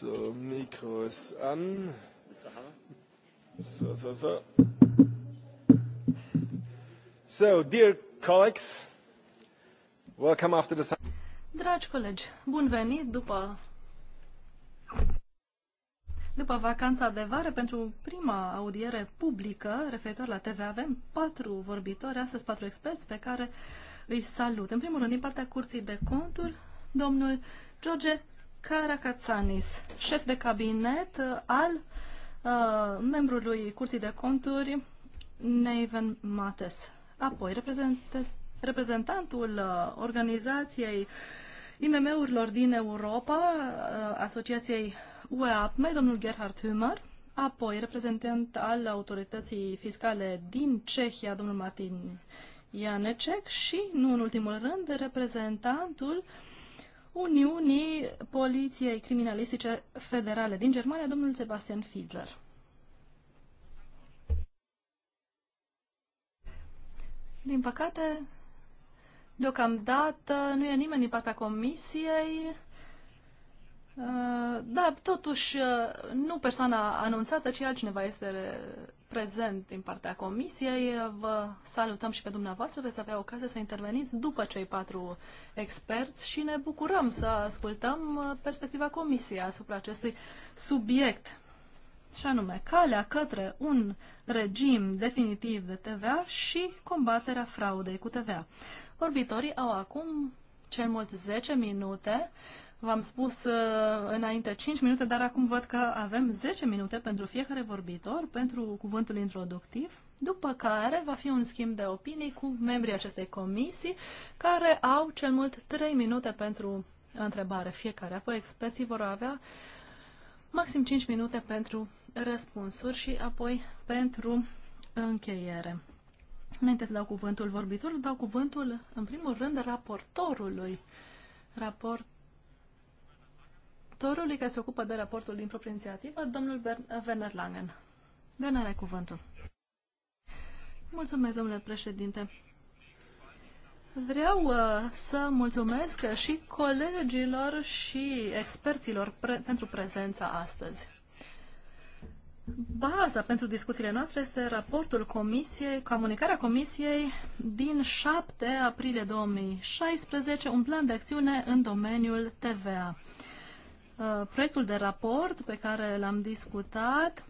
So, Mikro ist an. So, so, so. So, dear colleagues, welcome after the... Dragi colegi, bun venit după după vacanța de vară, pentru prima audiere publică referitor la TV, avem patru vorbitori, astăzi patru experți pe care îi salut. În primul rând, din partea Curții de Conturi, domnul George Karakatsanis, șef de cabinet al uh, membrului Curții de Conturi, Neven Mates. Apoi, reprezentantul uh, organizației IMM-urilor din Europa, uh, Asociației UEAPME, domnul Gerhard Hümer. Apoi, reprezentant al autorității fiscale din Cehia, domnul Martin Ianecek. Și, nu în ultimul rând, reprezentantul uh, Uniunii Poliției Criminalistice Federale din Germania, domnul Sebastian Fiedler. Din păcate, deocamdată nu e nimeni din partea comisiei. Da, totuși, uh, nu persoana anunțată, ci altcineva este prezent din partea Comisiei. Vă salutăm și pe dumneavoastră. Veți avea ocazia să interveniți după cei patru experți și ne bucurăm să ascultăm uh, perspectiva Comisiei asupra acestui subiect și anume calea către un regim definitiv de TVA și combaterea fraudei cu TVA. Vorbitorii au acum cel mult 10 minute V-am spus uh, înainte 5 minute, dar acum văd că avem 10 minute pentru fiecare vorbitor, pentru cuvântul introductiv, după care va fi un schimb de opinii cu membrii acestei comisii, care au cel mult 3 minute pentru întrebare fiecare. Apoi experții vor avea maxim 5 minute pentru răspunsuri și apoi pentru încheiere. Înainte să dau cuvântul vorbitorului, dau cuvântul, în primul rând, raportorului. Raport raportorului care se ocupă de raportul din proprie inițiativă, domnul Werner Langen. Werner, ai cuvântul. Mulțumesc, domnule președinte. Vreau uh, să mulțumesc și colegilor și experților pre- pentru prezența astăzi. Baza pentru discuțiile noastre este raportul Comisiei, comunicarea Comisiei din 7 aprilie 2016, un plan de acțiune în domeniul TVA. Uh, proiectul de raport pe care l-am discutat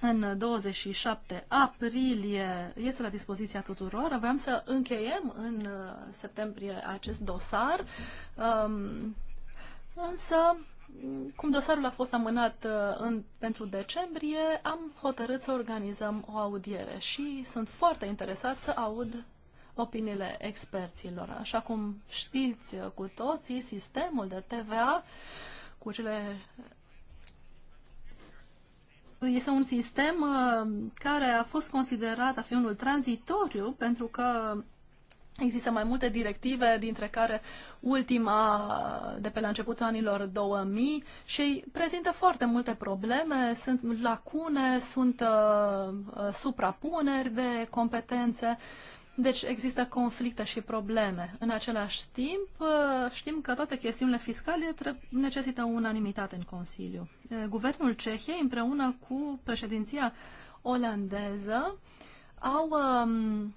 în 27 aprilie este la dispoziția tuturor. Aveam să încheiem în uh, septembrie acest dosar, um, însă cum dosarul a fost amânat uh, în, pentru decembrie, am hotărât să organizăm o audiere și sunt foarte interesat să aud opiniile experților. Așa cum știți cu toții, sistemul de TVA cu cele este un sistem uh, care a fost considerat a fi unul tranzitoriu pentru că Există mai multe directive, dintre care ultima uh, de pe la începutul anilor 2000 și prezintă foarte multe probleme, sunt lacune, sunt uh, uh suprapuneri de competențe. Uh, deci există conflicte și probleme. În același timp, uh, știm că toate chestiunile fiscale necesită unanimitate în Consiliu. Uh, guvernul Cehiei, împreună cu președinția olandeză, au um,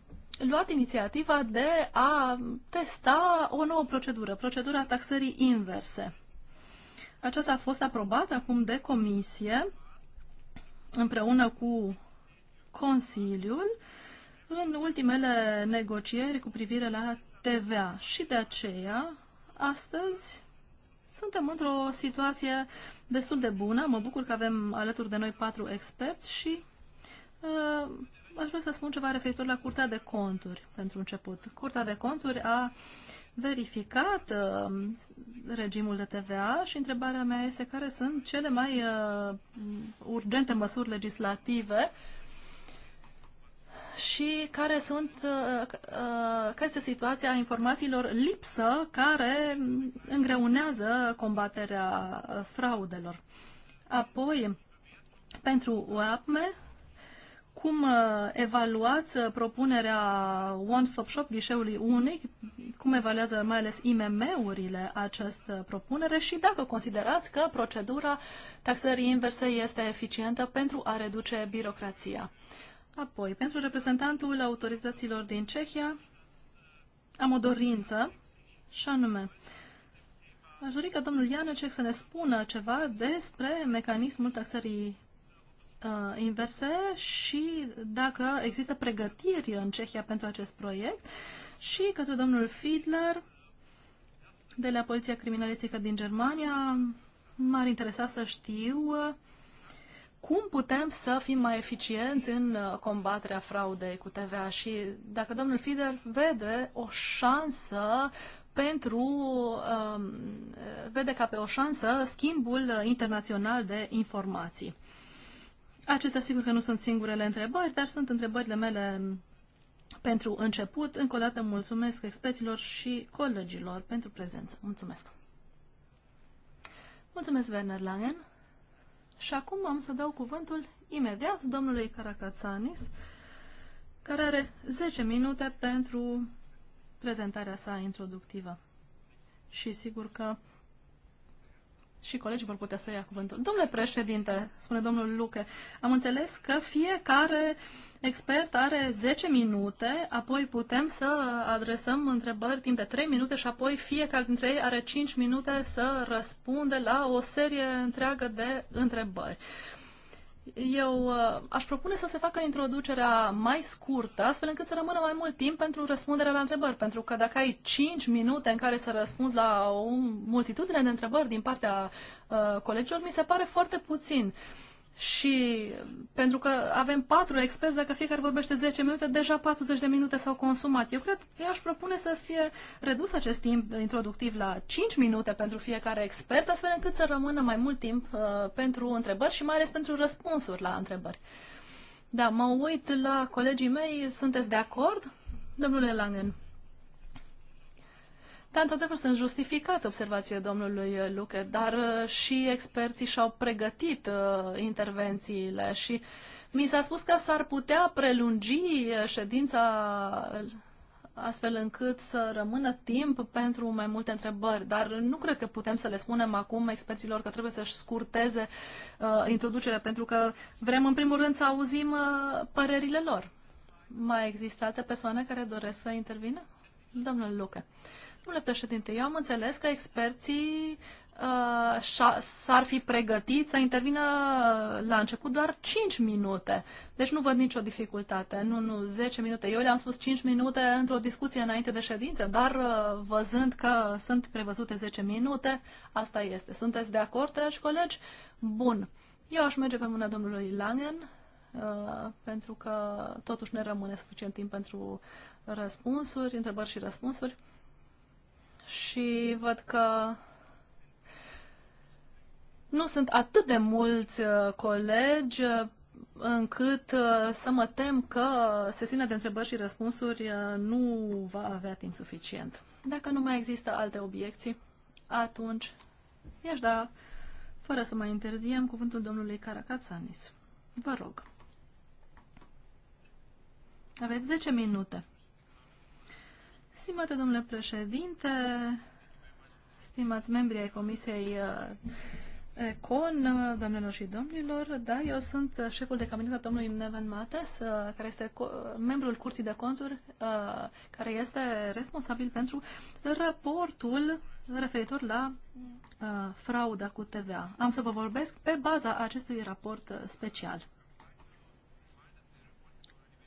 luat inițiativa de a testa o nouă procedură, procedura taxării inverse. Aceasta a fost aprobată acum de comisie împreună cu Consiliul uh, în ultimele negocieri cu privire la TVA. Și de aceea, astăzi, suntem într-o situație destul de bună. Mă bucur că avem alături de noi patru experți și uh, aș vrea să spun ceva referitor la Curtea de Conturi, pentru început. Curtea de Conturi a verificat uh, regimul de TVA și întrebarea mea este care sunt cele mai uh, urgente măsuri legislative uh, și care, sunt, uh, uh, care este situația informațiilor lipsă care îngreunează combaterea uh, fraudelor. Apoi, pentru UAPME, cum evaluați propunerea One Stop Shop ghișeului unic? Cum evaluează mai ales IMM-urile această propunere și dacă considerați că procedura taxării inverse este eficientă pentru a reduce birocrația? Apoi, pentru reprezentantul autorităților din Cehia, am o dorință, și anume, aș dori ca domnul Ianecek să ne spună ceva despre mecanismul taxării uh, inverse și dacă există pregătiri în Cehia pentru acest proiect și către domnul Fiedler de la Poliția Criminalistică din Germania m-ar interesa să știu uh, cum putem să fim mai eficienți în uh, combaterea fraudei cu TVA și dacă domnul Fider vede o șansă pentru, um, vede ca pe o șansă schimbul uh, internațional de informații. Acestea sigur că nu sunt singurele întrebări, dar sunt întrebările mele pentru început. Încă o dată mulțumesc experților și colegilor pentru prezență. Mulțumesc! Mulțumesc, Werner Langen! Și acum am să dau cuvântul imediat domnului Caracatsanis, care are 10 minute pentru prezentarea sa introductivă. Și sigur că și colegii vor putea să ia cuvântul. Domnule președinte, spune domnul Luche, am înțeles că fiecare expert are 10 minute, apoi putem să adresăm întrebări timp de 3 minute și apoi fiecare dintre ei are 5 minute să răspunde la o serie întreagă de întrebări. Uh, eu uh, aș propune să se facă introducerea mai scurtă, astfel încât să rămână mai mult timp pentru răspunderea la întrebări. Pentru că dacă ai 5 minute în care să răspunzi la o multitudine de întrebări din partea uh, colegilor, mi se pare foarte puțin. Uh, și pentru că avem patru experți, dacă fiecare vorbește 10 minute, deja 40 de minute s-au consumat. Eu cred că aș propune să fie redus acest timp introductiv la 5 minute pentru fiecare expert, astfel încât să rămână mai mult timp uh, pentru întrebări și mai ales pentru răspunsuri la întrebări. Da, mă uit la colegii mei. Sunteți de acord, domnule Langen? Da, într-adevăr, sunt justificate observațiile domnului Luche, dar uh, și experții și-au pregătit uh, intervențiile și mi s-a spus că s-ar putea prelungi uh, ședința uh, astfel încât să rămână timp pentru mai multe întrebări, dar nu cred că putem să le spunem acum experților că trebuie să-și scurteze uh, introducerea, pentru că vrem în primul rând să auzim uh, părerile lor. Mai există alte persoane care doresc să intervină? Domnul Luca. Uh, Domnule președinte, eu am înțeles că experții uh, s-ar fi pregătit să intervină la început doar 5 minute. Deci nu văd nicio dificultate. Nu, nu, 10 minute. Eu le-am spus 5 minute într-o discuție înainte de ședință, dar uh, văzând că sunt prevăzute 10 minute, asta este. Sunteți de acord, dragi colegi? Bun. Eu aș merge pe mâna domnului Langen, uh, pentru că totuși ne rămâne suficient timp pentru răspunsuri, întrebări și răspunsuri și văd că nu sunt atât de mulți uh, colegi uh, încât uh, să mă tem că sesiunea de întrebări și răspunsuri nu va avea timp suficient. Dacă nu mai există alte obiecții, atunci i-aș da, fără să mai interziem, cuvântul domnului Caracatsanis. Vă rog. Aveți 10 minute. Stimate domnule președinte, stimați membri ai Comisiei uh, Econ, uh, doamnelor și domnilor, da, eu sunt uh, șeful de cabinet al domnului Neven Mates, care este membrul Curții de Conturi, care este responsabil pentru raportul referitor la frauda cu TVA. Am să vă vorbesc pe baza acestui raport special.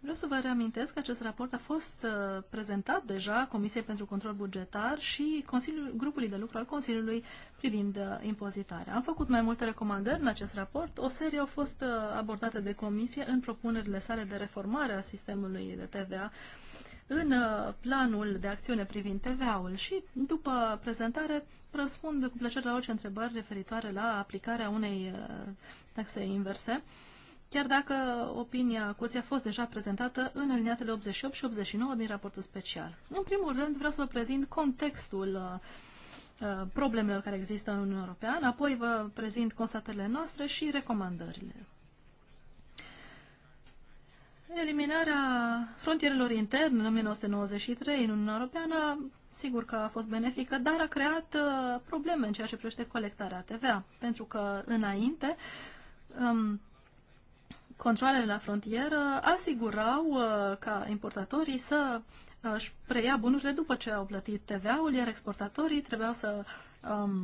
Vreau să vă reamintesc că acest raport a fost uh, prezentat deja Comisiei pentru Control Bugetar și Consiliul, grupului de lucru al Consiliului privind uh, impozitarea. Am făcut mai multe recomandări în acest raport. O serie au fost uh, abordate de Comisie în propunerile sale de reformare a sistemului de TVA în uh, planul de acțiune privind TVA-ul și, după prezentare, răspund cu plăcere la orice întrebări referitoare la aplicarea unei uh, taxe inverse chiar dacă opinia curții a fost deja prezentată în alineatele 88 și 89 din raportul special. În primul rând, vreau să vă prezint contextul uh, uh, problemelor care există în Uniunea Europeană, apoi vă prezint constatările noastre și recomandările. Eliminarea frontierelor interne în 1993 în Uniunea Europeană, sigur că a fost benefică, dar a creat uh, probleme în ceea ce privește colectarea TVA, pentru că înainte um, controlele la frontieră asigurau uh, ca importatorii să uh, își preia bunurile după ce au plătit TVA-ul, iar exportatorii trebuiau să um,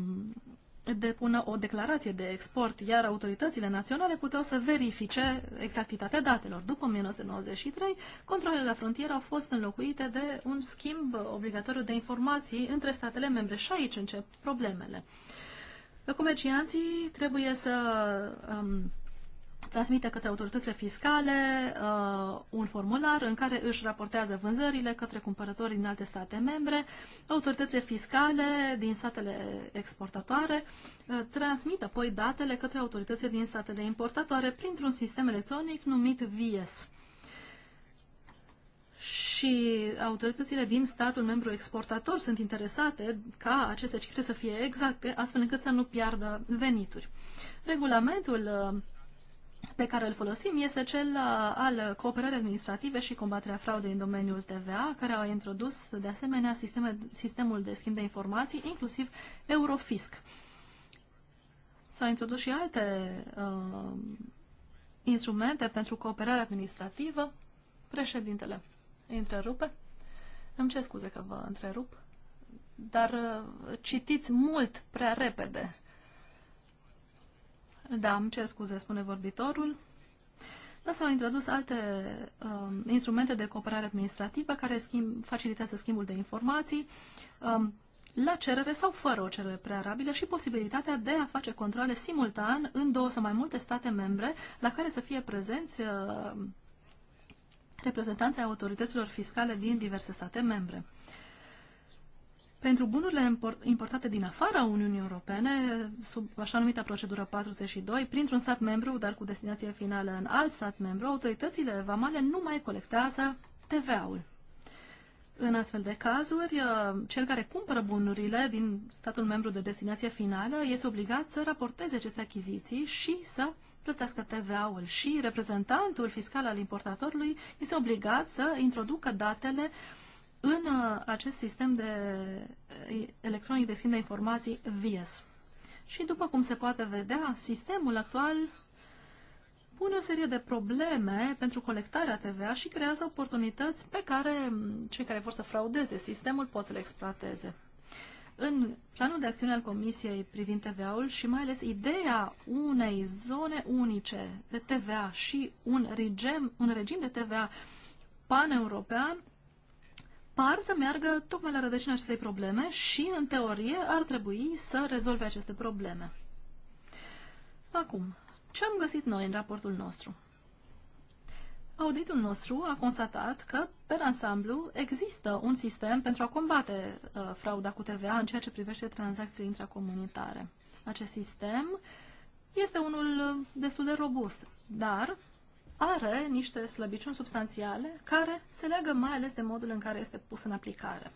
depună o declarație de export, iar autoritățile naționale puteau să verifice exactitatea datelor. După 1993, controlele la frontieră au fost înlocuite de un schimb obligatoriu de informații între statele membre și aici încep problemele. Comercianții trebuie să um, transmite către autoritățile fiscale uh, un formular în care își raportează vânzările către cumpărători din alte state membre. Autoritățile fiscale din statele exportatoare uh, transmit apoi datele către autoritățile din statele importatoare printr-un sistem electronic numit VIES. Și autoritățile din statul membru exportator sunt interesate ca aceste cifre să fie exacte, astfel încât să nu piardă venituri. Regulamentul uh, pe care îl folosim este cel uh, al cooperării administrative și combaterea fraudei în domeniul TVA, care au introdus de asemenea sisteme, sistemul de schimb de informații, inclusiv Eurofisc. S-au introdus și alte uh, instrumente pentru cooperare administrativă. Președintele întrerupe. Îmi cer scuze că vă întrerup, dar uh, citiți mult prea repede da, îmi cer scuze, spune vorbitorul. Da, s-au introdus alte um, instrumente de cooperare administrativă care schimb, facilitează schimbul de informații um, la cerere sau fără o cerere prearabilă și posibilitatea de a face controle simultan în două sau mai multe state membre la care să fie prezenți uh, reprezentanții autorităților fiscale din diverse state membre. Uh, pentru bunurile importate din afara Uniunii Europene, sub așa numita procedură 42, printr-un stat membru, dar cu destinație finală în alt stat membru, autoritățile vamale nu mai colectează TVA-ul. În astfel de cazuri, uh, cel care cumpără bunurile din statul membru de destinație finală este obligat să raporteze aceste achiziții și să plătească TVA-ul și reprezentantul fiscal al importatorului este obligat să introducă datele în uh, acest sistem de uh, electronic de schimb de informații VIES. Și după cum se poate vedea, sistemul actual pune o serie de probleme pentru colectarea TVA și creează oportunități pe care cei care vor să fraudeze sistemul pot să le exploateze. În planul de acțiune al Comisiei privind TVA-ul și mai ales ideea unei zone unice de TVA și un regim, un regim de TVA pan-european par să meargă tocmai la rădăcina acestei probleme și, în teorie, ar trebui să rezolve aceste probleme. Acum, ce am găsit noi în raportul nostru? Auditul nostru a constatat că, pe ansamblu, există un sistem pentru a combate uh, frauda cu TVA în ceea ce privește tranzacții intracomunitare. Acest sistem este unul uh, destul de robust, dar are niște slăbiciuni substanțiale care se leagă mai ales de modul în care este pus în aplicare.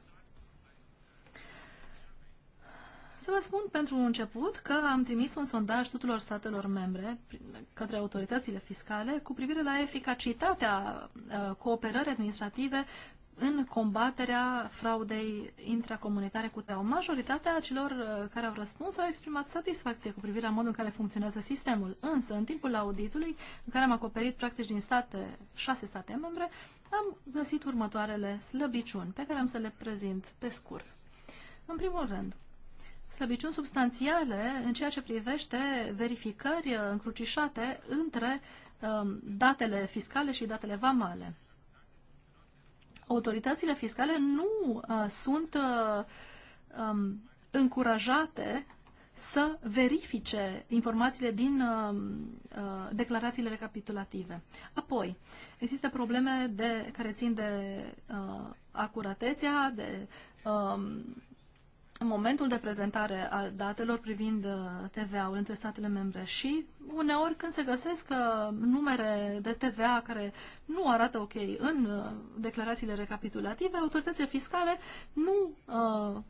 Să vă spun pentru început că am trimis un sondaj tuturor statelor membre către autoritățile fiscale cu privire la eficacitatea uh, cooperării administrative în combaterea fraudei intracomunitare cu TEO. Majoritatea celor uh, care au răspuns au exprimat satisfacție cu privire la modul în care funcționează sistemul. Însă, în timpul auditului, în care am acoperit practici din state, șase state membre, am găsit următoarele slăbiciuni, pe care am să le prezint pe scurt. În primul rând, slăbiciuni substanțiale în ceea ce privește verificări uh, încrucișate între um, datele fiscale și datele vamale autoritățile fiscale nu uh, sunt uh, um, încurajate să verifice informațiile din uh, uh, declarațiile recapitulative. Apoi, există probleme de, care țin de uh, acuratețea, de um, în momentul de prezentare al datelor privind uh, TVA-ul între statele membre și uneori când se găsesc uh, numere de TVA care nu arată ok în uh, declarațiile recapitulative, autoritățile fiscale nu uh,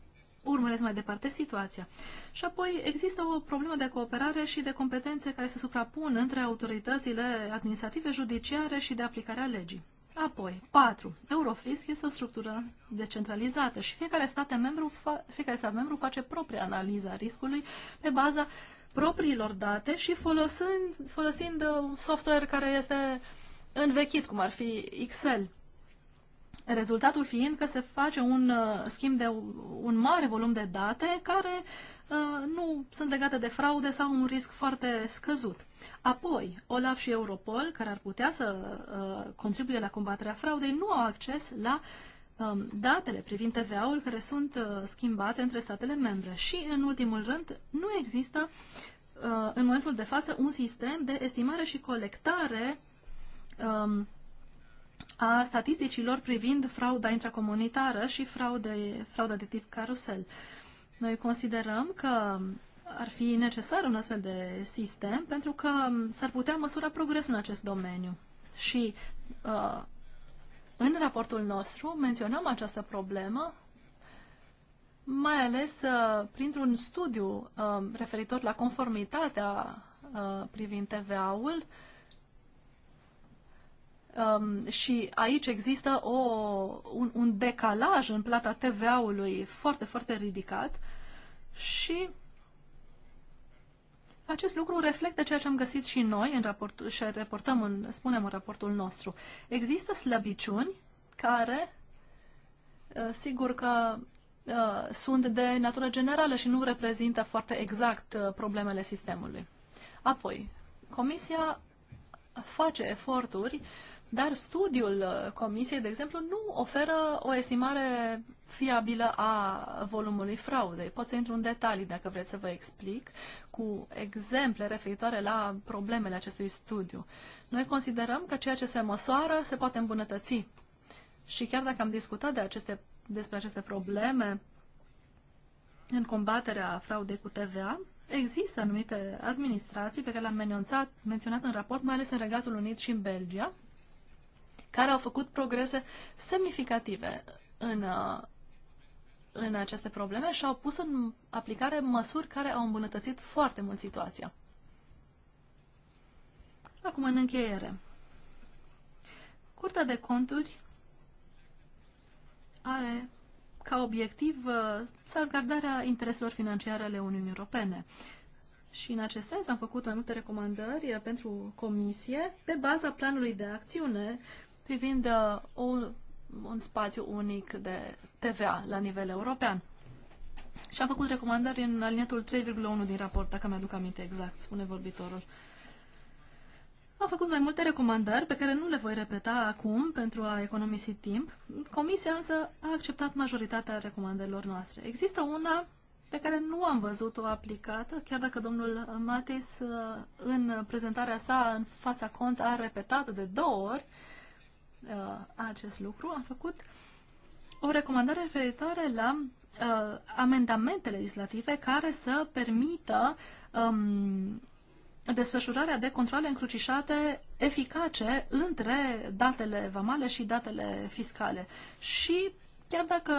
urmăresc mai departe situația. Și apoi există o problemă de cooperare și de competențe care se suprapun între autoritățile administrative, judiciare și de aplicarea legii. Apoi, 4. Eurofisc este o structură decentralizată și fiecare stat membru, fiecare stat membru face propria analiză a riscului pe baza propriilor date și folosind, folosind uh, software care este învechit, cum ar fi Excel. Rezultatul fiind că se face un uh, schimb de un mare volum de date care uh, nu sunt legate de fraude sau un risc foarte scăzut. Apoi, OLAF și Europol, care ar putea să uh, contribuie la combaterea fraudei, nu au acces la um, datele privind TVA-ul care sunt schimbate între statele membre. Și, în ultimul rând, nu există în momentul de față un sistem de estimare și colectare um, a statisticilor privind frauda intracomunitară și fraude, frauda de tip carusel. Noi considerăm că ar fi necesar un astfel de sistem pentru că s-ar putea măsura progresul în acest domeniu. Și uh, în raportul nostru menționăm această problemă, mai ales uh, printr-un studiu uh, referitor la conformitatea uh, privind TVA-ul uh, Um, și aici există o, un, un decalaj în plata TVA-ului foarte, foarte ridicat și acest lucru reflectă ceea ce am găsit și noi în raport, și reportăm în, spunem în raportul nostru. Există slăbiciuni care, uh, sigur că uh, sunt de natură generală și nu reprezintă foarte exact uh, problemele sistemului. Apoi, Comisia face eforturi uh, dar studiul uh, Comisiei, de exemplu, nu oferă o estimare fiabilă a volumului fraudei. Pot să intru în detalii dacă vreți să vă explic cu exemple referitoare la problemele acestui studiu. Noi considerăm că ceea ce se măsoară se poate îmbunătăți. Și chiar dacă am discutat de aceste, despre aceste probleme în combaterea fraudei cu TVA, există anumite administrații pe care le-am menționat, menționat în raport, mai ales în Regatul Unit și în Belgia, care au făcut progrese semnificative în, uh, în aceste probleme și au pus în aplicare măsuri care au îmbunătățit foarte mult situația. Acum, în încheiere. Curtea de conturi are ca obiectiv uh, salvgardarea intereselor financiare ale Uniunii Europene. Și în acest sens am făcut mai multe recomandări uh, pentru comisie pe baza planului de acțiune privind un, uh, un spațiu unic de TVA la nivel european. Și am făcut recomandări în alinetul 3,1 din raport, dacă mi-aduc aminte exact, spune vorbitorul. Am făcut mai multe recomandări pe care nu le voi repeta acum pentru a economisi timp. Comisia însă a acceptat majoritatea recomandărilor noastre. Există una pe care nu am văzut-o aplicată, chiar dacă domnul Matis uh, în prezentarea sa în fața cont a repetat de două ori uh, acest lucru, a făcut o recomandare referitoare la uh, amendamente legislative care să permită um, desfășurarea de controle încrucișate eficace între datele vamale și datele fiscale. Și chiar dacă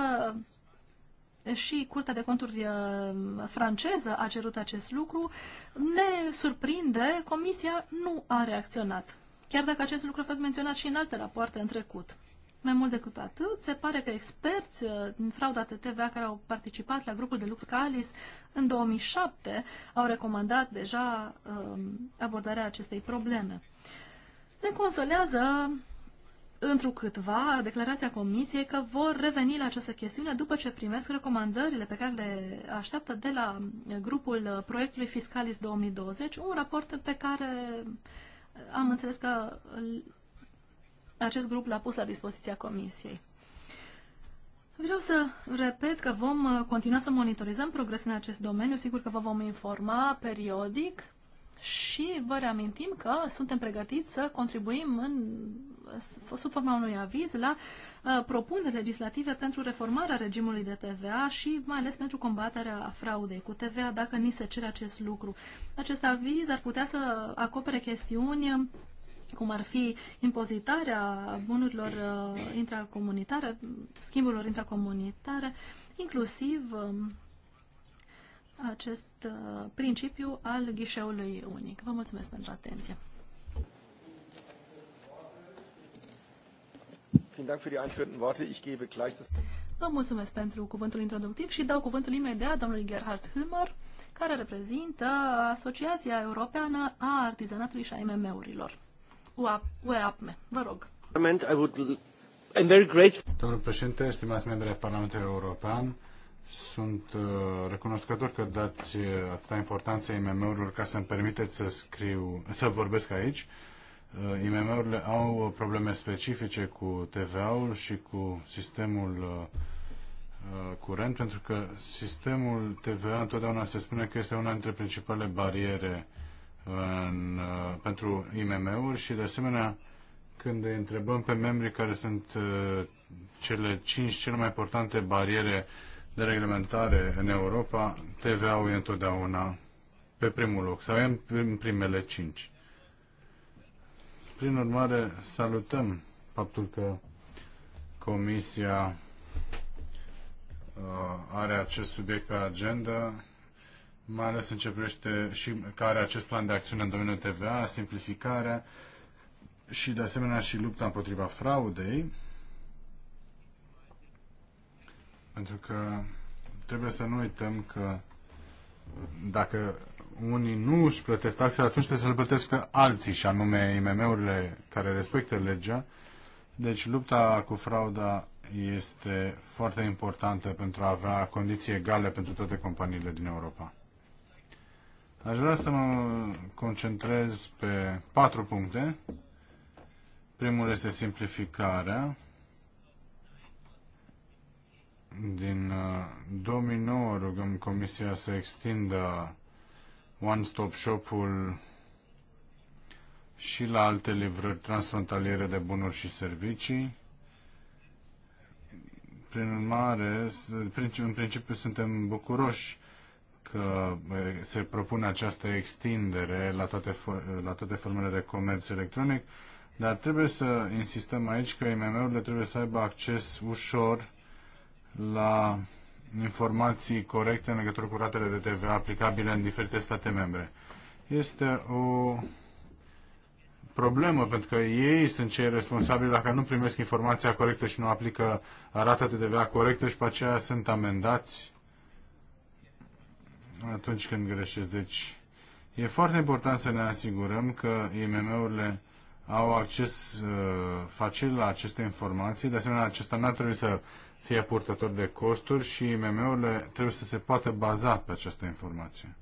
și Curtea de Conturi uh, franceză a cerut acest lucru, ne surprinde, Comisia nu a reacționat chiar dacă acest lucru a fost menționat și în alte rapoarte în trecut. Mai mult decât atât, se pare că experți uh, din frauda TVA care au participat la grupul de lux Calis în 2007 au recomandat deja um, abordarea acestei probleme. Ne consolează câtva declarația Comisiei că vor reveni la această chestiune după ce primesc recomandările pe care le așteaptă de la uh, grupul uh, proiectului Fiscalis 2020, un raport pe care am înțeles că acest grup l-a pus la dispoziția Comisiei. Vreau să repet că vom uh, continua să monitorizăm progresul în acest domeniu. Sigur că vă vom informa periodic și vă reamintim că suntem pregătiți să contribuim în, sub forma unui aviz la uh, propuneri legislative pentru reformarea regimului de TVA și mai ales pentru combaterea fraudei cu TVA dacă ni se cere acest lucru. Acest aviz ar putea să acopere chestiuni cum ar fi impozitarea bunurilor uh, intracomunitare, schimburilor intracomunitare, inclusiv um, acest uh, principiu al ghișeului unic. Vă mulțumesc pentru atenție. Vă mulțumesc pentru cuvântul introductiv și dau cuvântul imediat domnului Gerhard Hümer, care reprezintă Asociația Europeană a Artizanatului și a mm urilor UAPME, Vă rog. Domnul președinte, stimați membri ai Parlamentului European, sunt uh, recunoscător că dați uh, atâta importanță IMM-urilor ca să-mi permiteți să scriu, să vorbesc aici. Uh, IMM-urile au probleme specifice cu TVA-ul și cu sistemul curent, pentru că sistemul TVA întotdeauna se spune că este una dintre principalele bariere în, pentru IMM-uri și, de asemenea, când îi întrebăm pe membrii care sunt cele cinci cele mai importante bariere de reglementare în Europa, TVA-ul e întotdeauna pe primul loc sau e în primele cinci. Prin urmare, salutăm faptul că Comisia uh, are acest subiect pe agenda, mai ales începește și care acest plan de acțiune în domeniul TVA, simplificarea și de asemenea și lupta împotriva fraudei. Pentru că trebuie să nu uităm că dacă unii nu își plătesc taxele, atunci trebuie să le plătesc alții, și anume IMM-urile care respectă legea. Deci lupta cu frauda este foarte importantă pentru a avea condiții egale pentru toate companiile din Europa. Aș vrea să mă concentrez pe patru puncte. Primul este simplificarea. Din 2009 uh, rugăm Comisia să extindă One Stop Shop-ul și la alte livrări transfrontaliere de bunuri și servicii. Prin urmare, în principiu suntem bucuroși că se propune această extindere la toate, la toate formele de comerț electronic, dar trebuie să insistăm aici că IMM-urile trebuie să aibă acces ușor la informații corecte în legătură cu ratele de TVA aplicabile în diferite state membre. Este o problemă, pentru că ei sunt cei responsabili dacă nu primesc informația corectă și nu aplică rata de TVA corectă și pe aceea sunt amendați atunci când greșesc. Deci e foarte important să ne asigurăm că IMM-urile au acces uh, facil la aceste informații. De asemenea, acesta nu ar trebui să fie purtător de costuri și IMM-urile trebuie să se poată baza pe această informație.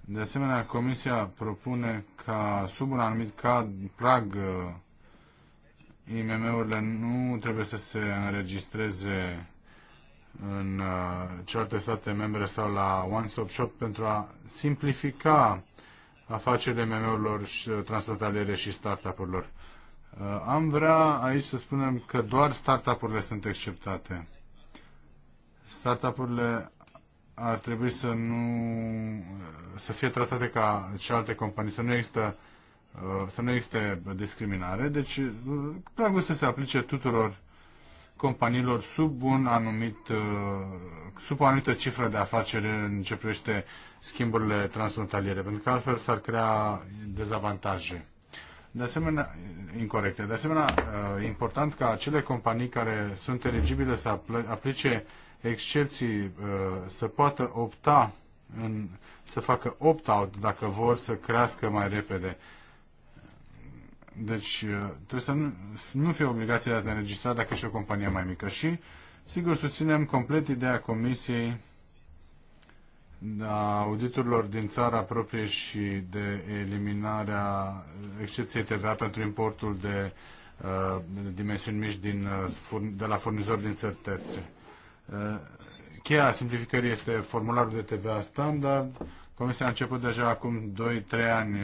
De asemenea, Comisia propune ca sub un anumit cad, prag IMM-urile uh, nu trebuie să se înregistreze în uh, celelalte state membre sau la One Stop Shop pentru a simplifica afacerile IMM-urilor transfrontaliere și startup-urilor. Uh, am vrea aici să spunem că doar startup-urile sunt exceptate. Startup-urile ar trebui să nu uh, să fie tratate ca celelalte companii, să nu există uh, să nu existe discriminare. Deci, pragul să se aplice tuturor companiilor sub un anumit sub o anumită cifră de afaceri în ce privește schimburile transfrontaliere, pentru că altfel s-ar crea dezavantaje. De asemenea, incorrecte. De asemenea, uh, important ca acele companii care sunt eligibile să aplice excepții, uh, să poată opta în, să facă opt-out dacă vor să crească mai repede. Deci uh, trebuie să nu, nu fie obligația de a înregistra dacă ești o companie mai mică. Și, sigur, susținem complet ideea Comisiei da, auditurilor din țara proprie și de eliminarea excepției TVA pentru importul de uh, dimensiuni mici din, uh, de la furnizori din țări terțe. Uh, cheia simplificării este formularul de TVA standard. Comisia a început deja acum 2-3 ani.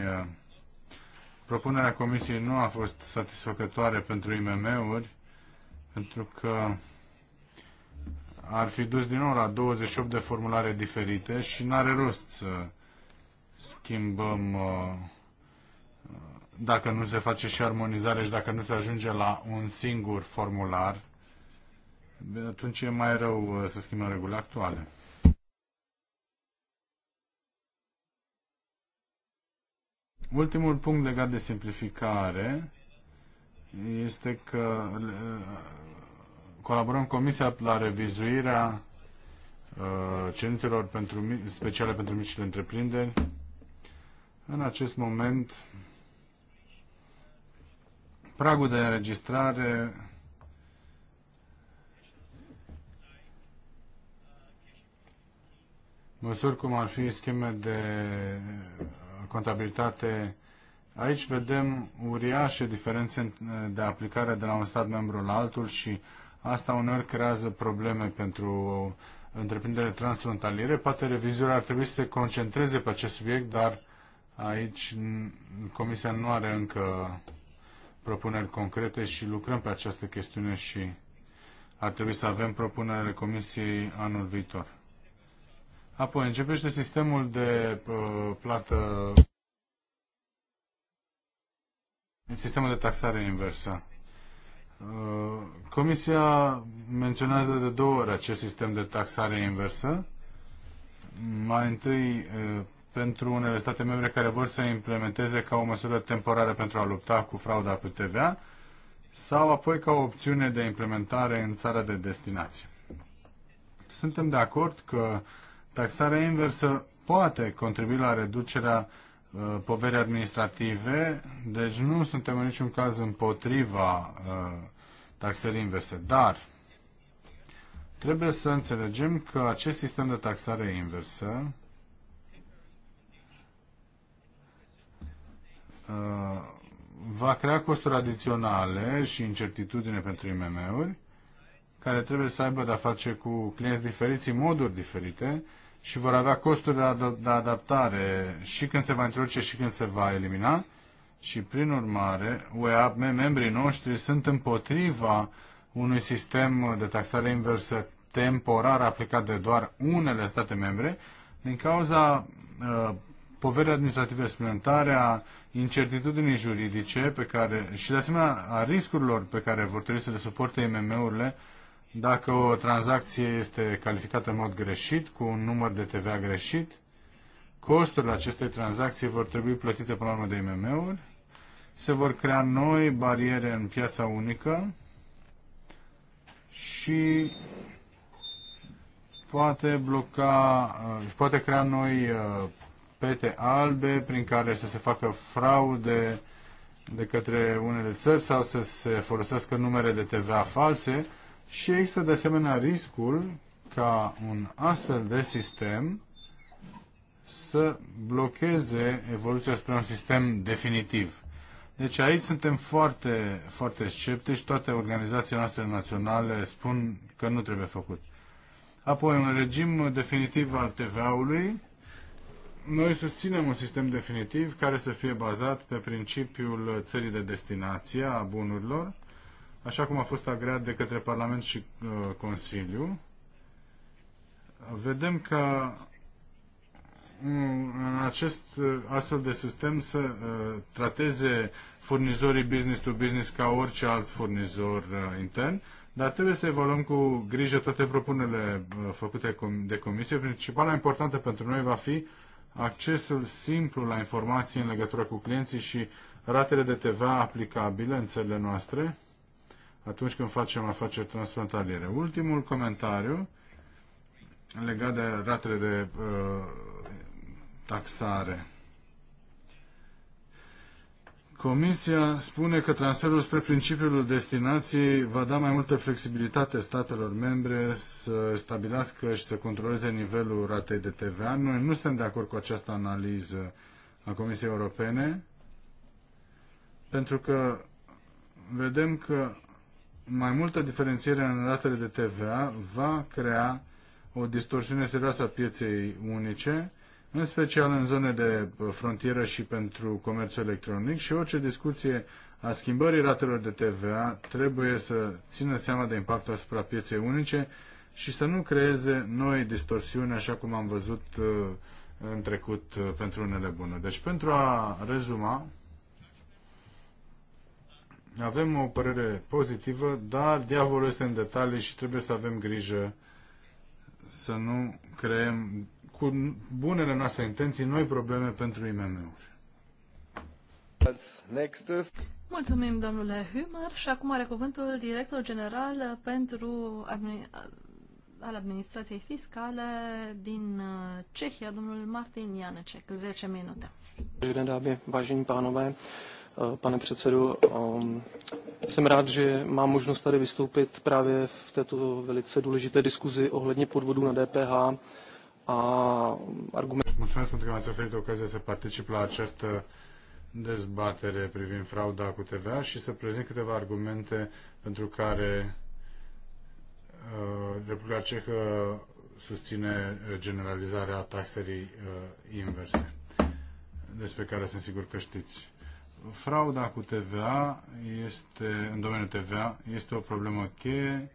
Propunerea Comisiei nu a fost satisfăcătoare pentru IMM-uri, pentru că ar fi dus din nou la 28 de formulare diferite și n-are rost să schimbăm uh, uh, dacă nu se face și armonizare și dacă nu se ajunge la un singur formular, atunci e mai rău uh, să schimbăm regulile actuale. Ultimul punct legat de simplificare este că Colaborăm Comisia la revizuirea uh, cerințelor pentru, speciale pentru micile întreprinderi. În acest moment, pragul de înregistrare măsuri cum ar fi scheme de contabilitate. Aici vedem uriașe diferențe de aplicare de la un stat membru la altul și Asta uneori creează probleme pentru întreprindere transfrontaliere. Poate revizuirea ar trebui să se concentreze pe acest subiect, dar aici Comisia nu are încă propuneri concrete și lucrăm pe această chestiune și ar trebui să avem propunerile Comisiei anul viitor. Apoi începește sistemul de uh, plată, sistemul de taxare inversă. Comisia menționează de două ori acest sistem de taxare inversă. Mai întâi pentru unele state membre care vor să implementeze ca o măsură temporară pentru a lupta cu frauda pe TVA sau apoi ca o opțiune de implementare în țara de destinație. Suntem de acord că taxarea inversă poate contribui la reducerea uh, Uh, povere administrative, deci nu suntem în niciun caz împotriva uh, taxării inverse, dar trebuie să înțelegem că acest sistem de taxare inversă uh, va crea costuri adiționale și incertitudine pentru IMM-uri, care trebuie să aibă de-a face cu clienți diferiți în moduri diferite și vor avea costuri de, ad- de adaptare și când se va introduce și când se va elimina și prin urmare UEAP, membrii noștri sunt împotriva unui sistem de taxare inversă temporar aplicat de doar unele state membre din cauza uh, poverii administrative suplimentare, a incertitudinii juridice pe care, și de asemenea a riscurilor pe care vor trebui să le suporte IMM-urile uh, dacă o tranzacție este calificată în mod greșit, cu un număr de TVA greșit, costurile acestei tranzacții vor trebui plătite până la urmă de IMM-uri, se vor crea noi bariere în piața unică și poate bloca, uh, poate crea noi uh, pete albe prin care să se facă fraude de către unele țări sau să se folosească numere de TVA false și există de asemenea riscul ca un astfel de sistem să blocheze evoluția spre un sistem definitiv. Deci aici suntem foarte, foarte sceptici. Toate organizațiile noastre naționale spun că nu trebuie făcut. Apoi, un regim definitiv al TVA-ului. Noi susținem un sistem definitiv care să fie bazat pe principiul țării de destinație a bunurilor așa cum a fost agreat de către Parlament și uh, Consiliu. Vedem că mm, în acest uh, astfel de sistem să uh, trateze furnizorii business to business ca orice alt furnizor uh, intern, dar trebuie să evaluăm cu grijă toate propunerile uh, făcute com de comisie. Principala importantă pentru noi va fi accesul simplu la informații în legătură cu clienții și ratele de TVA aplicabile în țările noastre atunci când facem afaceri transfrontaliere. Ultimul comentariu legat de ratele de uh, taxare. Comisia spune că transferul spre principiul destinației va da mai multă flexibilitate statelor membre să stabilească și să controleze nivelul ratei de TVA. Noi nu suntem de acord cu această analiză a Comisiei Europene, pentru că vedem că mai multă diferențiere în ratele de TVA va crea o distorsiune serioasă a pieței unice, în special în zone de frontieră și pentru comerțul electronic și orice discuție a schimbării ratelor de TVA trebuie să țină seama de impactul asupra pieței unice și să nu creeze noi distorsiuni, așa cum am văzut uh, în trecut uh, pentru unele bune. Deci, pentru a rezuma, avem o părere pozitivă, dar diavolul este în detalii și trebuie să avem grijă să nu creăm cu bunele noastre intenții noi probleme pentru IMM-uri. Mulțumim, domnule Hümer. Și acum are cuvântul director general pentru administ- al administrației fiscale din uh, Cehia, domnul Martin Ianecek. 10 minute. Vážení pánové, Eh, pane předsedo. Ehm, jsem rád, že mám možnost tady vystoupit právě v této velice důležité diskuzi ohledně podvodů na DPH a argument... Mulțumesc pentru că mi-ați oferit ocazia să particip la această dezbatere privind frauda cu TVA și să prezint câteva argumente pentru care eh, Republica Cehă susține generalizarea taxării eh, inverse, despre care sunt sigur că știți frauda cu TVA este, în domeniul TVA este o problemă cheie.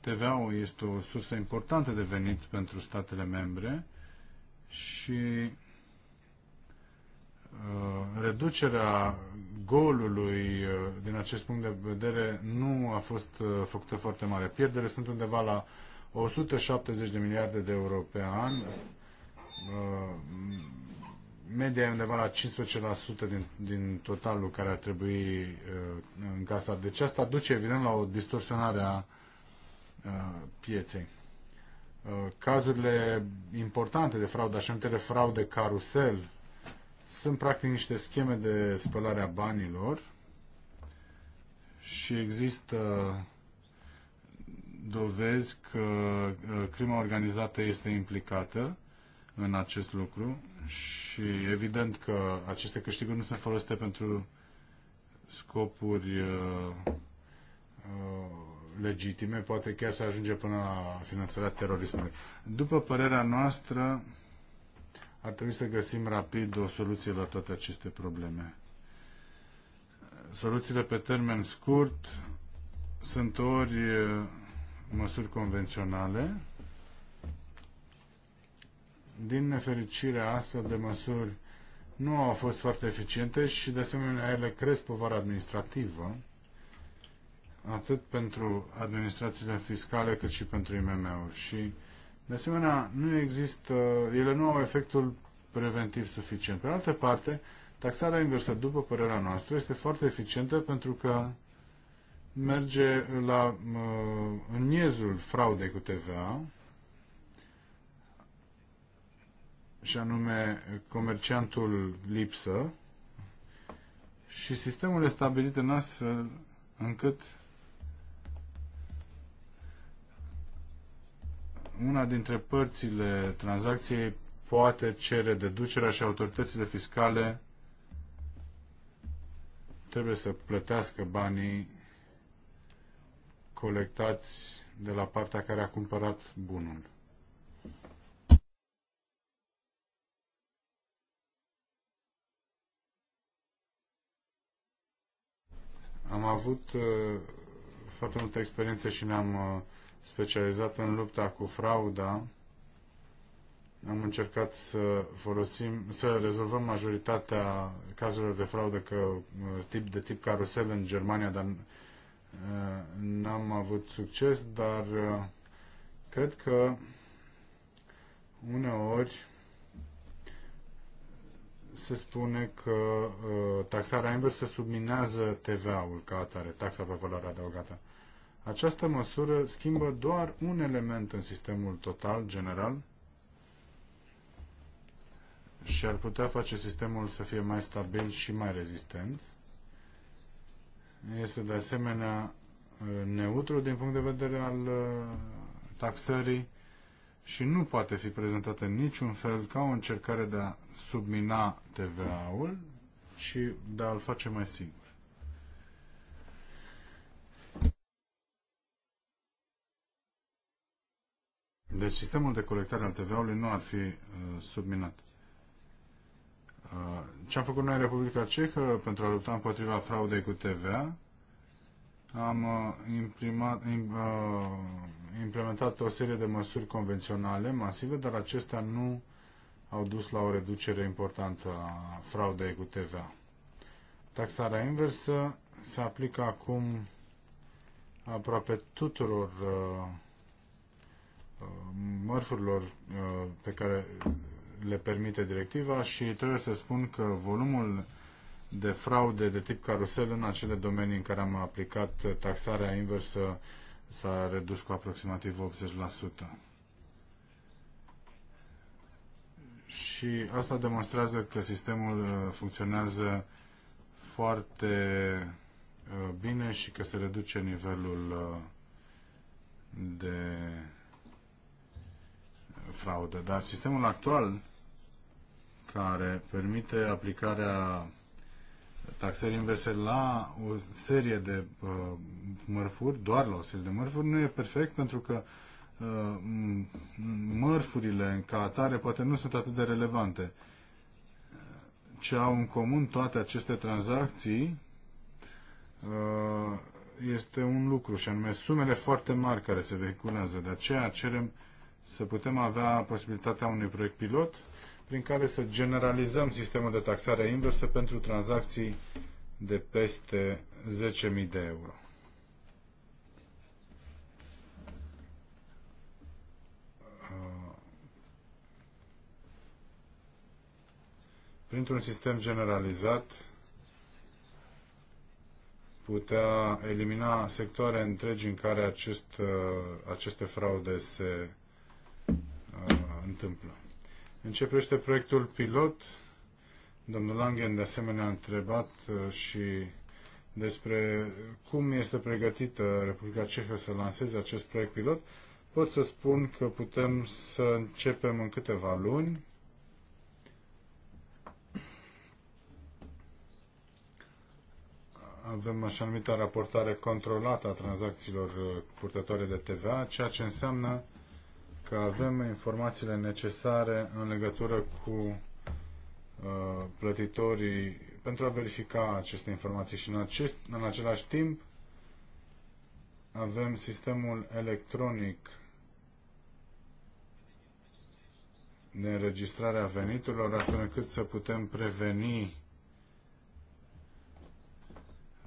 TVA-ul este o sursă importantă de venit pentru statele membre și uh, reducerea golului uh, din acest punct de vedere nu a fost uh, făcută foarte mare. Pierdere sunt undeva la 170 de miliarde de euro pe an media e undeva la 15% din, din totalul care ar trebui uh, încasat. Deci asta duce evident la o distorsionare a uh, pieței. Uh, cazurile importante de fraudă, așa numitele fraude carusel, sunt practic niște scheme de spălare a banilor și există dovezi că uh, crima organizată este implicată în acest lucru și evident că aceste câștiguri nu sunt folosite pentru scopuri uh, uh, legitime, poate chiar să ajunge până la finanțarea terorismului. După părerea noastră, ar trebui să găsim rapid o soluție la toate aceste probleme. Soluțiile pe termen scurt sunt ori uh, măsuri convenționale, din nefericire, astfel de măsuri nu au fost foarte eficiente și, de asemenea, ele cresc povara administrativă, atât pentru administrațiile fiscale, cât și pentru IMM-uri. Și, de asemenea, nu există, ele nu au efectul preventiv suficient. Pe altă parte, taxarea inversă, după părerea noastră, este foarte eficientă pentru că merge la, în miezul fraudei cu TVA și anume comerciantul lipsă și sistemul este stabilit în astfel încât una dintre părțile tranzacției poate cere deducerea și autoritățile fiscale trebuie să plătească banii colectați de la partea care a cumpărat bunul. Am avut uh, foarte multă experiență și ne-am uh, specializat în lupta cu frauda. Am încercat să folosim, să rezolvăm majoritatea cazurilor de fraudă că, uh, tip, de tip carusel în Germania, dar n-am avut succes, dar cred că uneori se spune că uh, taxarea inversă subminează TVA-ul ca atare, taxa pe valoare adăugată. Această măsură schimbă doar un element în sistemul total, general, și ar putea face sistemul să fie mai stabil și mai rezistent. Este de asemenea uh, neutru din punct de vedere al uh, taxării și nu poate fi prezentată în niciun fel ca o încercare de a submina TVA-ul, ci de a-l face mai sigur. Deci sistemul de colectare al TVA-ului nu ar fi uh, subminat. Uh, ce am făcut noi în Republica Cehă pentru a lupta împotriva fraudei cu TVA? Am uh, imprimat, im, uh, implementat o serie de măsuri convenționale masive, dar acestea nu au dus la o reducere importantă a fraudei cu TVA. Taxarea inversă se aplică acum aproape tuturor uh, uh, mărfurilor uh, pe care le permite directiva și trebuie să spun că volumul de fraude de tip carusel în acele domenii în care am aplicat taxarea inversă s-a redus cu aproximativ 80%. Și asta demonstrează că sistemul uh, funcționează foarte uh, bine și că se reduce nivelul uh, de fraudă. Dar sistemul actual care permite aplicarea taxări inverse la o serie de uh, mărfuri, doar la o serie de mărfuri, nu e perfect pentru că uh, mărfurile ca atare poate nu sunt atât de relevante. Ce au în comun toate aceste tranzacții uh, este un lucru și anume sumele foarte mari care se vehiculează. De aceea cerem să putem avea posibilitatea unui proiect pilot prin care să generalizăm sistemul de taxare inversă pentru tranzacții de peste 10.000 de euro. Printr-un sistem generalizat putea elimina sectoare întregi în care acest, aceste fraude se uh, întâmplă. Începește proiectul pilot. Domnul Langen de asemenea a întrebat uh, și despre cum este pregătită Republica Cehă să lanseze acest proiect pilot. Pot să spun că putem să începem în câteva luni. Avem așa numită raportare controlată a tranzacțiilor uh, purtătoare de TVA, ceea ce înseamnă uh, că avem informațiile necesare în legătură cu uh, plătitorii pentru a verifica aceste informații și în, acest, în același timp avem sistemul electronic de înregistrare a veniturilor, astfel încât să putem preveni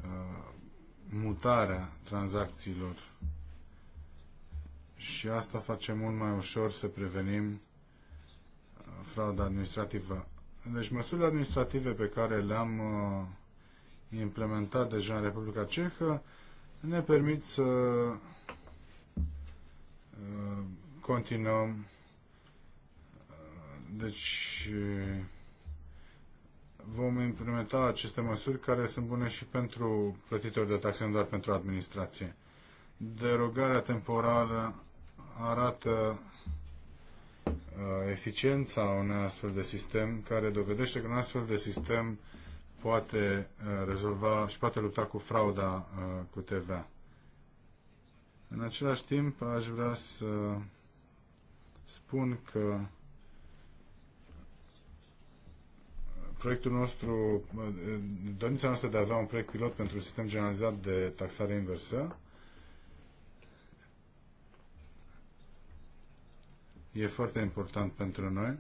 uh, mutarea tranzacțiilor și asta face mult mai ușor să prevenim uh, frauda administrativă. Deci măsurile administrative pe care le-am uh, implementat deja în Republica Cehă ne permit să uh, continuăm. Deci vom implementa aceste măsuri care sunt bune și pentru plătitori de taxe, nu doar pentru administrație. Derogarea temporară arată uh, eficiența unui astfel de sistem care dovedește că un astfel de sistem poate uh, rezolva și poate lupta cu frauda uh, cu TVA. În același timp, aș vrea să spun că proiectul nostru, dorința noastră de a avea un proiect pilot pentru un sistem generalizat de taxare inversă, e foarte important pentru noi.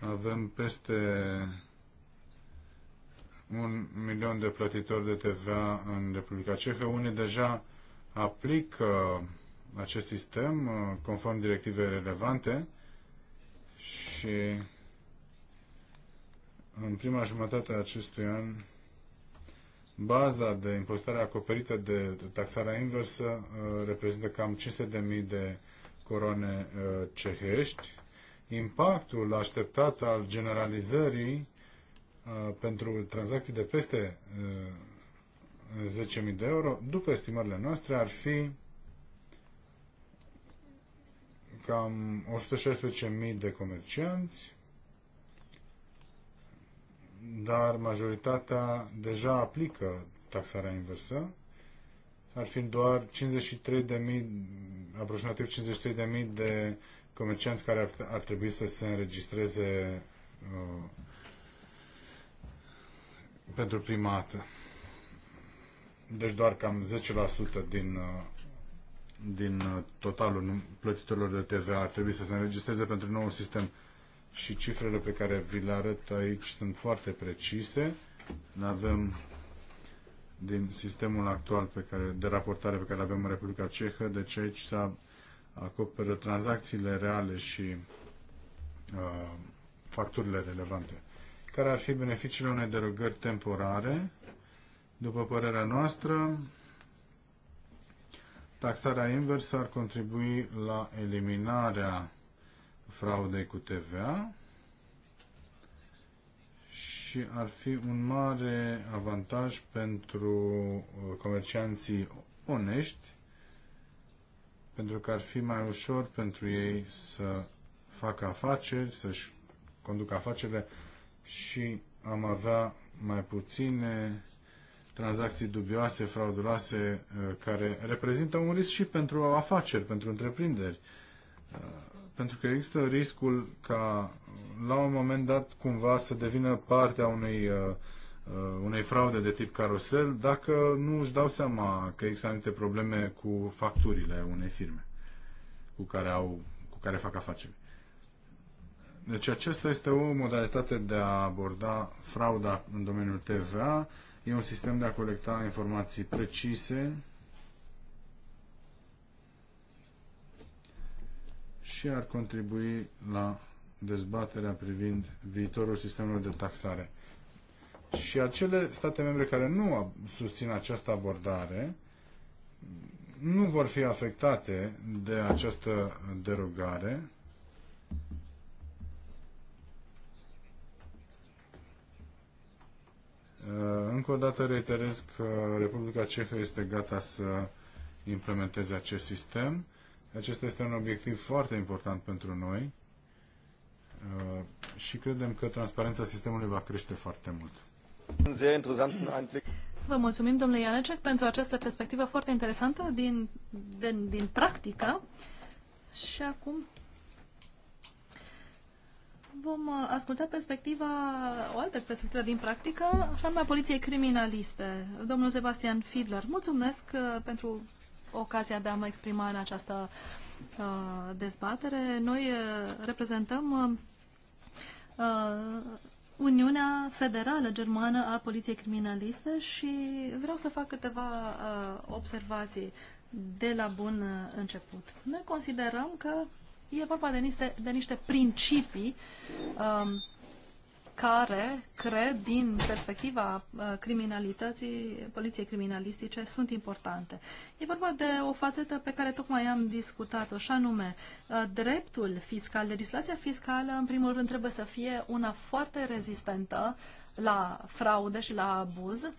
Avem peste un milion de plătitori de TVA în Republica Cehă. Unii deja aplică acest sistem uh, conform directivei relevante și în prima jumătate a acestui an baza de impozitare acoperită de taxarea inversă uh, reprezintă cam 500.000 de coroane uh, cehești. Impactul așteptat al generalizării uh, pentru tranzacții de peste 10.000 uh, de euro, după estimările noastre, ar fi cam 116.000 de comercianți, dar majoritatea deja aplică taxarea inversă ar fi doar 53 de mii, aproximativ 53 de mii de comercianți care ar, ar trebui să se înregistreze uh, pentru prima dată. Deci doar cam 10% din, uh, din uh, totalul plătitorilor de TVA ar trebui să se înregistreze pentru noul sistem și cifrele pe care vi le arăt aici sunt foarte precise. ne Avem din sistemul actual pe care, de raportare pe care le avem în Republica Cehă, deci aici se acoperă tranzacțiile reale și uh, facturile relevante. Care ar fi beneficiile unei derogări temporare? După părerea noastră, taxarea inversă ar contribui la eliminarea fraudei cu TVA, și ar fi un mare avantaj pentru uh, comercianții onești, pentru că ar fi mai ușor pentru ei să facă afaceri, să-și conducă afacerile și am avea mai puține tranzacții dubioase, frauduloase, uh, care reprezintă un risc și pentru afaceri, pentru întreprinderi pentru că există riscul ca la un moment dat cumva să devină partea unei, uh, uh, unei fraude de tip carosel dacă nu își dau seama că există anumite probleme cu facturile unei firme cu care, au, cu care fac afaceri. Deci acesta este o modalitate de a aborda frauda în domeniul TVA. E un sistem de a colecta informații precise și ar contribui la dezbaterea privind viitorul sistemului de taxare. Și acele state membre care nu susțin această abordare nu vor fi afectate de această derogare uh, Încă o dată reiterez că Republica Cehă este gata să implementeze acest sistem acesta este un obiectiv foarte important pentru noi uh, și credem că transparența sistemului va crește foarte mult. Vă mulțumim, domnule Ianecek, pentru această perspectivă foarte interesantă din, din, din practică. Și acum vom uh, asculta perspectiva, o altă perspectivă din practică, așa numai poliției criminaliste. Domnul Sebastian Fidler, mulțumesc uh, pentru ocazia de a mă exprima în această uh, dezbatere. Noi uh, reprezentăm uh, uh, Uniunea Federală Germană a Poliției Criminaliste și vreau să fac câteva uh, observații de la bun început. Noi considerăm că e vorba de niște, de niște principii um, care, cred, din perspectiva uh, criminalității, poliției criminalistice, sunt importante. E vorba de o fațetă pe care tocmai am discutat-o, și anume uh, dreptul fiscal, legislația fiscală, în primul rând, trebuie să fie una foarte rezistentă la fraude și la abuz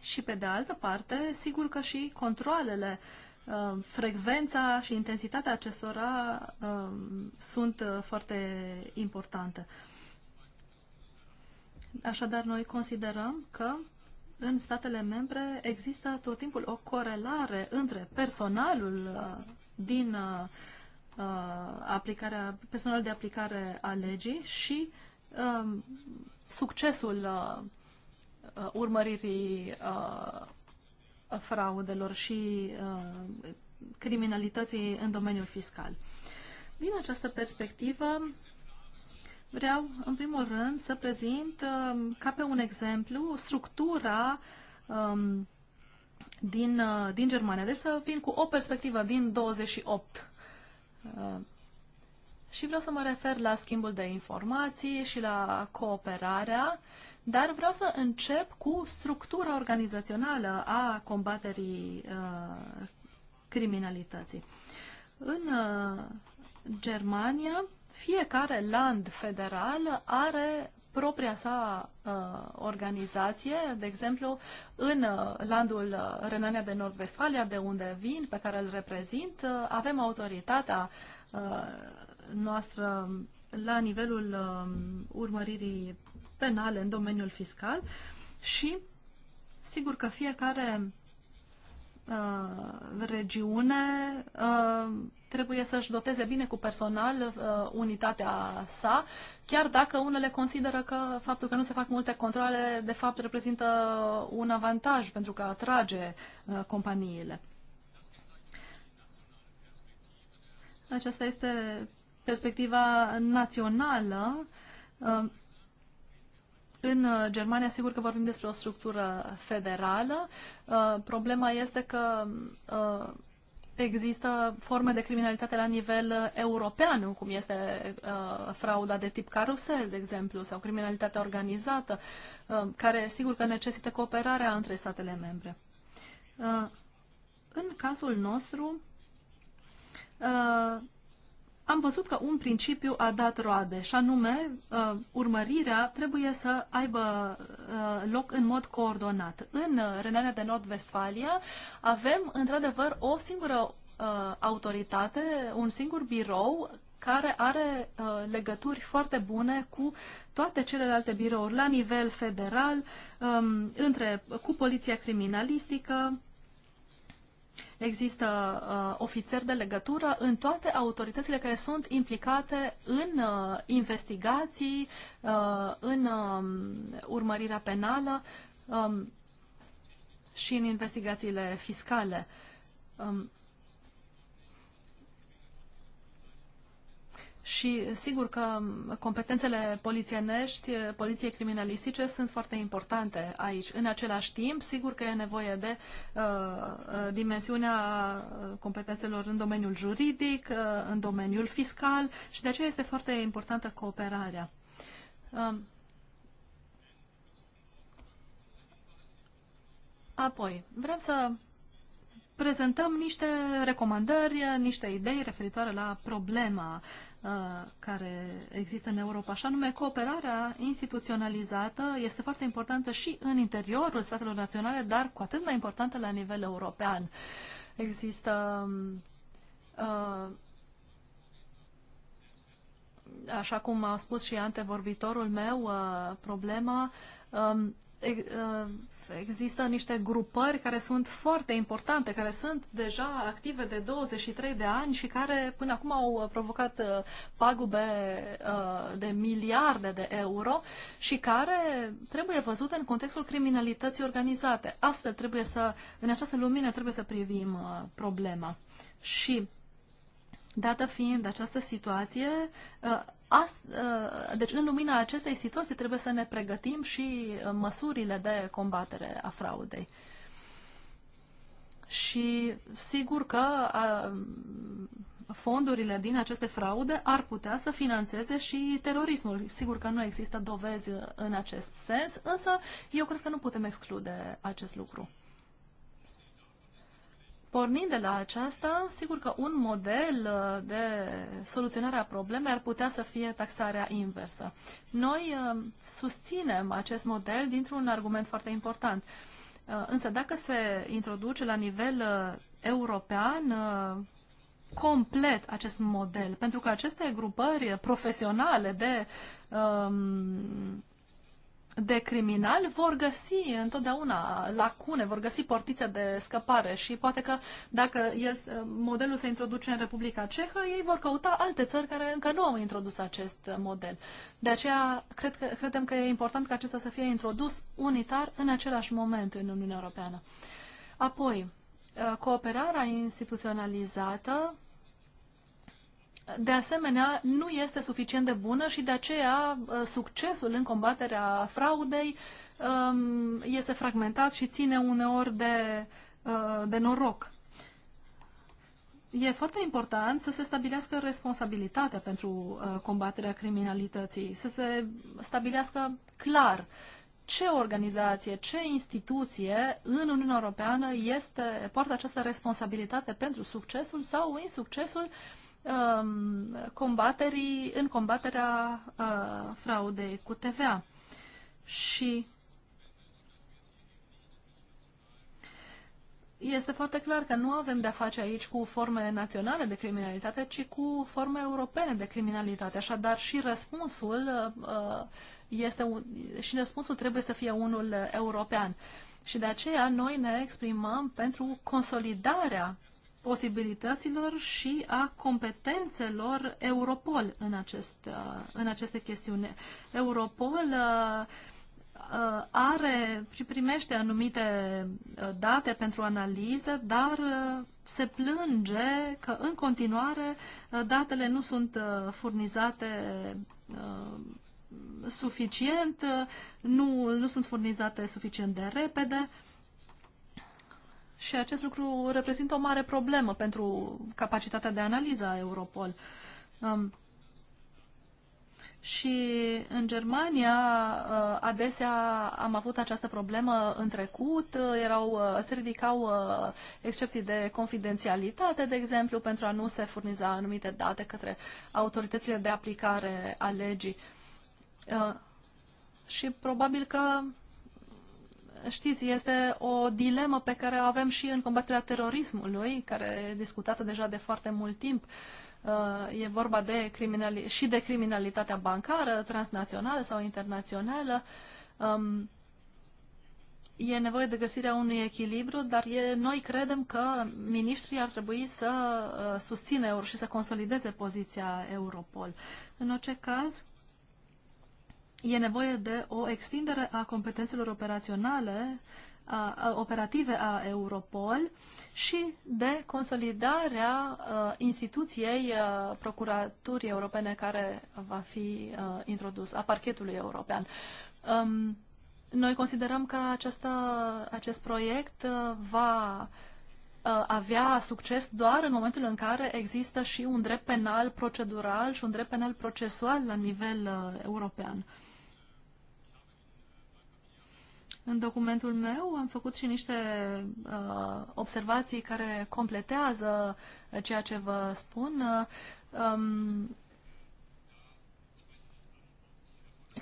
și, pe de altă parte, sigur că și controlele uh, frecvența și intensitatea acestora um, sunt foarte importante. Așadar, noi considerăm că în statele membre există tot timpul o corelare între personalul uh, din uh, uh, aplicarea, personalul de aplicare a legii și um, succesul urmăririi fraudelor și criminalității în domeniul fiscal. Din această perspectivă, vreau, în primul rând, să prezint um, ca pe un exemplu structura um, din, uh, din Germania. Deci să vin cu o perspectivă din 28. Uh, și vreau să mă refer la schimbul de informații și la cooperarea, dar vreau să încep cu structura organizațională a combaterii uh, criminalității. În uh, Germania, fiecare land federal are propria sa uh, organizație, de exemplu, în uh, landul uh, Renania de Nord-Vestfalia, de unde vin, pe care îl reprezint, uh, avem autoritatea uh, noastră la nivelul uh, urmăririi penale în domeniul fiscal și sigur că fiecare uh, regiune uh, trebuie să-și doteze bine cu personal uh, unitatea sa, chiar dacă unele consideră că faptul că nu se fac multe controle, de fapt, reprezintă un avantaj pentru că atrage uh, companiile. Aceasta este perspectiva națională. Uh, în Germania, sigur că vorbim despre o structură federală. Uh, problema este că uh, există forme de criminalitate la nivel uh, european, cum este uh, frauda de tip carusel, de exemplu, sau criminalitatea organizată, uh, care sigur că necesită cooperarea între statele membre. Uh, în cazul nostru, uh, am văzut că un principiu a dat roade, și anume uh, urmărirea trebuie să aibă uh, loc în mod coordonat. În uh, Renania de Nord-Vestfalia avem, într-adevăr, o singură autoritate, un singur birou care are uh, legături foarte bune cu toate celelalte birouri la nivel federal, um, între, cu poliția criminalistică, Există uh, ofițeri de legătură în toate autoritățile care sunt implicate în uh, investigații, uh, în um, urmărirea penală um, și în investigațiile fiscale. Um, Și sigur că competențele polițienești, poliției criminalistice sunt foarte importante aici. În același timp, sigur că e nevoie de uh, uh dimensiunea competențelor în domeniul juridic, uh, în domeniul fiscal și de aceea este foarte importantă cooperarea. Uh, apoi, vreau să prezentăm niște recomandări, niște idei referitoare la problema uh, care există în Europa. Așa nume, cooperarea instituționalizată este foarte importantă și în interiorul statelor naționale, dar cu atât mai importantă la nivel european. Există uh, așa cum a spus și antevorbitorul meu, uh, problema um, Uh, există niște grupări care sunt foarte importante, care sunt deja active de 23 de ani și care până acum au uh, provocat uh, pagube de miliarde de euro și care trebuie văzute în contextul criminalității organizate. Astfel trebuie să, în această lumină trebuie să privim problema. Și Dată fiind această situație, uh, uh, deci în lumina acestei situații trebuie să ne pregătim și uh, măsurile de combatere a fraudei. Și sigur că a, fondurile din aceste fraude ar putea să financeze și terorismul. Sigur că nu există dovezi în acest sens, însă eu cred că nu putem exclude acest lucru. Pornind de la aceasta, sigur că un model uh, de soluționare a problemei ar putea să fie taxarea inversă. Noi uh, susținem acest model dintr-un argument foarte important. Uh, însă dacă se introduce la nivel european complet acest model, pentru că aceste grupări profesionale de um, de criminali vor găsi întotdeauna lacune, vor găsi portițe de scăpare și poate că dacă el, modelul se introduce în Republica Cehă, ei vor căuta alte țări care încă nu au introdus acest model. De aceea cred că, credem că e important ca acesta să fie introdus unitar în același moment în Uniunea Europeană. Apoi, cooperarea instituționalizată de asemenea, nu este suficient de bună și de aceea uh, succesul în combaterea fraudei um, este fragmentat și ține uneori de, uh, de noroc. E foarte important să se stabilească responsabilitatea pentru uh, combaterea criminalității, să se stabilească clar ce organizație, ce instituție în Uniunea Europeană este, poartă această responsabilitate pentru succesul sau insuccesul uh, Um, combaterii, în combaterea uh, fraudei cu TVA. Și este foarte clar că nu avem de-a face aici cu forme naționale de criminalitate, ci cu forme europene de criminalitate. Așadar, și răspunsul uh, uh este și răspunsul trebuie să fie unul european. Și de aceea noi ne exprimăm pentru consolidarea posibilităților și a competențelor Europol în, acest, uh, în aceste chestiuni. Europol uh, uh, are primește anumite date pentru analiză, dar se plânge că în continuare datele nu sunt furnizate suficient, nu, nu sunt furnizate suficient de repede și acest lucru reprezintă o mare problemă pentru capacitatea de analiză a Europol. Um, și în Germania uh, adesea am avut această problemă în trecut, uh, erau, uh, se ridicau excepții de confidențialitate, de exemplu, pentru a nu se furniza anumite date către autoritățile de aplicare a legii. Și probabil că știți, este o dilemă pe care o avem și în combaterea terorismului, care e discutată deja de foarte mult timp. Uh, e vorba de criminali- și de criminalitatea bancară, transnațională sau internațională. Um, e nevoie de găsirea unui echilibru, dar e, noi credem că ministrii ar trebui să uh, susțină euro și să consolideze poziția Europol. În orice caz, e nevoie de o extindere a competențelor operaționale, a, a, operative a Europol și de consolidarea a, instituției a, Procuraturii Europene care va fi a, introdus, a parchetului european. Um, noi considerăm că această, acest proiect va avea succes doar în momentul în care există și un drept penal procedural și un drept penal procesual la nivel european. În documentul meu am făcut și niște uh, observații care completează uh, ceea ce vă spun. Uh, um,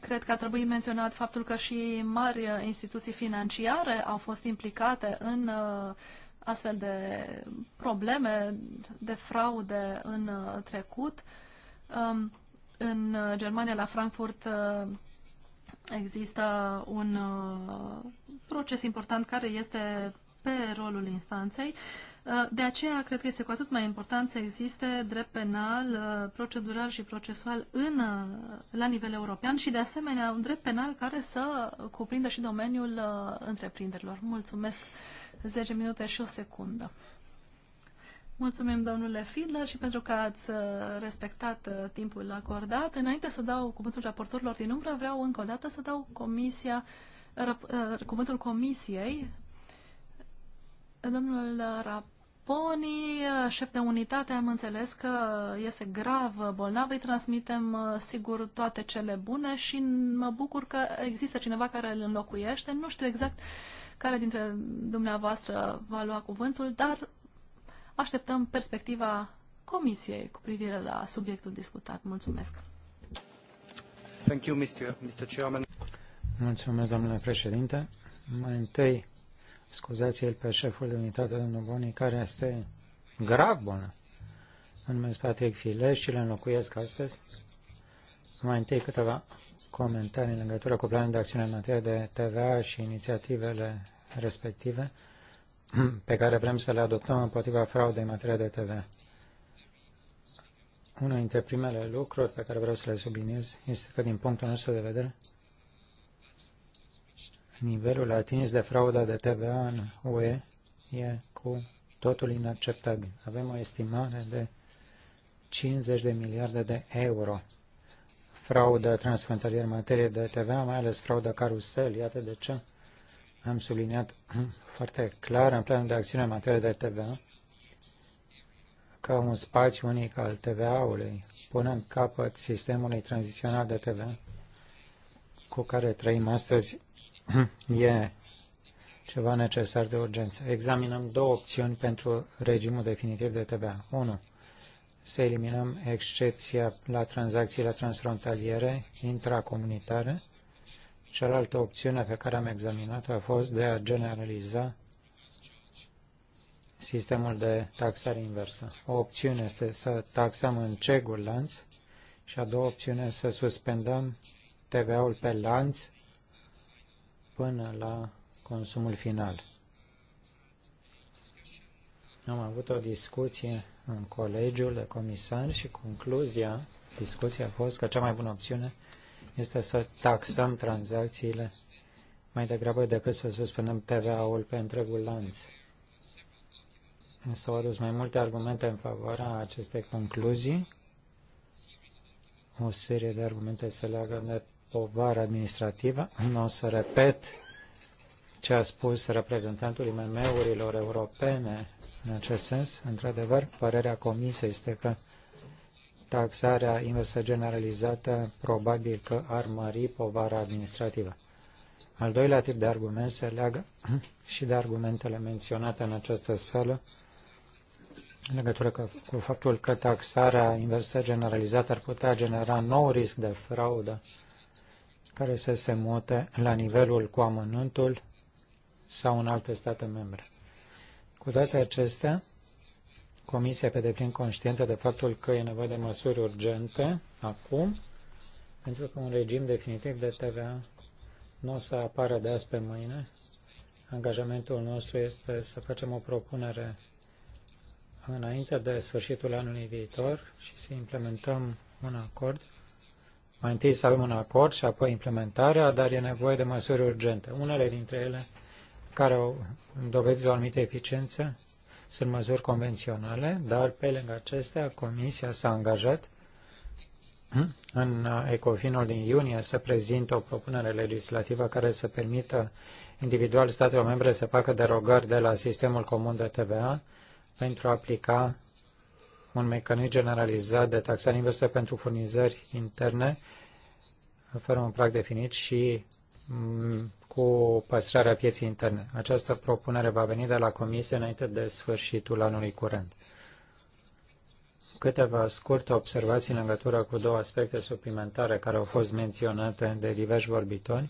Cred că ar trebui menționat faptul că și mari instituții financiare au fost implicate în uh, astfel de probleme de fraude în trecut. Um, în Germania, la Frankfurt, Există un uh, proces important care este pe rolul instanței. Uh, de aceea, cred că este cu atât mai important să existe drept penal, uh, procedural și procesual în, la nivel european și, de asemenea, un drept penal care să cuprindă și domeniul întreprinderilor. Mulțumesc! 10 minute și o secundă. Mulțumim, domnule Fidler, și pentru că ați uh, respectat uh, timpul acordat. Înainte să dau cuvântul raportorilor din umbră, vreau încă o dată să dau comisia, uh, cuvântul comisiei. Domnul Raponi, șef de unitate, am înțeles că este grav bolnav, îi transmitem sigur toate cele bune și mă bucur că există cineva care îl înlocuiește. Nu știu exact care dintre dumneavoastră va lua cuvântul, dar Așteptăm perspectiva Comisiei cu privire la subiectul discutat. Mulțumesc! Thank you, Mr. Mr. Chairman. Mulțumesc, domnule președinte. Mai întâi, scuzați-l pe șeful de unitate, domnul Boni, care este grav bună. Mă numesc Patrick Fileș și le înlocuiesc astăzi. Mai întâi câteva comentarii în legătură cu planul de acțiune în materie de TVA și inițiativele respective pe care vrem să le adoptăm împotriva fraudei în materie de TV. Unul dintre primele lucruri pe care vreau să le subliniez este că, din punctul nostru de vedere, nivelul atins de frauda de TVA în UE e cu totul inacceptabil. Avem o estimare de 50 de miliarde de euro fraudă transfrontalier în materie de TVA, mai ales fraudă carusel. Iată de ce am subliniat foarte clar în planul de acțiune în materie de TVA ca un spațiu unic al TVA-ului, punând capăt sistemului tranzițional de TVA cu care trăim astăzi, e ceva necesar de urgență. Examinăm două opțiuni pentru regimul definitiv de TVA. 1. Să eliminăm excepția la tranzacțiile transfrontaliere, intracomunitare, Cealaltă opțiune pe care am examinat-o a fost de a generaliza sistemul de taxare inversă. O opțiune este să taxăm în cegul lanț și a doua opțiune să suspendăm TVA-ul pe lanț până la consumul final. Am avut o discuție în colegiul de comisari și concluzia discuției a fost că cea mai bună opțiune este să taxăm tranzacțiile mai degrabă decât să suspendăm TVA-ul pe întregul lanț. S-au adus mai multe argumente în favoarea acestei concluzii. O serie de argumente se leagă de povară administrativă. Nu o să repet ce a spus reprezentantul IMM-urilor europene în acest sens. Într-adevăr, părerea comisiei este că taxarea inversă generalizată probabil că ar mări povara administrativă. Al doilea tip de argument se leagă și de argumentele menționate în această sală în legătură cu faptul că taxarea inversă generalizată ar putea genera nou risc de fraudă care să se mute la nivelul cu amănuntul sau în alte state membre. Cu toate acestea, Comisia pe deplin conștientă de faptul că e nevoie de măsuri urgente acum, pentru că un regim definitiv de TVA nu o să apară de azi pe mâine. Angajamentul nostru este să facem o propunere înainte de sfârșitul anului viitor și să implementăm un acord. Mai întâi să avem un acord și apoi implementarea, dar e nevoie de măsuri urgente. Unele dintre ele care au dovedit o anumită eficiență sunt măsuri convenționale, dar pe lângă acestea Comisia s-a angajat hm, în uh, Ecofinul din iunie să prezintă o propunere legislativă care să permită individual statelor membre să facă derogări de la sistemul comun de TVA pentru a aplica un mecanism generalizat de taxare inversă pentru furnizări interne fără un prag definit și cu păstrarea pieții interne. Această propunere va veni de la Comisie înainte de sfârșitul anului curent. Câteva scurte observații în legătură cu două aspecte suplimentare care au fost menționate de diversi vorbitori.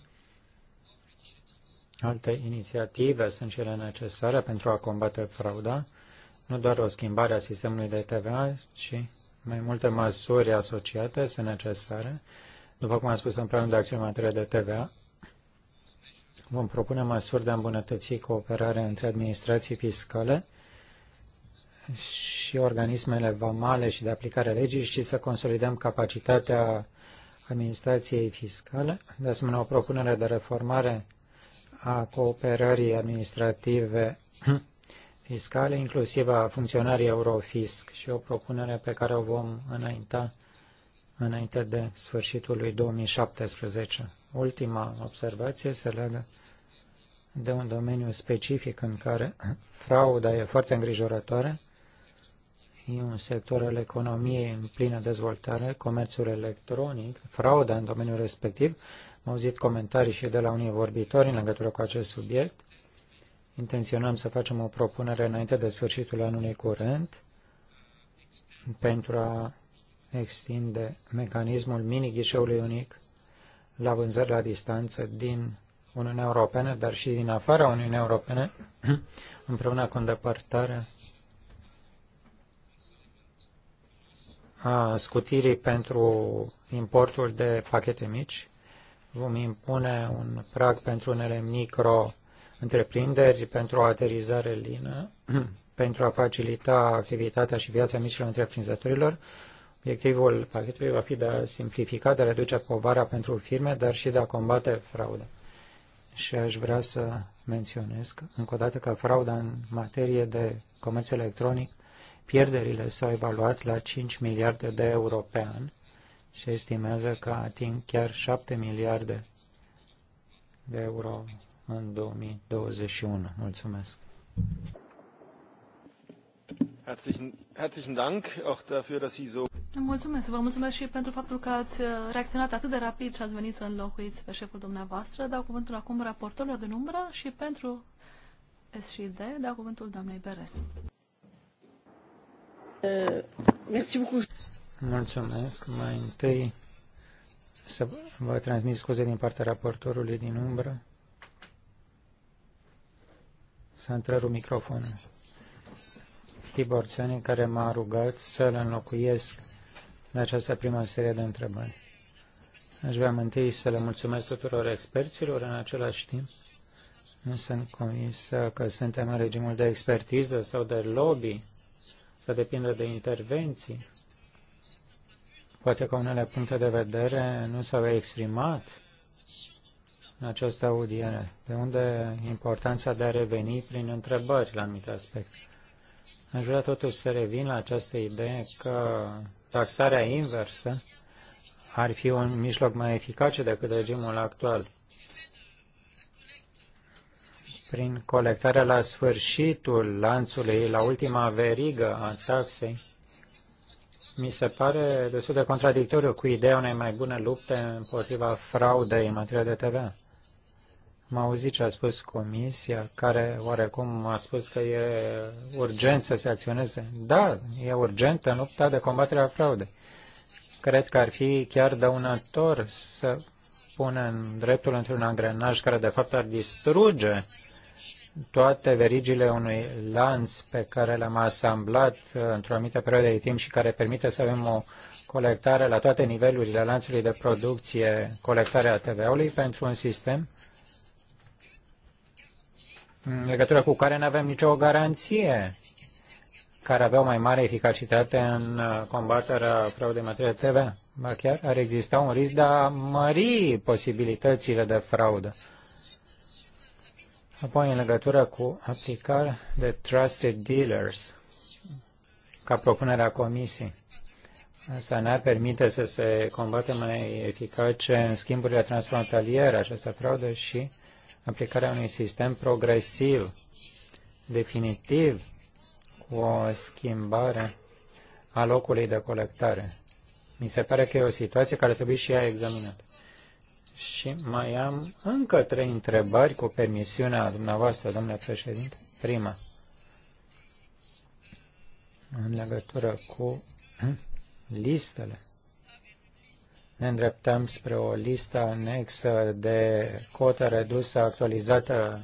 Alte inițiative sunt cele necesare pentru a combate frauda, nu doar o schimbare a sistemului de TVA, ci mai multe măsuri asociate sunt necesare. După cum am spus în planul de acțiune în materie de TVA, Vom propune măsuri de a îmbunătăți cooperarea între administrații fiscale și organismele vamale și de aplicare a legii și să consolidăm capacitatea administrației fiscale. De asemenea, o propunere de reformare a cooperării administrative fiscale, inclusiv a funcționarii Eurofisc și o propunere pe care o vom înainta înainte de sfârșitul lui 2017. Ultima observație se leagă de un domeniu specific în care frauda e foarte îngrijorătoare. E un sector al economiei în plină dezvoltare, comerțul electronic, frauda în domeniul respectiv. Am auzit comentarii și de la unii vorbitori în legătură cu acest subiect. Intenționăm să facem o propunere înainte de sfârșitul anului curent pentru a extinde mecanismul mini-ghișeului unic la vânzări la distanță din Uniunea Europeană, dar și din afara Uniunii Europene, împreună cu îndepărtarea a scutirii pentru importul de pachete mici. Vom impune un prag pentru unele micro întreprinderi pentru o aterizare lină, pentru a facilita activitatea și viața micilor întreprinzătorilor, Obiectivul pachetului va fi de a simplifica, de a reduce povara pentru firme, dar și de a combate fraude. Și aș vrea să menționez încă o dată că frauda în materie de comerț electronic, pierderile s-au evaluat la 5 miliarde de euro pe an. Se estimează că ating chiar 7 miliarde de euro în 2021. Mulțumesc! Mulțumesc, vă mulțumesc și pentru faptul că ați uh, reacționat atât de rapid și ați venit să înlocuiți pe șeful dumneavoastră. Dau cuvântul acum raportorilor din umbră și pentru S&D dau cuvântul doamnei Beres. Uh, mulțumesc. Mai întâi să vă transmit scuze din partea raportorului din umbră. Să întrerup microfonul. Tibor Țănin, care m-a rugat să îl înlocuiesc la această prima serie de întrebări. Aș vrea întâi să le mulțumesc tuturor experților în același timp. Nu sunt convins că suntem în regimul de expertiză sau de lobby, să depindă de intervenții. Poate că unele puncte de vedere nu s-au exprimat în această audiere, de unde importanța de a reveni prin întrebări la anumite aspecte. Aș vrea totuși să revin la această idee că taxarea inversă ar fi un mijloc mai eficace decât regimul actual. Prin colectarea la sfârșitul lanțului, la ultima verigă a taxei, mi se pare destul de contradictoriu cu ideea unei mai bune lupte împotriva fraudei în materie de TVA. Am auzit ce a spus comisia, care oarecum a spus că e urgent să se acționeze. Da, e urgent în lupta de combatere a fraudei. Cred că ar fi chiar dăunător să în dreptul într-un angrenaj care de fapt ar distruge toate verigile unui lanț pe care le-am asamblat într-o anumită perioadă de timp și care permite să avem o colectare la toate nivelurile lanțului de producție, colectarea TVA-ului pentru un sistem în legătură cu care nu avem nicio garanție care aveau mai mare eficacitate în uh, combaterea fraudei materiale TV. Ba chiar ar exista un risc de a mări posibilitățile de fraudă. Apoi, în legătură cu aplicarea de Trusted Dealers, ca propunerea comisiei, asta ne-ar permite să se combate mai eficace în schimburile transfrontaliere această fraudă și aplicarea unui sistem progresiv, definitiv, cu o schimbare a locului de colectare. Mi se pare că e o situație care trebuie și ea examinată. Și mai am încă trei întrebări cu permisiunea dumneavoastră, domnule președinte. Prima, în legătură cu listele ne îndreptăm spre o listă anexă de cotă redusă, actualizată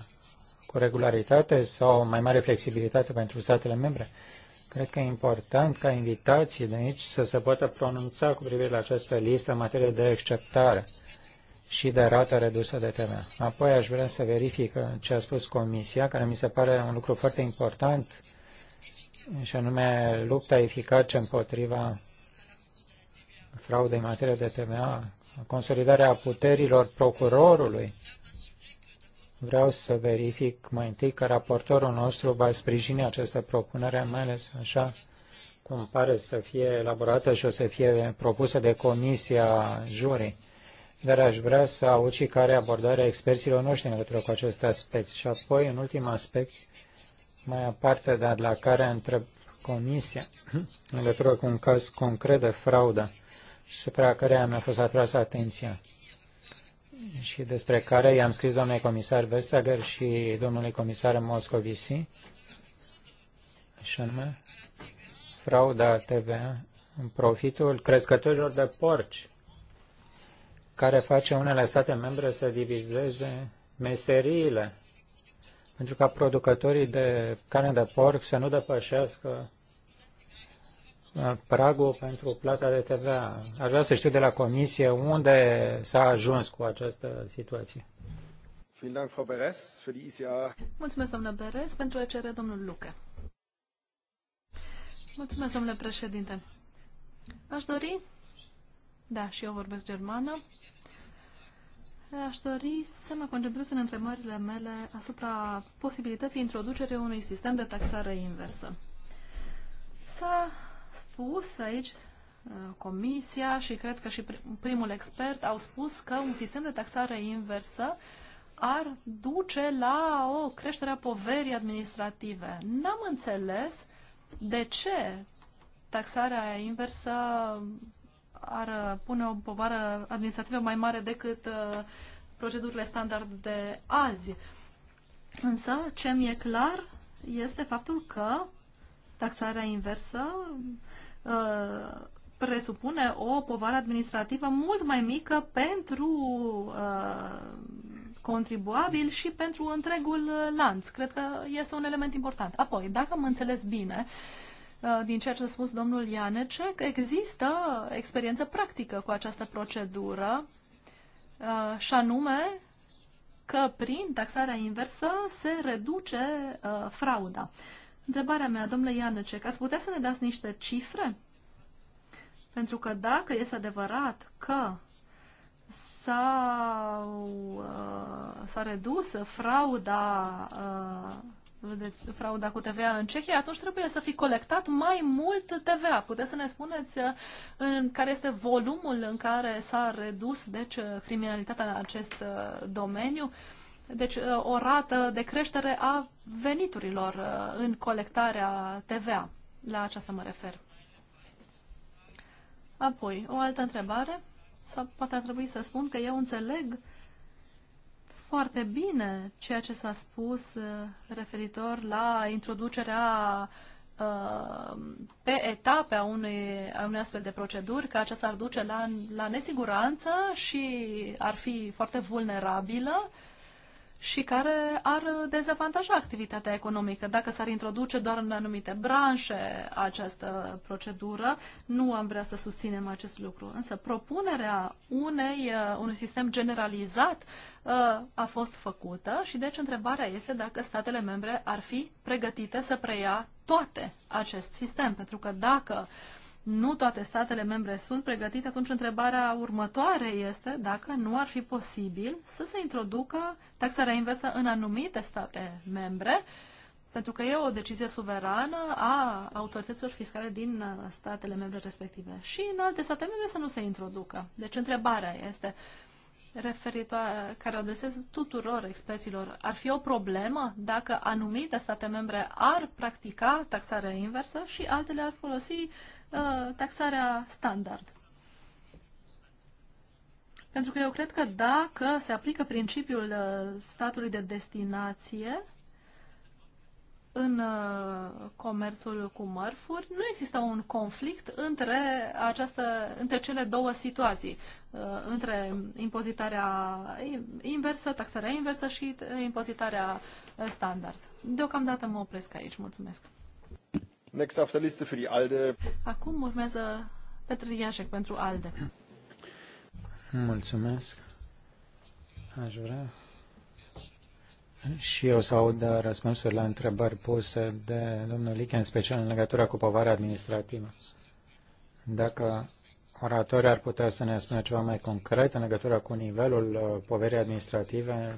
cu regularitate sau mai mare flexibilitate pentru statele membre? Cred că e important ca invitații de aici să se poată pronunța cu privire la această listă în materie de acceptare și de rată redusă de TVA. Apoi aș vrea să verific ce a spus Comisia, care mi se pare un lucru foarte important, și anume lupta eficace împotriva fraude în materie de TVA, consolidarea puterilor procurorului. Vreau să verific mai întâi că raportorul nostru va sprijini această propunere, mai ales așa cum pare să fie elaborată și o să fie propusă de comisia jurii. Dar aș vrea să aud și care abordarea experților noștri în legătură cu acest aspect. Și apoi, un ultim aspect, mai aparte, dar la care întreb comisia, în legătură cu un caz concret de fraudă supra care mi-a fost atrasă atenția și despre care i-am scris doamnei comisar Vestager și domnului comisar Moscovici, și anume frauda TV, în profitul crescătorilor de porci, care face unele state membre să divizeze meseriile pentru ca producătorii de carne de porc să nu depășească pragul pentru plata de TVA. Aș vrea să știu de la Comisie unde s-a ajuns cu această situație. Mulțumesc, domnule Beres, pentru a cere domnul Luca. Mulțumesc, domnule președinte. Aș dori, da, și eu vorbesc germană, aș dori să mă concentrez în întrebările mele asupra posibilității introducerii unui sistem de taxare inversă. S-a spus aici uh, Comisia și cred că și primul expert au spus că un sistem de taxare inversă ar duce la o creștere a poverii administrative. N-am înțeles de ce taxarea inversă ar pune o povară administrativă mai mare decât uh, procedurile standard de azi. Însă, ce mi-e clar este faptul că Taxarea inversă uh, presupune o povară administrativă mult mai mică pentru uh, contribuabil și pentru întregul uh, lanț. Cred că este un element important. Apoi, dacă am înțeles bine, din ceea ce a spus domnul Ianecek, există experiență practică cu această procedură și anume că prin taxarea inversă se reduce frauda. Întrebarea mea, domnule Ianăcec, ați putea să ne dați niște cifre? Pentru că dacă este adevărat că uh, s-a redus frauda, uh, de, frauda cu TVA în Cehia, atunci trebuie să fi colectat mai mult TVA. Puteți să ne spuneți uh, în care este volumul în care s-a redus deci criminalitatea în acest domeniu? Uh, deci uh, o rată de creștere a veniturilor uh, în colectarea TVA. La aceasta mă refer. Apoi, o altă întrebare, sau poate ar trebui să spun că eu înțeleg foarte bine ceea ce s-a spus uh, referitor la introducerea pe etape a unei, a unei astfel de proceduri, că aceasta ar duce la, la nesiguranță și ar fi foarte vulnerabilă uh, și care ar dezavantaja activitatea economică. Dacă s-ar introduce doar în anumite branșe această procedură, nu am vrea să susținem acest lucru. Însă propunerea unei, uh, unui sistem generalizat uh, a fost făcută și deci întrebarea este dacă statele membre ar fi pregătite să preia toate acest sistem. Pentru că dacă uh, nu toate statele membre sunt pregătite, atunci întrebarea următoare este dacă nu ar fi posibil să se introducă taxarea inversă în anumite state membre, pentru că e o decizie suverană a autorităților fiscale din uh, statele membre respective. Și în alte state membre să nu se introducă. Deci întrebarea este referitoare, care adresez tuturor experților, ar fi o problemă dacă anumite state membre ar practica taxarea inversă și altele ar folosi Uh, taxarea standard. Pentru că eu cred că dacă se aplică principiul uh, statului de destinație în uh, comerțul cu mărfuri, nu există un conflict între, această, între cele două situații, între impozitarea inversă, taxarea inversă și impozitarea standard. Deocamdată mă opresc aici. Mulțumesc! Next auf der Liste für ALDE. Acum urmează Petr Iașec pentru ALDE. Mulțumesc. Aș vrea și eu să aud răspunsuri la întrebări puse de domnul Lichen, în special în legătură cu povarea administrativă. Dacă oratorii ar putea să ne spună ceva mai concret în legătură cu nivelul uh, poverii administrative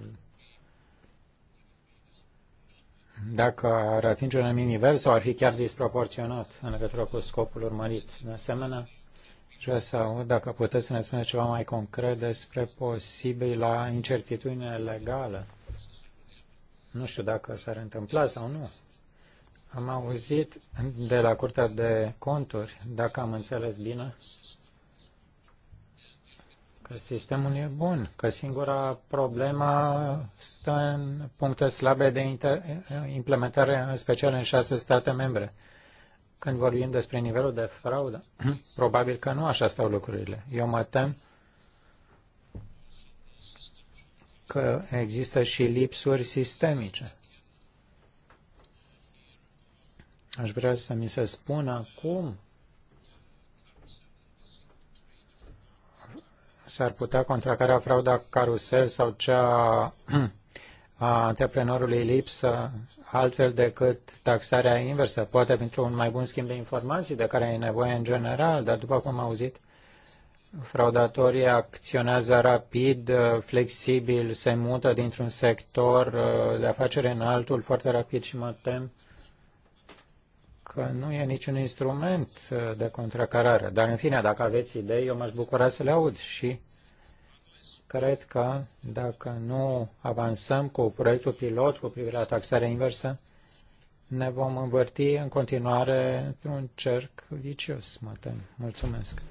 dacă ar atinge un anumit nivel sau ar fi chiar disproporționat în legătură cu scopul urmărit. De asemenea, și o să aud dacă puteți să ne spuneți ceva mai concret despre posibila incertitudine legală. Nu știu dacă s-ar întâmpla sau nu. Am auzit de la Curtea de Conturi, dacă am înțeles bine, sistemul e bun, că singura problemă stă în puncte slabe de implementare, în special în șase state membre. Când vorbim despre nivelul de fraudă, probabil că nu așa stau lucrurile. Eu mă tem că există și lipsuri sistemice. Aș vrea să mi se spună cum. s-ar putea contracara frauda carusel sau cea a antreprenorului lipsă altfel decât taxarea inversă, poate pentru un mai bun schimb de informații de care ai nevoie în general, dar după cum am auzit, fraudatorii acționează rapid, flexibil, se mută dintr-un sector uh, de afacere în altul foarte rapid și mă tem că nu e niciun instrument uh, de contracarare. Dar, în fine, dacă aveți idei, eu m-aș bucura să le aud și cred că dacă nu avansăm cu proiectul pilot cu privire la taxarea inversă, ne vom învârti în continuare într-un cerc vicios, mă tem. Mulțumesc.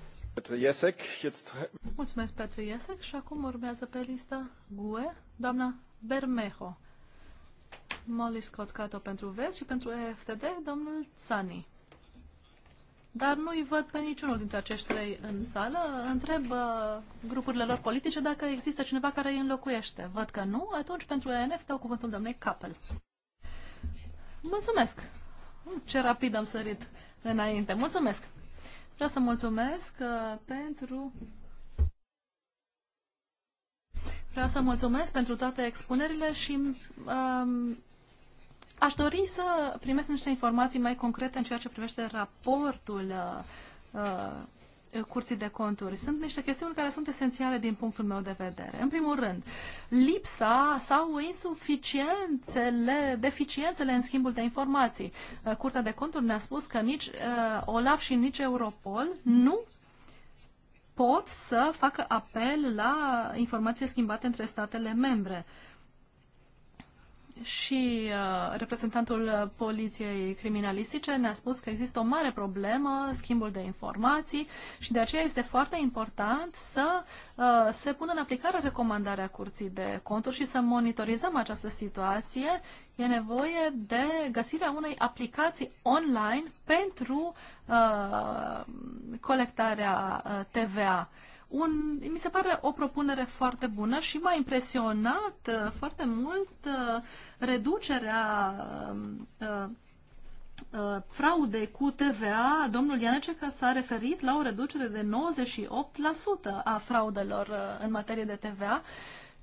Mulțumesc, Petru Iesec. Și acum urmează pe lista GUE, doamna Bermejo. Molly Scott Cato pentru Vers și pentru EFTD, domnul Țani. Dar nu-i văd pe niciunul dintre acești trei în sală. Întreb uh, grupurile lor politice dacă există cineva care îi înlocuiește. Văd că nu, atunci pentru ENF dau cuvântul domnului Capel. Mulțumesc! Hm, ce rapid am sărit înainte. Mulțumesc! Vreau să mulțumesc uh, pentru Vreau să mulțumesc pentru toate expunerile și um, Aș dori să primesc niște informații mai concrete în ceea ce privește raportul uh, uh, curții de conturi. Sunt niște chestiuni care sunt esențiale din punctul meu de vedere. În primul rând, lipsa sau insuficiențele, deficiențele în schimbul de informații. Uh, Curtea de conturi ne-a spus că nici uh, OLAF și nici Europol nu pot să facă apel la informații schimbate între statele membre. Uh, și uh, reprezentantul poliției criminalistice ne-a spus că există o mare problemă, schimbul de informații și de aceea este foarte important să uh, se pună în aplicare recomandarea Curții de Conturi și să monitorizăm această situație. E nevoie de găsirea unei aplicații online pentru uh, colectarea TVA. Uh, un, mi se pare o propunere foarte bună și m-a impresionat uh, foarte mult uh, reducerea um, uh, fraude cu TVA, domnul Ianececa s-a referit la o reducere de 98% a fraudelor în materie de TVA,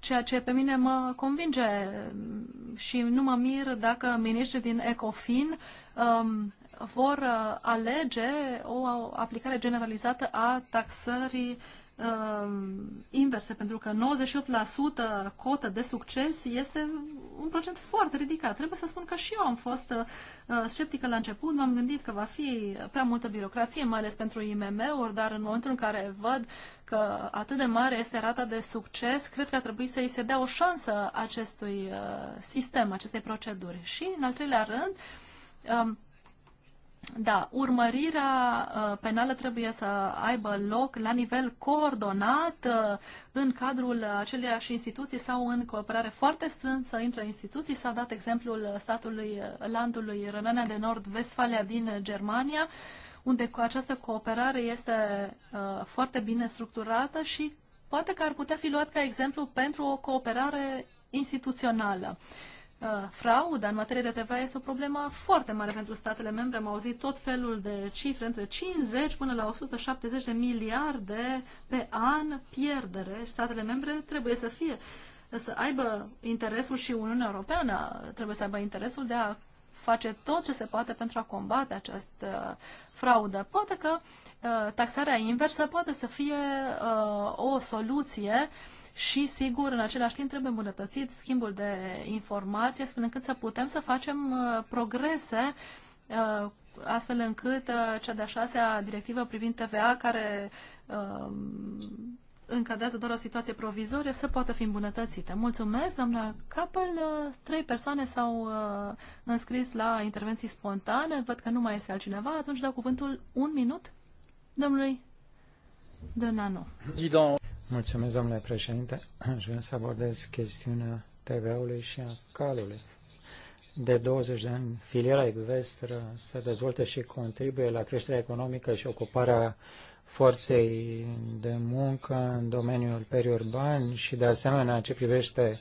ceea ce pe mine mă convinge um, și nu mă mir dacă miniștrii din ECOFIN um, vor alege o aplicare generalizată a taxării uh, inverse, pentru că 98% cotă de succes este un procent foarte ridicat. Trebuie să spun că și eu am fost uh, sceptică la început, m-am gândit că va fi prea multă birocrație, mai ales pentru IMM-uri, dar în momentul în care văd că atât de mare este rata de succes, cred că ar trebui să îi se dea o șansă acestui uh, sistem, acestei proceduri. Și, în al treilea rând, um, da, urmărirea uh, penală trebuie să aibă loc la nivel coordonat uh, în cadrul aceleiași instituții sau în cooperare foarte strânsă între instituții. S-a dat exemplul statului uh, landului Rănânea de Nord-Vestfalia din Germania, unde cu această cooperare este foarte bine structurată și poate că ar putea fi luat ca exemplu pentru o cooperare instituțională. Uh, frauda în materie de TVA este o problemă foarte mare pentru statele membre. Am auzit tot felul de cifre, între 50 până la 170 de miliarde pe an pierdere. Statele membre trebuie să fie să aibă interesul și Uniunea Europeană trebuie să aibă interesul de a face tot ce se poate pentru a combate această fraudă. Poate că uh, taxarea inversă poate să fie uh, o soluție și, sigur, în același timp trebuie îmbunătățit schimbul de informații, astfel încât să putem să facem uh, progrese uh, astfel încât uh, cea de-a șasea directivă privind TVA, care um, încadrează doar o situație provizorie, să poată fi îmbunătățită. Mulțumesc, doamna Capel. Trei persoane s-au uh, înscris la intervenții spontane. Văd că nu mai este altcineva. Atunci dau cuvântul un minut domnului Donano. Mulțumesc, domnule președinte. Aș vrea să abordez chestiunea TVA-ului și a calului. De 20 de ani, filiera Ecvestră se dezvoltă și contribuie la creșterea economică și ocuparea forței de muncă în domeniul periurban și, de asemenea, ce privește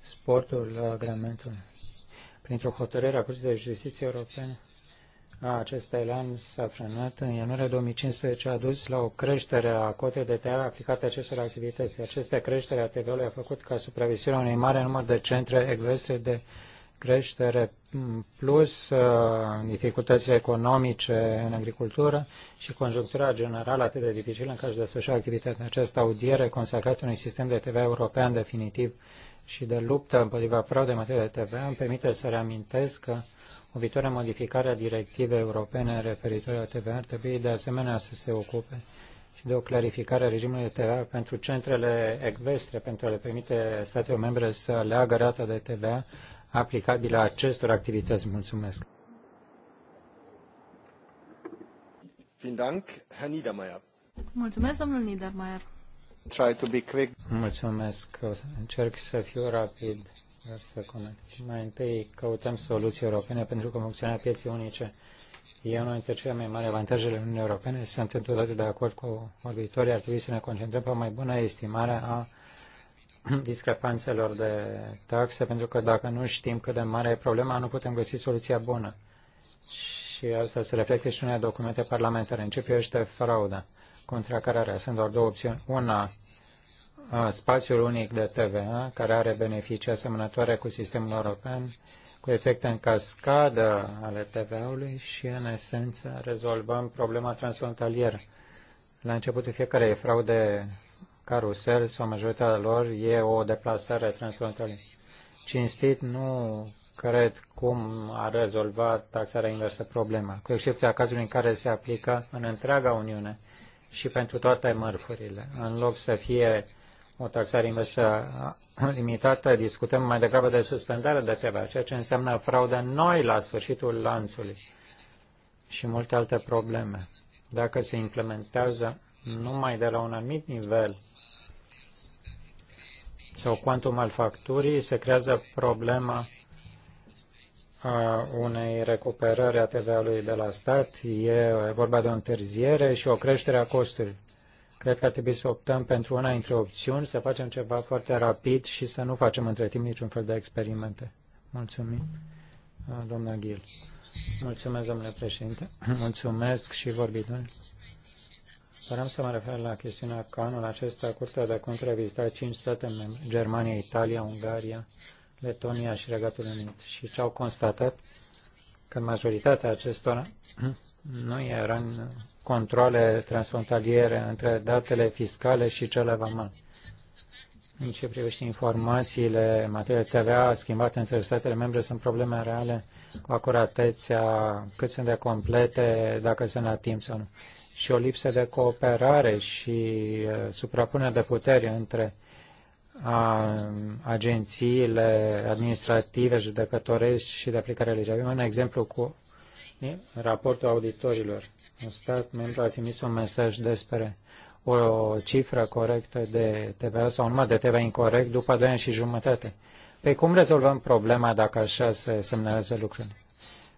sportul la agramentul. Printr-o hotărâre a Curții de Justiție Europene, a acestui elan s-a frânat în ianuarie 2015 a dus la o creștere a cotei de TVA aplicate acestor activități. Aceste creștere a TVA-ului a făcut ca supraviețuirea unui mare număr de centre ecvestre de creștere mm, plus uh, dificultățile economice în agricultură și conjunctura generală atât de dificilă în care își desfășoară activitatea. Această audiere consacrată unui sistem de TVA european definitiv uh, și de luptă împotriva fraudei în materie de TVA, îmi permite să reamintesc că o viitoare modificare a directivei europene referitoare la TVA ar trebui de asemenea să se ocupe și de o clarificare a regimului de TVA pentru centrele ecvestre, pentru a le permite statelor membre să leagă rata de TVA aplicabilă acestor activități. Mulțumesc! Mulțumesc, domnul Niedermayer. Try to be quick. Mulțumesc. Încerc să fiu rapid. să coment. Mai întâi căutăm soluții europene pentru că funcționa pieții unice e unul dintre cele mai mari avantajele Uniunii Europene. Sunt întotdeauna de acord cu vorbitorii. Ar trebui să ne concentrăm pe o mai bună estimare a discrepanțelor de taxe, pentru că dacă nu știm cât de mare e problema, nu putem găsi soluția bună. Și asta se reflectă și în unele documente parlamentare. În ce privește frauda? contracararea. Sunt doar două opțiuni. Una, spațiul unic de TVA, care are beneficii asemănătoare cu sistemul european, cu efecte în cascadă ale TVA-ului și, în esență, rezolvăm problema transfrontalieră. La începutul fiecare fraude carusel sau majoritatea lor e o deplasare transfrontalieră. Cinstit, nu cred cum a rezolvat taxarea inversă problema, cu excepția cazului în care se aplică în întreaga Uniune și pentru toate mărfurile. În loc să fie o taxare inversă limitată, discutăm mai degrabă de suspendare de TVA, ceea ce înseamnă fraudă noi la sfârșitul lanțului și multe alte probleme. Dacă se implementează numai de la un anumit nivel sau cuantum al facturii, se creează problema a unei recuperări a TVA-ului de la stat. E vorba de o întârziere și o creștere a costurilor. Cred că ar trebui să optăm pentru una dintre opțiuni, să facem ceva foarte rapid și să nu facem între timp niciun fel de experimente. Mulțumim, doamna Ghil. Mulțumesc, domnule președinte. Mulțumesc și vorbitorii. Vreau să mă refer la chestiunea că anul acesta Curtea de Conturi a vizitat 5 state membre, Germania, Italia, Ungaria, Letonia și Regatul Unit și ce au constatat că majoritatea acestora nu erau în controle transfrontaliere între datele fiscale și cele vamale. În ce privește informațiile materiile TVA schimbate între statele membre, sunt probleme reale cu acuratețea, cât sunt de complete, dacă sunt la timp sau nu. Și o lipsă de cooperare și uh, suprapunere de puteri între a agențiile administrative, judecătorești și de aplicare a legii. Avem un exemplu cu raportul auditorilor. Un stat membru a trimis un mesaj despre o cifră corectă de TVA sau numai de TVA incorrect după 2 ani și jumătate. Pe păi cum rezolvăm problema dacă așa se semnează lucrurile?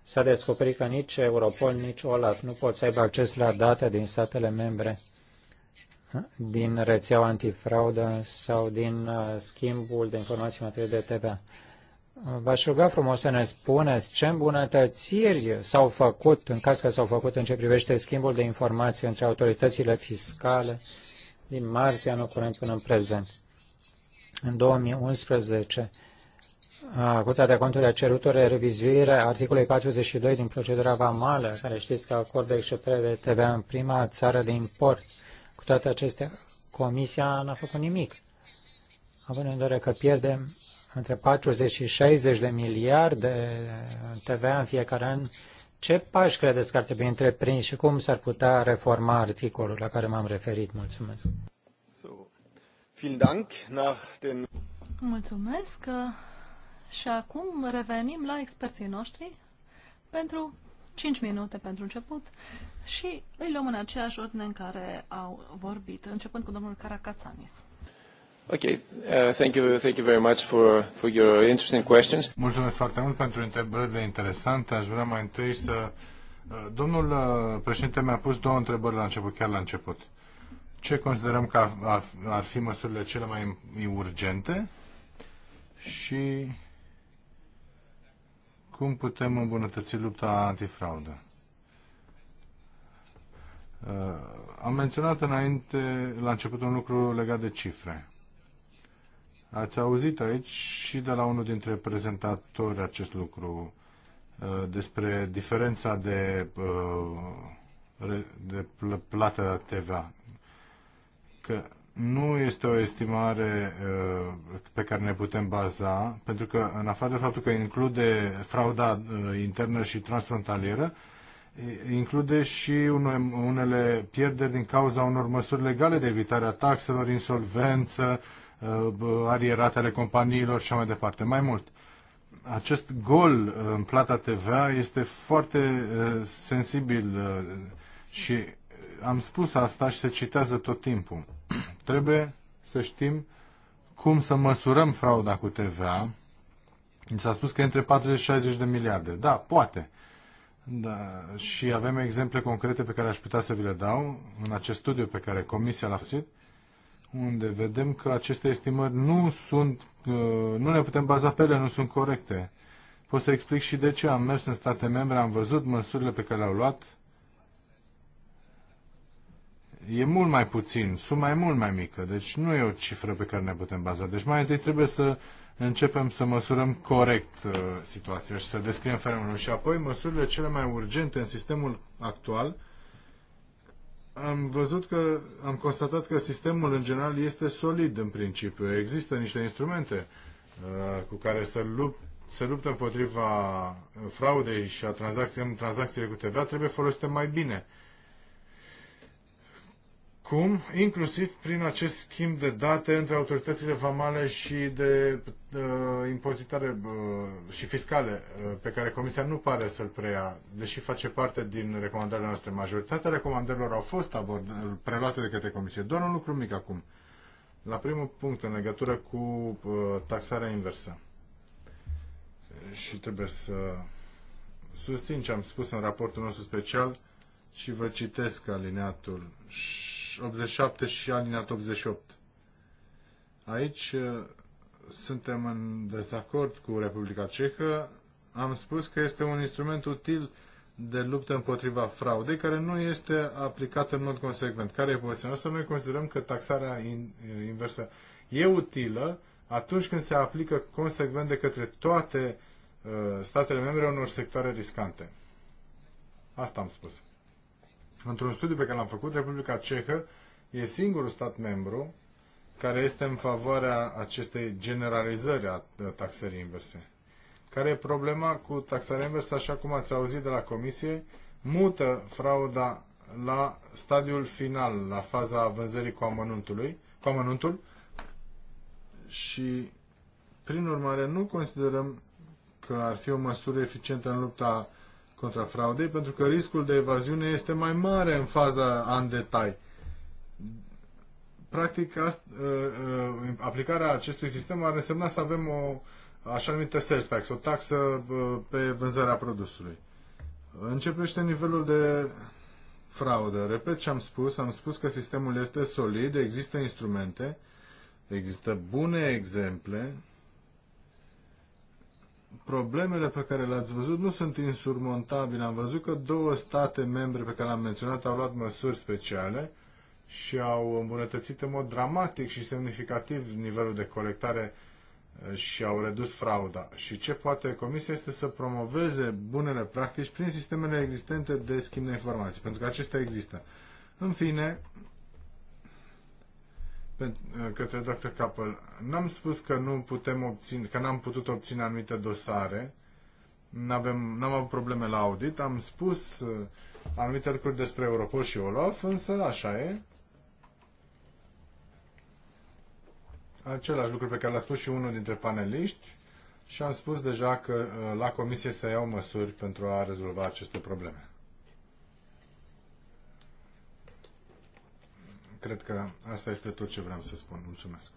S-a descoperit că nici Europol, nici OLAF nu pot să aibă acces la date din statele membre din rețeaua antifraudă sau din uh, schimbul de informații în materie de TVA. V-aș ruga frumos să ne spuneți ce îmbunătățiri s-au făcut, în caz că s-au făcut în ce privește schimbul de informații între autoritățile fiscale din martie anul curent până în prezent. În 2011, uh, Curtea de Conturi a cerut o revizuire a articolului 42 din procedura vamală, care știți că acordă exceptare de TVA în prima țară de import cu toate acestea, Comisia n-a făcut nimic. Având în vedere că pierdem între 40 și 60 de miliarde TVA în fiecare an, ce pași credeți că ar trebui întreprinși și cum s-ar putea reforma articolul la care m-am referit? Mulțumesc. Mulțumesc. Și acum revenim la experții noștri pentru 5 minute pentru început și îi luăm în aceeași ordine în care au vorbit, începând cu domnul Caracatsanis. Okay, uh, thank you, thank you very much for, for your interesting questions. Mulțumesc foarte mult pentru întrebările interesante. Aș vrea mai întâi să... Uh, domnul uh, președinte mi-a pus două întrebări la început, chiar la început. Ce considerăm că ar fi măsurile cele mai urgente și cum putem îmbunătăți lupta antifraudă? Uh, am menționat înainte, la început, un lucru legat de cifre. Ați auzit aici și de la unul dintre prezentatori acest lucru uh, despre diferența de, uh, de plată TVA. Că nu este o estimare uh, pe care ne putem baza, pentru că în afară de faptul că include frauda uh, internă și transfrontalieră, include și unele pierderi din cauza unor măsuri legale de evitare a taxelor, insolvență, uh, arierate ale companiilor și mai departe. Mai mult, acest gol în plata TVA este foarte sensibil și am spus asta și se citează tot timpul. Trebuie să știm cum să măsurăm frauda cu TVA. Mi s-a spus că e între 40 și 60 de miliarde. Da, poate. Da, și avem exemple concrete pe care aș putea să vi le dau în acest studiu pe care Comisia l-a făcut, unde vedem că aceste estimări nu sunt, uh, nu ne putem baza pe ele, nu sunt corecte. Pot să explic și de ce am mers în state membre, am văzut măsurile pe care le-au luat, e mult mai puțin, suma e mult mai mică, deci nu e o cifră pe care ne putem baza. Deci mai întâi trebuie să începem să măsurăm corect uh, situația și să descriem fenomenul. Și apoi măsurile cele mai urgente în sistemul actual am văzut că am constatat că sistemul în general este solid în principiu. Există niște instrumente uh, cu care să lupt se luptă împotriva fraudei și a tranzacției, tranzacțiile cu TVA trebuie folosite mai bine acum, inclusiv prin acest schimb de date între autoritățile vamale și de uh, impozitare uh, și fiscale, uh, pe care Comisia nu pare să-l preia, deși face parte din recomandările noastre. Majoritatea recomandărilor au fost abord- preluate de către Comisie. Doar un lucru mic acum. La primul punct, în legătură cu uh, taxarea inversă. Și trebuie să susțin ce am spus în raportul nostru special și vă citesc alineatul 87 și alineatul 88. Aici uh, suntem în dezacord cu Republica Cehă. Am spus că este un instrument util de luptă împotriva fraudei care nu este aplicată în mod consecvent. Care e poziția noastră? Noi considerăm că taxarea uh, inversă e utilă atunci când se aplică consecvent de către toate uh, statele membre unor sectoare riscante. Asta am spus. Într-un studiu pe care l-am făcut, Republica Cehă e singurul stat membru care este în favoarea acestei generalizări a taxării inverse. Care e problema cu taxarea inversă, așa cum ați auzit de la Comisie, mută frauda la stadiul final, la faza vânzării cu, amănuntului, cu amănuntul și, prin urmare, nu considerăm că ar fi o măsură eficientă în lupta contra fraudei, pentru că riscul de evaziune este mai mare în faza an detai. Practic, ă, ă, aplicarea acestui sistem ar însemna să avem o așa numită sales tax, o taxă ă, pe vânzarea produsului. Începește nivelul de fraudă. Repet ce am spus, am spus că sistemul este solid, există instrumente, există bune exemple, problemele pe care le-ați văzut nu sunt insurmontabile. Am văzut că două state membre pe care le-am menționat au luat măsuri speciale și au îmbunătățit în mod dramatic și semnificativ nivelul de colectare uh, și au redus frauda. Și ce poate Comisia este să promoveze bunele practici prin sistemele existente de schimb de informații, pentru că acestea există. În fine, Uh, către Dr. Capel. N-am spus că nu putem obține, că n-am putut obține anumite dosare, n-avem, n-am avut probleme la audit, am spus uh, anumite lucruri despre Europol și Olaf, însă așa e. Același lucru pe care l-a spus și unul dintre paneliști și am spus deja că uh, la comisie se iau măsuri pentru a rezolva aceste probleme. Cred că asta este tot ce vreau să spun. Mulțumesc.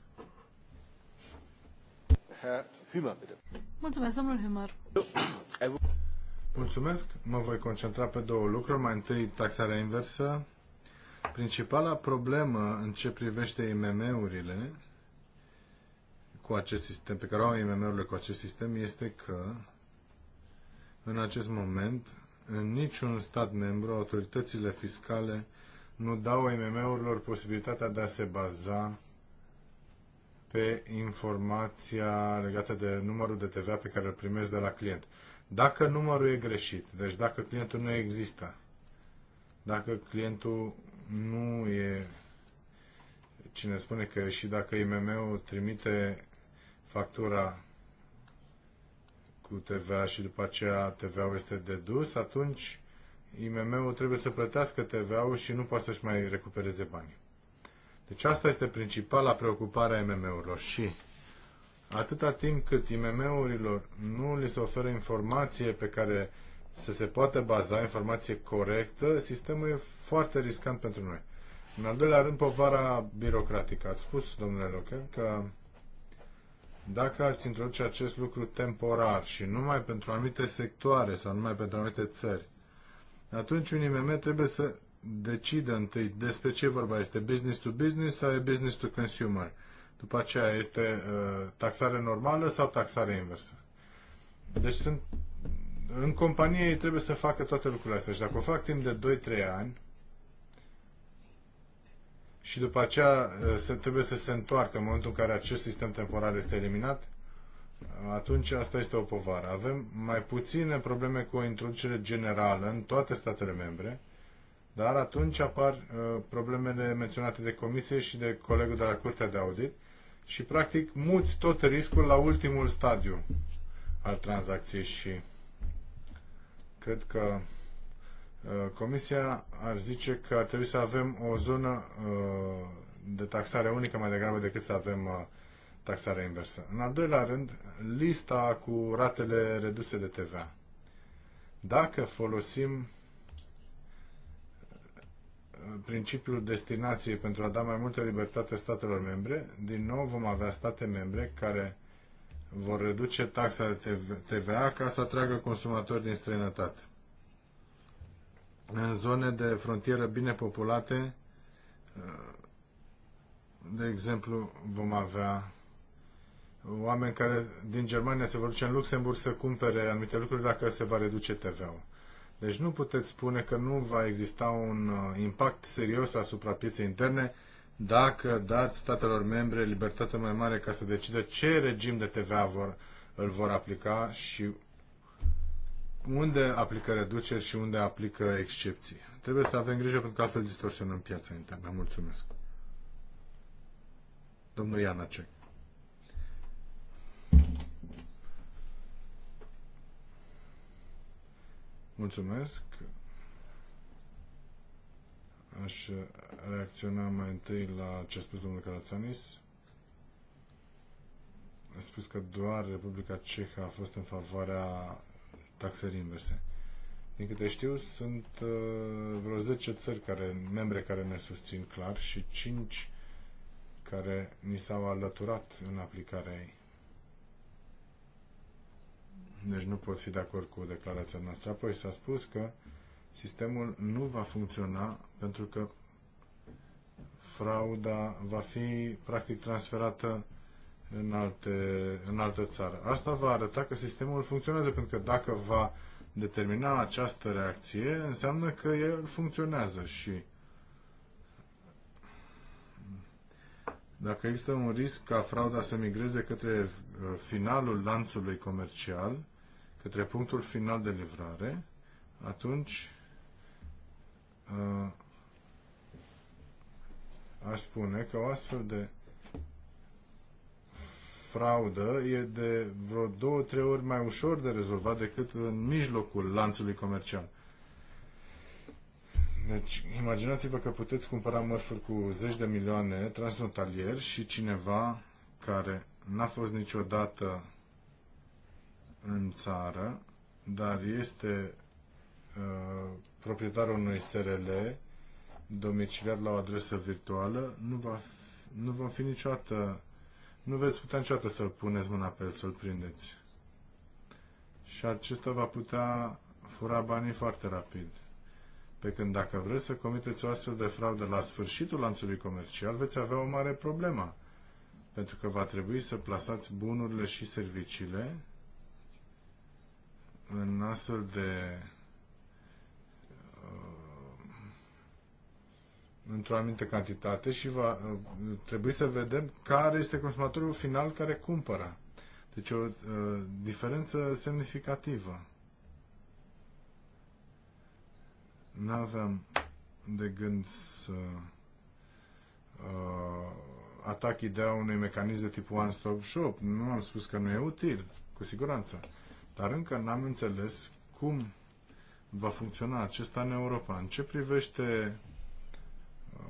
Mulțumesc, domnul Hümer. Mulțumesc. Mă voi concentra pe două lucruri. Mai întâi, taxarea inversă. Principala problemă în ce privește IMM-urile cu acest sistem, pe care au IMM-urile cu acest sistem, este că în acest moment, în niciun stat membru, autoritățile fiscale nu dau IMM-urilor posibilitatea de a se baza pe informația legată de numărul de TVA pe care îl primesc de la client. Dacă numărul e greșit, deci dacă clientul nu există, dacă clientul nu e cine spune că și dacă IMM-ul trimite factura cu TVA și după aceea TVA-ul este dedus, atunci IMM-ul trebuie să plătească TVA-ul și nu poate să-și mai recupereze banii. Deci asta este principala preocupare a IMM-urilor și atâta timp cât IMM-urilor nu li se oferă informație pe care să se poată baza, informație corectă, sistemul e foarte riscant pentru noi. În al doilea rând, povara birocratică. Ați spus, domnule Locher, că dacă ați introduce acest lucru temporar și numai pentru anumite sectoare sau numai pentru anumite țări, atunci un IMM trebuie să decidă întâi despre ce vorba este business to business sau e business to consumer. După aceea este uh, taxare normală sau taxare inversă. Deci sunt în companie ei trebuie să facă toate lucrurile astea și dacă o fac timp de 2-3 ani și după aceea uh, se, trebuie să se întoarcă în momentul în care acest sistem temporal este eliminat, atunci asta este o povară. Avem mai puține probleme cu o introducere generală în toate statele membre, dar atunci apar uh, problemele menționate de comisie și de colegul de la Curtea de Audit și practic muți tot riscul la ultimul stadiu al tranzacției și cred că uh, comisia ar zice că ar trebui să avem o zonă uh, de taxare unică mai degrabă decât să avem uh, taxarea inversă. În al doilea rând, lista cu ratele reduse de TVA. Dacă folosim uh, principiul destinației pentru a da mai multă libertate statelor membre, din nou vom avea state membre care vor reduce taxa de TVA ca să atragă consumatori din străinătate. În zone de frontieră bine populate, uh, de exemplu, vom avea oameni care din Germania se vor duce în Luxemburg să cumpere anumite lucruri dacă se va reduce TVA-ul. Deci nu puteți spune că nu va exista un uh, impact serios asupra pieței interne dacă dați statelor membre libertate mai mare ca să decidă ce regim de TVA vor, îl vor aplica și unde aplică reduceri și unde aplică excepții. Trebuie să avem grijă pentru că altfel distorsionăm piața internă. Mulțumesc. Domnul Ianacek. Mulțumesc. Aș reacționa mai întâi la ce a spus domnul Carațanis. A spus că doar Republica Cehă a fost în favoarea taxării inverse. Din câte știu, sunt uh, vreo 10 țări care, membre care ne susțin clar și 5 care ni s-au alăturat în aplicarea ei. Deci nu pot fi de acord cu declarația noastră. Apoi s-a spus că sistemul nu va funcționa pentru că frauda va fi practic transferată în, alte, în altă țară. Asta va arăta că sistemul funcționează, pentru că dacă va determina această reacție, înseamnă că el funcționează și dacă există un risc ca frauda să migreze către uh, finalul lanțului comercial, către punctul final de livrare, atunci aș spune că o astfel de fraudă e de vreo două, trei ori mai ușor de rezolvat decât în mijlocul lanțului comercial. Deci, imaginați-vă că puteți cumpăra mărfuri cu zeci de milioane transnotalieri și cineva care n-a fost niciodată în țară, dar este uh, proprietarul unui SRL domiciliat la o adresă virtuală, nu, va fi, nu vom fi niciodată, nu veți putea niciodată să-l puneți mâna pe el, să-l prindeți. Și acesta va putea fura banii foarte rapid. Pe când dacă vreți să comiteți o astfel de fraudă la sfârșitul lanțului comercial, veți avea o mare problemă, pentru că va trebui să plasați bunurile și serviciile în astfel de uh, într-o anumită cantitate și va uh, trebui să vedem care este consumatorul final care cumpără. Deci o uh, diferență semnificativă. Nu avem de gând să uh, atac ideea unui mecanism de tip one-stop shop. Nu am spus că nu e util, cu siguranță. Uh, dar încă n-am înțeles cum va funcționa acesta în Europa. În ce privește uh,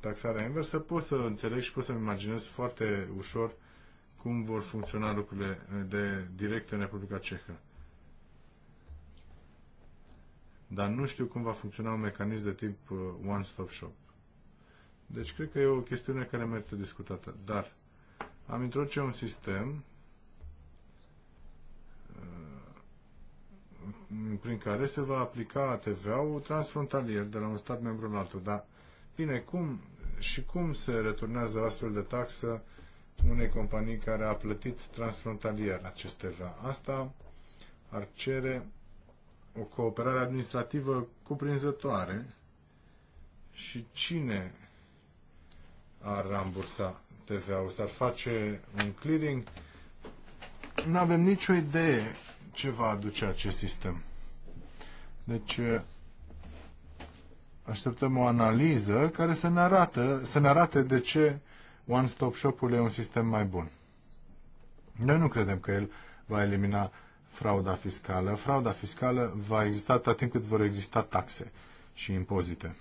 taxarea inversă, pot să înțeleg și pot să-mi imaginez foarte ușor cum vor funcționa lucrurile de direct în Republica Cehă. Dar nu știu cum va funcționa un mecanism de tip uh, one-stop shop. Deci cred că e o chestiune care merită discutată. Dar am introduce un sistem prin care se va aplica TVA-ul transfrontalier de la un stat membru în altul. Dar, bine, cum și cum se returnează astfel de taxă unei companii care a plătit transfrontalier acest TVA? Asta ar cere o cooperare administrativă cuprinzătoare și cine ar rambursa TVA-ul? S-ar face un clearing? Nu avem nicio idee ce va aduce acest sistem. Deci, eh, așteptăm o analiză care să ne, arată, să ne arate de ce One Stop Shop-ul e un sistem mai bun. Noi nu credem că el va elimina frauda fiscală. Frauda fiscală va exista atât timp cât vor exista taxe și impozite.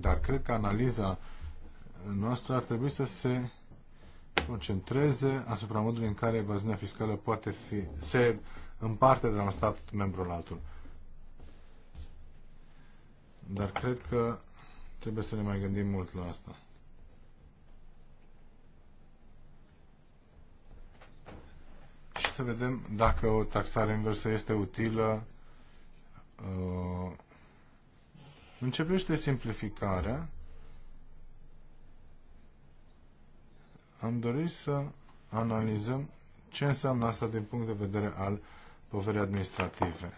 Dar cred că analiza noastră ar trebui să se concentreze asupra modului în care evaziunea fiscală poate fi, se împarte de la un stat membru în altul. Dar cred că trebuie să ne mai gândim mult la asta. Și să vedem dacă o taxare inversă este utilă. Uh, începește simplificarea am dorit să analizăm ce înseamnă asta din punct de vedere al poverii administrative.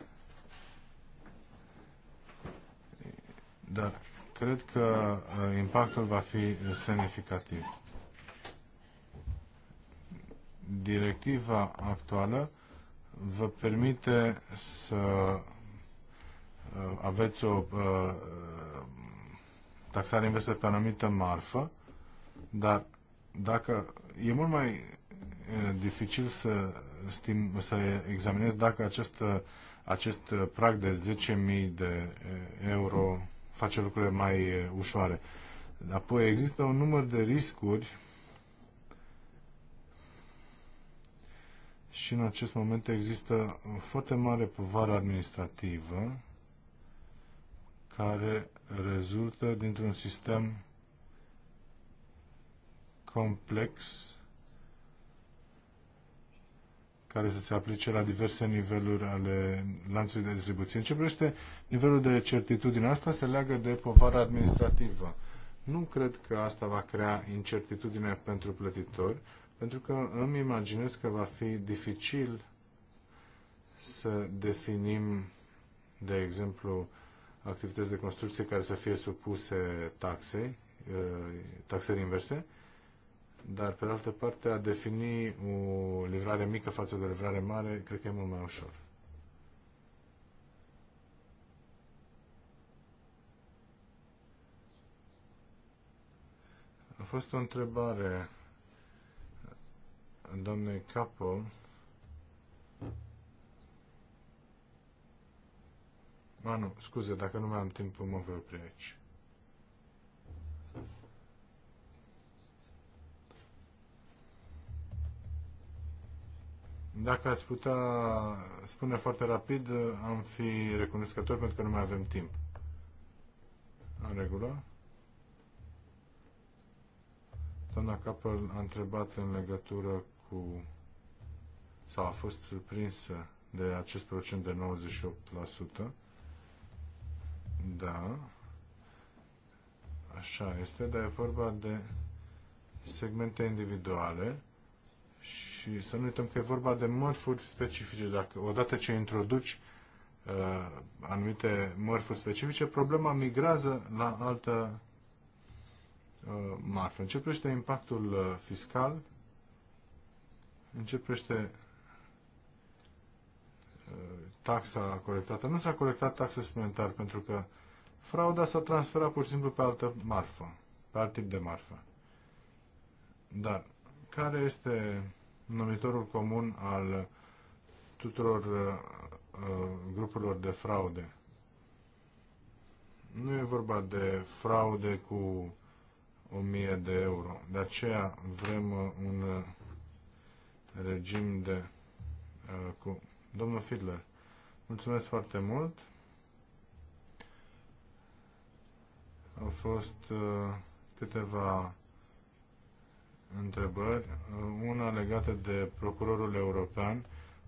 Dar cred că uh, impactul va fi semnificativ. Directiva actuală vă permite să uh, aveți o uh, taxare investă pe anumită marfă, dar dacă e mult mai dificil să, stim, să examinez dacă acest, acest prag de 10.000 de euro face lucrurile mai ușoare. Apoi există un număr de riscuri și în acest moment există o foarte mare povară administrativă care rezultă dintr-un sistem complex care să se aplice la diverse niveluri ale lanțului de distribuție. În ce privește nivelul de certitudine, asta se leagă de povara administrativă. Nu cred că asta va crea incertitudine pentru plătitori, pentru că îmi imaginez că va fi dificil să definim, de exemplu, activități de construcție care să fie supuse taxei, eh, taxări inverse, dar pe de altă parte a defini o livrare mică față de o livrare mare cred că e mult mai ușor. A fost o întrebare domnului Capo. Ah, nu, scuze, dacă nu mai am timp, mă voi opri aici. Dacă ați putea spune foarte rapid, am fi recunoscători pentru că nu mai avem timp. În regulă? Doamna Capel a întrebat în legătură cu sau a fost surprinsă de acest procent de 98%. Da. Așa este, dar e vorba de segmente individuale și să nu uităm că e vorba de mărfuri specifice. Dacă odată ce introduci uh, anumite mărfuri specifice, problema migrează la altă uh, marfă. Începește impactul uh, fiscal, începește uh, taxa colectată. Nu s-a colectat taxe suplimentar pentru că frauda s-a transferat pur și simplu pe altă marfă, pe alt tip de marfă. Dar care este numitorul comun al tuturor uh, uh, grupurilor de fraude. Nu e vorba de fraude cu 1000 de euro. De aceea vrem uh, un uh, regim de... Uh, cu domnul Fidler, mulțumesc foarte mult. Au fost uh, câteva întrebări, una legată de procurorul european.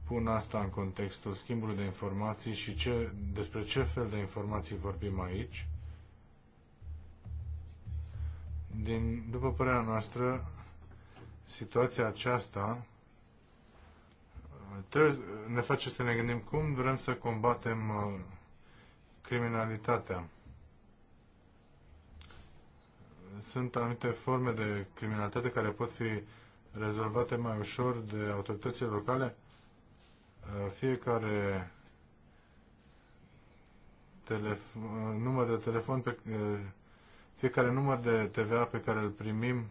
Pun asta în contextul schimbului de informații și ce, despre ce fel de informații vorbim aici. Din, după părerea noastră, situația aceasta trebuie, ne face să ne gândim cum vrem să combatem uh, criminalitatea sunt anumite forme de criminalitate care pot fi rezolvate mai ușor de autoritățile locale. Uh, fiecare uh, număr de telefon pe uh, fiecare număr de TVA pe care îl primim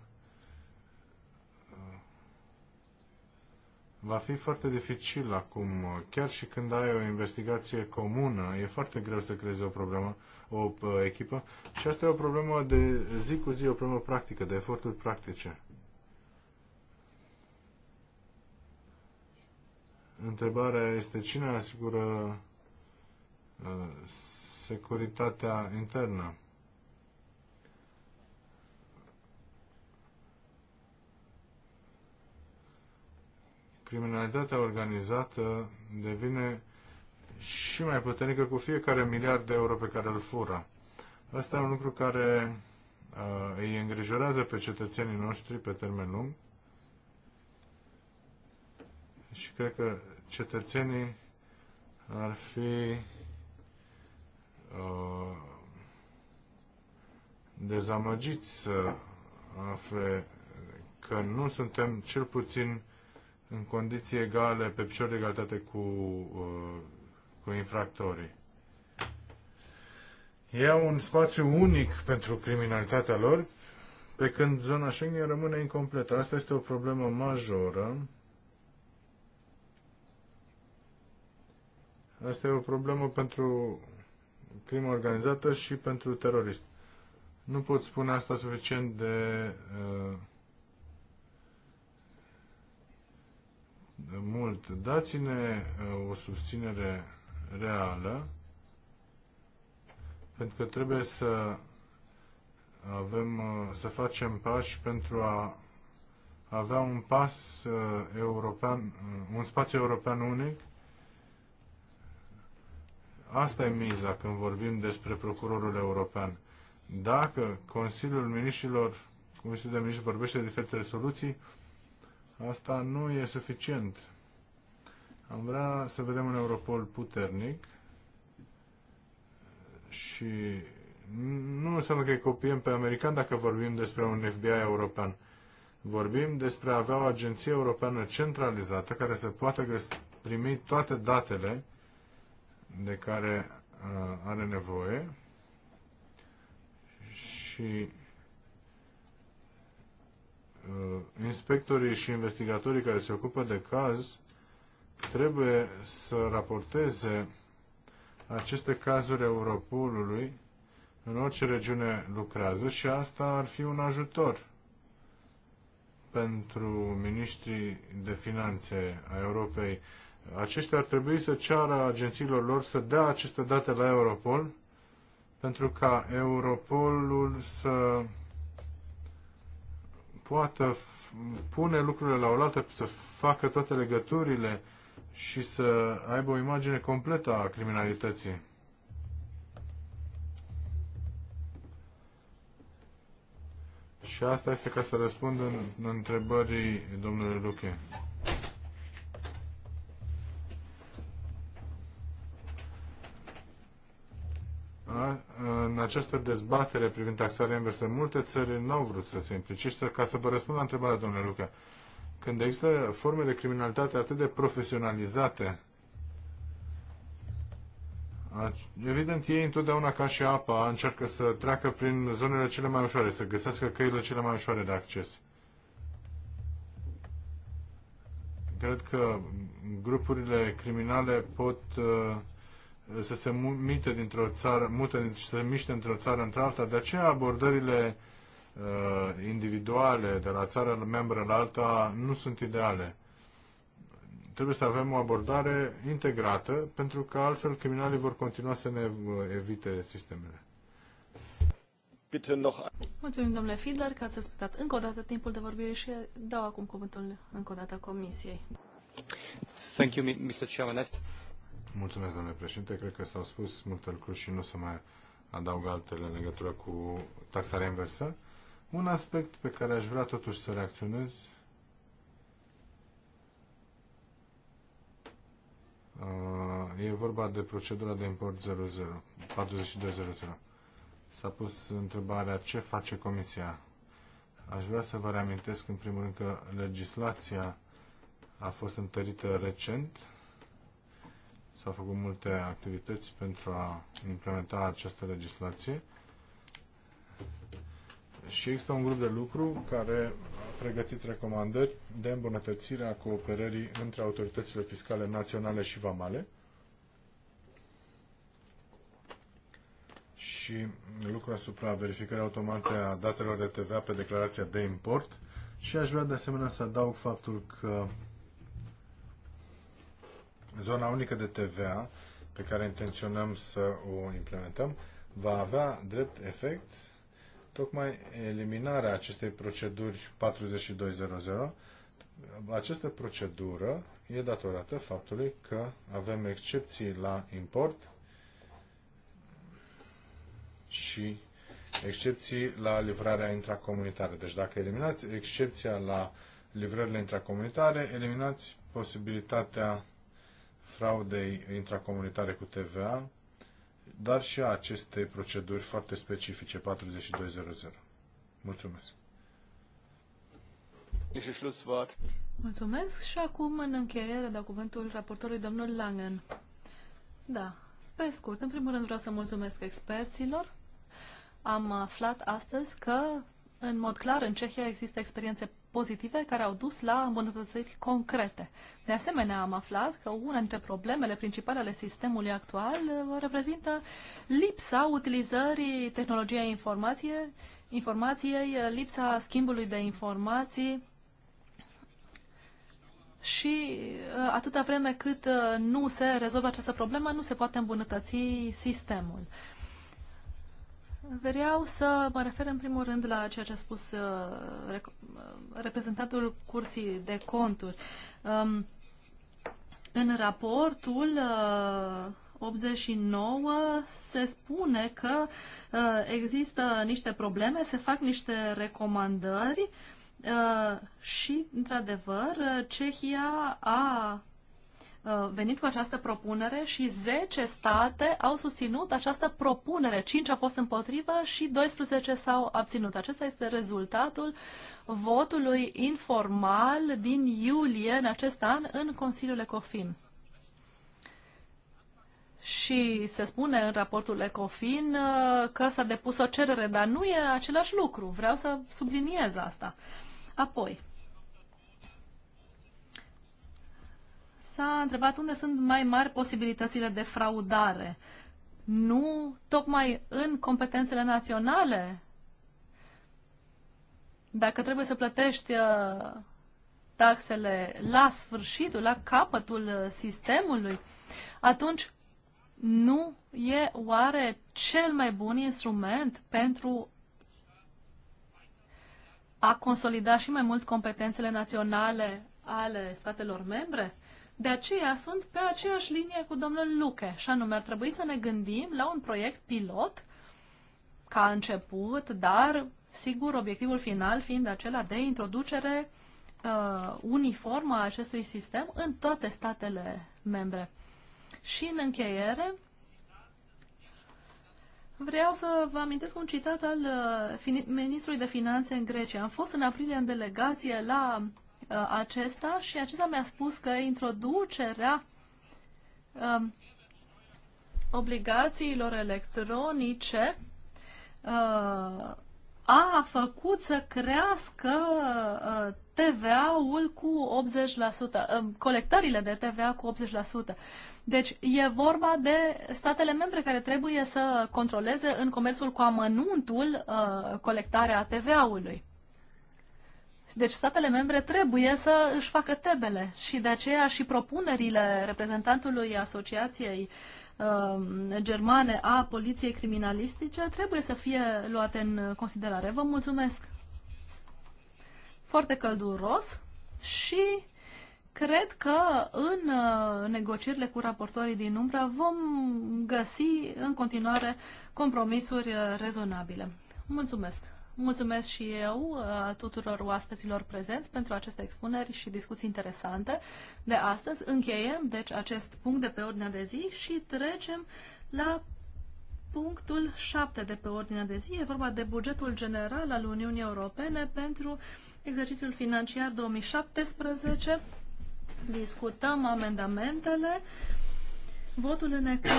va fi foarte dificil acum, chiar și când ai o investigație comună, e foarte greu să creezi o problemă, o uh, echipă și asta e o problemă de zi cu zi, o problemă practică, de eforturi practice. Întrebarea este cine asigură uh, securitatea internă? criminalitatea organizată devine și mai puternică cu fiecare miliard de euro pe care îl fură. Asta e un lucru care uh, îi îngrijorează pe cetățenii noștri pe termen lung și cred că cetățenii ar fi uh, dezamăgiți să afle că nu suntem cel puțin în condiții egale, pe picior de egalitate cu, uh, cu infractorii. E un spațiu unic pentru criminalitatea lor, pe când zona Schengen rămâne incompletă. Asta este o problemă majoră. Asta e o problemă pentru crimă organizată și pentru terorist. Nu pot spune asta suficient de uh, mult. Dați-ne uh, o susținere reală, pentru că trebuie să avem, uh, să facem pași pentru a avea un pas uh, european, un spațiu european unic. Asta e miza când vorbim despre procurorul european. Dacă Consiliul Ministrilor, Consiliul de Ministri vorbește de diferite soluții, Asta nu e suficient. Am vrea să vedem un Europol puternic și nu înseamnă că îi copiem pe american dacă vorbim despre un FBI european. Vorbim despre a avea o agenție europeană centralizată care să poată primi toate datele de care uh, are nevoie și Uh, inspectorii și investigatorii care se ocupă de caz trebuie să raporteze aceste cazuri Europolului în orice regiune lucrează și asta ar fi un ajutor pentru ministrii de finanțe a Europei. Aceștia ar trebui să ceară agențiilor lor să dea aceste date la Europol pentru ca Europolul să poată pune lucrurile la oaltă, să facă toate legăturile și să aibă o imagine completă a criminalității. Și asta este ca să răspund în întrebării domnului Luche. în această dezbatere privind taxarea inversă, multe țări nu au vrut să se implice. Și ca să vă răspund la întrebarea, domnule Luca, când există forme de criminalitate atât de profesionalizate, evident, ei întotdeauna, ca și apa, încearcă să treacă prin zonele cele mai ușoare, să găsească căile cele mai ușoare de acces. Cred că grupurile criminale pot uh, să se mute dintr-o țară, mute, să se miște într-o țară într-alta. De aceea abordările uh, individuale de la țară membră la alta nu sunt ideale. Trebuie să avem o abordare integrată, pentru că altfel criminalii vor continua să ne uh, evite sistemele. Mulțumim, domnule Fidler, că ați respectat încă o dată timpul de vorbire și dau acum cuvântul încă o dată Comisiei. Thank you, Mr. Chairman. Mulțumesc, domnule președinte. Cred că s-au spus multe lucruri și nu se mai adaug altele în legătură cu taxarea inversă. Un aspect pe care aș vrea totuși să reacționez uh, e vorba de procedura de import 00, 4200. S-a pus întrebarea ce face Comisia. Aș vrea să vă reamintesc în primul rând că legislația a fost întărită recent S-au făcut multe activități pentru a implementa această legislație și există un grup de lucru care a pregătit recomandări de îmbunătățire a cooperării între autoritățile fiscale naționale și vamale și lucru asupra verificării automate a datelor de TVA pe declarația de import și aș vrea de asemenea să adaug faptul că zona unică de TVA, pe care intenționăm să o implementăm, va avea drept efect tocmai eliminarea acestei proceduri 4200. Această procedură e datorată faptului că avem excepții la import și excepții la livrarea intracomunitară. Deci dacă eliminați excepția la livrările intracomunitare, eliminați posibilitatea fraudei intracomunitare cu TVA, dar și a acestei proceduri foarte specifice 4200. Mulțumesc! Mulțumesc și acum în încheiere dau cuvântul raportorului domnul Langen. Da, pe scurt, în primul rând vreau să mulțumesc experților. Am aflat astăzi că, în mod clar, în Cehia există experiențe pozitive care au dus la îmbunătățiri concrete. De asemenea, am aflat că una dintre problemele principale ale sistemului actual uh, reprezintă lipsa utilizării tehnologiei informație, informației, uh, lipsa schimbului de informații și uh, atâta vreme cât nu se rezolvă această problemă, nu se poate îmbunătăți sistemul. Vreau să mă refer în primul rând la ceea ce a spus uh, uh reprezentantul Curții de Conturi. Um, în raportul uh, 89 se spune că uh, există niște probleme, se fac niște recomandări uh, și, într-adevăr, uh, Cehia a Uh, venit cu această propunere și 10 state au susținut această propunere. 5 au fost împotrivă și 12 s-au abținut. Acesta este rezultatul votului informal din iulie în acest an în Consiliul Ecofin. Și se spune în raportul Ecofin uh, că s-a depus o cerere, dar nu e același lucru. Vreau să subliniez asta. Apoi, s-a întrebat unde sunt mai mari posibilitățile de fraudare. Nu tocmai în competențele naționale? Dacă trebuie să plătești uh, taxele la sfârșitul, la capătul uh, sistemului, atunci nu e oare cel mai bun instrument pentru a consolida și mai mult competențele naționale ale statelor membre? De aceea sunt pe aceeași linie cu domnul Luche și anume ar trebui să ne gândim la un proiect pilot ca început, dar sigur obiectivul final fiind acela de introducere uh, uniformă a acestui sistem în toate statele membre. Și în încheiere, Vreau să vă amintesc un citat al uh, ministrului de finanțe în Grecia. Am fost în aprilie în delegație la Uh, acesta și acesta mi-a spus că introducerea um, obligațiilor electronice uh, a făcut să crească uh, TVA-ul cu 80%, um, colectările de TVA cu 80%. Deci e vorba de statele membre care trebuie să controleze în comerțul cu amănuntul uh, colectarea TVA-ului. Deci statele membre trebuie să își facă temele și de aceea și propunerile reprezentantului Asociației um, Germane a Poliției Criminalistice trebuie să fie luate în considerare. Vă mulțumesc! Foarte călduros și cred că în uh, negocierile cu raportorii din umbră vom găsi în continuare compromisuri uh, rezonabile. Mulțumesc! Mulțumesc și eu uh, tuturor oaspeților prezenți pentru aceste expuneri și discuții interesante de astăzi. Încheiem, deci, acest punct de pe ordinea de zi și trecem la punctul 7 de pe ordinea de zi. E vorba de bugetul general al Uniunii Europene pentru exercițiul financiar 2017. Discutăm amendamentele. Votul în ecran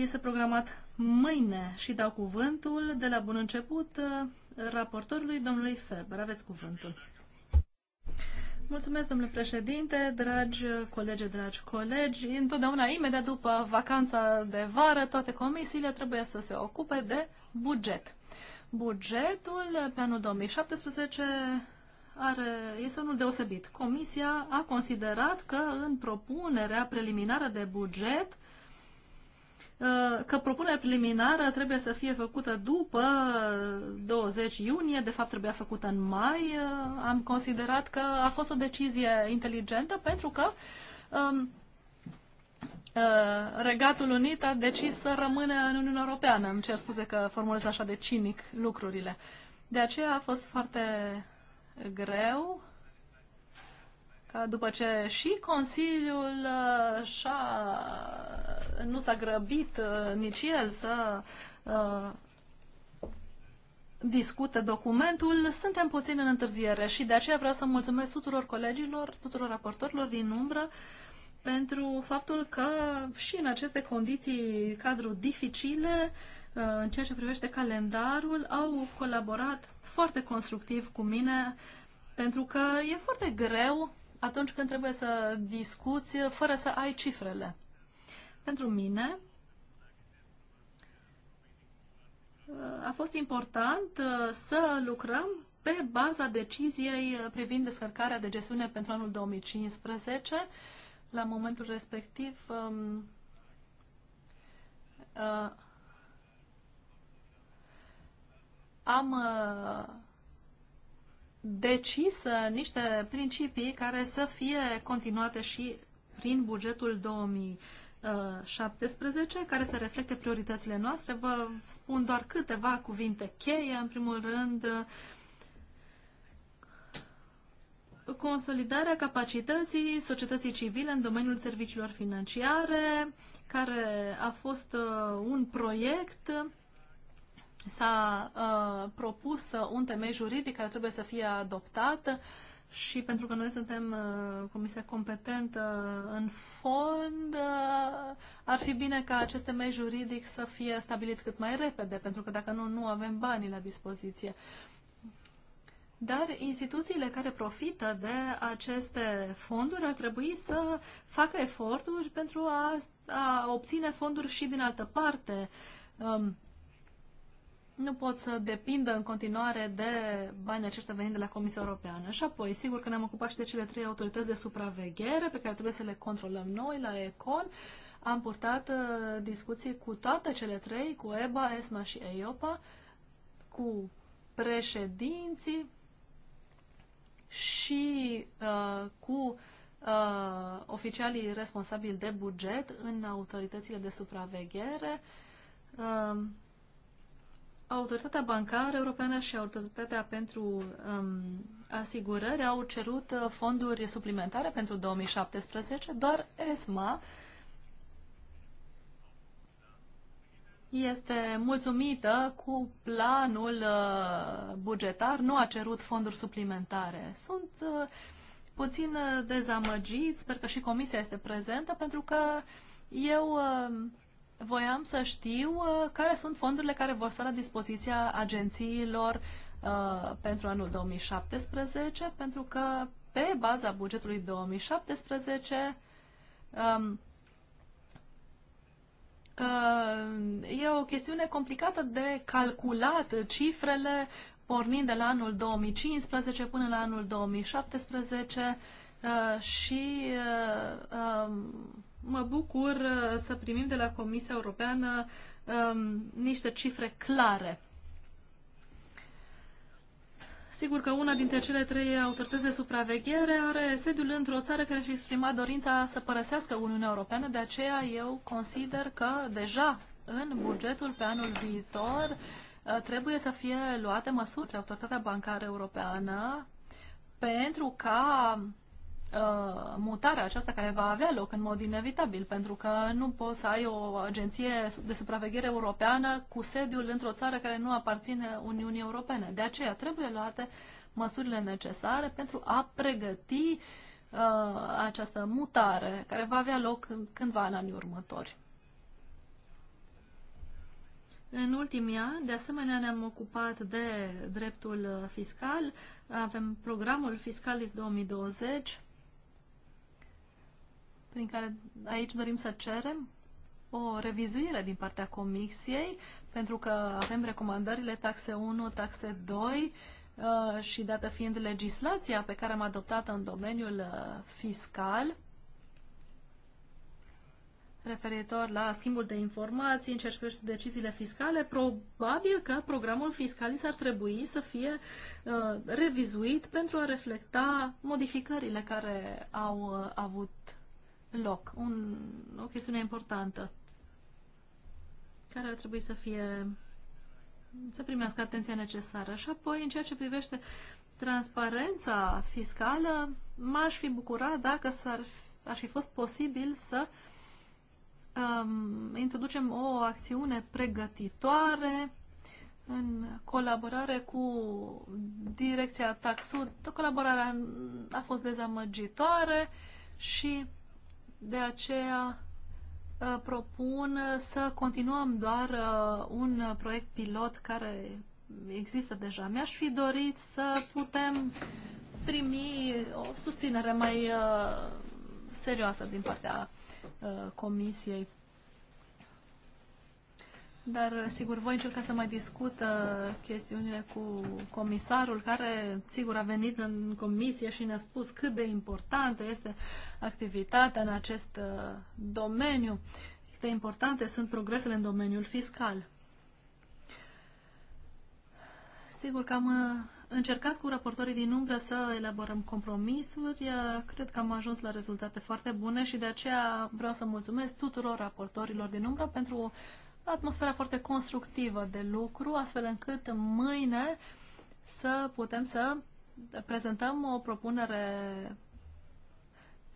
este programat mâine și dau cuvântul de la bun început uh, raportorului domnului Ferber. Aveți cuvântul. Mulțumesc, domnule președinte, dragi colegi, dragi colegi. Întotdeauna, imediat după vacanța de vară, toate comisiile trebuie să se ocupe de buget. Bugetul pe anul 2017 are, este unul deosebit. Comisia a considerat că în propunerea preliminară de buget Uh, că propunerea preliminară trebuie să fie făcută după 20 uh, iunie, de fapt trebuia făcută în mai. Uh, am considerat că a fost o decizie inteligentă pentru că um, uh, Regatul Unit a decis să rămână în Uniunea Europeană. Îmi cer scuze că formulez așa de cinic lucrurile. De aceea a fost foarte greu după ce și Consiliul uh, și-a, nu s-a grăbit uh, nici el să uh, discute documentul, suntem puțin în întârziere și de aceea vreau să mulțumesc tuturor colegilor, tuturor raportorilor din umbră pentru faptul că și în aceste condiții, cadru dificile, uh, în ceea ce privește calendarul, au colaborat foarte constructiv cu mine, pentru că e foarte greu atunci când trebuie să discuți fără să ai cifrele. Pentru mine a fost important uh, să lucrăm pe baza deciziei privind descărcarea de gestiune pentru anul 2015. La momentul respectiv um, uh, am uh, decisă niște principii care să fie continuate și prin bugetul 2017, care să reflecte prioritățile noastre. Vă spun doar câteva cuvinte cheie. În primul rând, consolidarea capacității societății civile în domeniul serviciilor financiare, care a fost uh, un proiect S-a uh, propus un temei juridic care trebuie să fie adoptat și pentru că noi suntem uh, comisia competentă în fond, uh, ar fi bine ca acest temei juridic să fie stabilit cât mai repede, pentru că dacă nu, nu avem banii la dispoziție. Dar instituțiile care profită de aceste fonduri ar trebui să facă eforturi pentru a, a obține fonduri și din altă parte. Um, nu pot să depindă în continuare de banii aceștia venind de la Comisia Europeană. Și apoi, sigur că ne-am ocupat și de cele trei autorități de supraveghere pe care trebuie să le controlăm noi la ECON. Am purtat uh, discuții cu toate cele trei, cu EBA, ESMA și EIOPA, cu președinții și uh, cu uh, oficialii responsabili de buget în autoritățile de supraveghere. Uh, Autoritatea Bancară Europeană și Autoritatea pentru um, Asigurări au cerut uh, fonduri suplimentare pentru 2017, doar ESMA este mulțumită cu planul uh, bugetar, nu a cerut fonduri suplimentare. Sunt uh, puțin dezamăgit, sper că și comisia este prezentă, pentru că eu voiam să știu uh, care sunt fondurile care vor sta la dispoziția agențiilor uh, pentru anul 2017, pentru că pe baza bugetului 2017 um, uh, e o chestiune complicată de calculat cifrele pornind de la anul 2015 până la anul 2017 uh, și uh, um, Mă bucur uh, să primim de la Comisia Europeană um, niște cifre clare. Sigur că una dintre cele trei autorități de supraveghere are sediul într-o țară care și-a exprimat dorința să părăsească Uniunea Europeană, de aceea eu consider că deja în bugetul pe anul viitor uh, trebuie să fie luate măsuri de Autoritatea Bancară Europeană pentru ca Uh, mutarea aceasta care va avea loc în mod inevitabil, pentru că nu poți să ai o agenție de supraveghere europeană cu sediul într-o țară care nu aparține Uniunii Europene. De aceea trebuie luate măsurile necesare pentru a pregăti uh, această mutare care va avea loc cândva în anii următori. În ultimii ani, de asemenea, ne-am ocupat de dreptul fiscal. Avem programul Fiscalis 2020, prin care aici dorim să cerem o revizuire din partea Comisiei, pentru că avem recomandările taxe 1, taxe 2 uh, și dată fiind legislația pe care am adoptat-o în domeniul uh, fiscal, referitor la schimbul de informații în ceea deciziile fiscale, probabil că programul fiscalist ar trebui să fie uh, revizuit pentru a reflecta modificările care au uh, avut loc, un, o chestiune importantă care ar trebui să fie să primească atenția necesară. Și apoi, în ceea ce privește transparența fiscală, m-aș fi bucurat dacă s-ar, ar fi fost posibil să um, introducem o acțiune pregătitoare în colaborare cu direcția Taxud. Colaborarea a fost dezamăgitoare și de aceea uh, propun uh, să continuăm doar uh, un proiect pilot care există deja. Mi-aș fi dorit să putem primi o susținere mai serioasă din partea Comisiei dar sigur voi încerca să mai discut uh, chestiunile cu comisarul care sigur a venit în comisie și ne-a spus cât de importantă este activitatea în acest uh, domeniu, cât de importante sunt progresele în domeniul fiscal. Sigur că am uh, încercat cu raportorii din umbră să elaborăm compromisuri. Cred că am ajuns la rezultate foarte bune și de aceea vreau să mulțumesc tuturor raportorilor din umbră pentru atmosfera foarte constructivă de lucru, astfel încât mâine să putem să prezentăm o propunere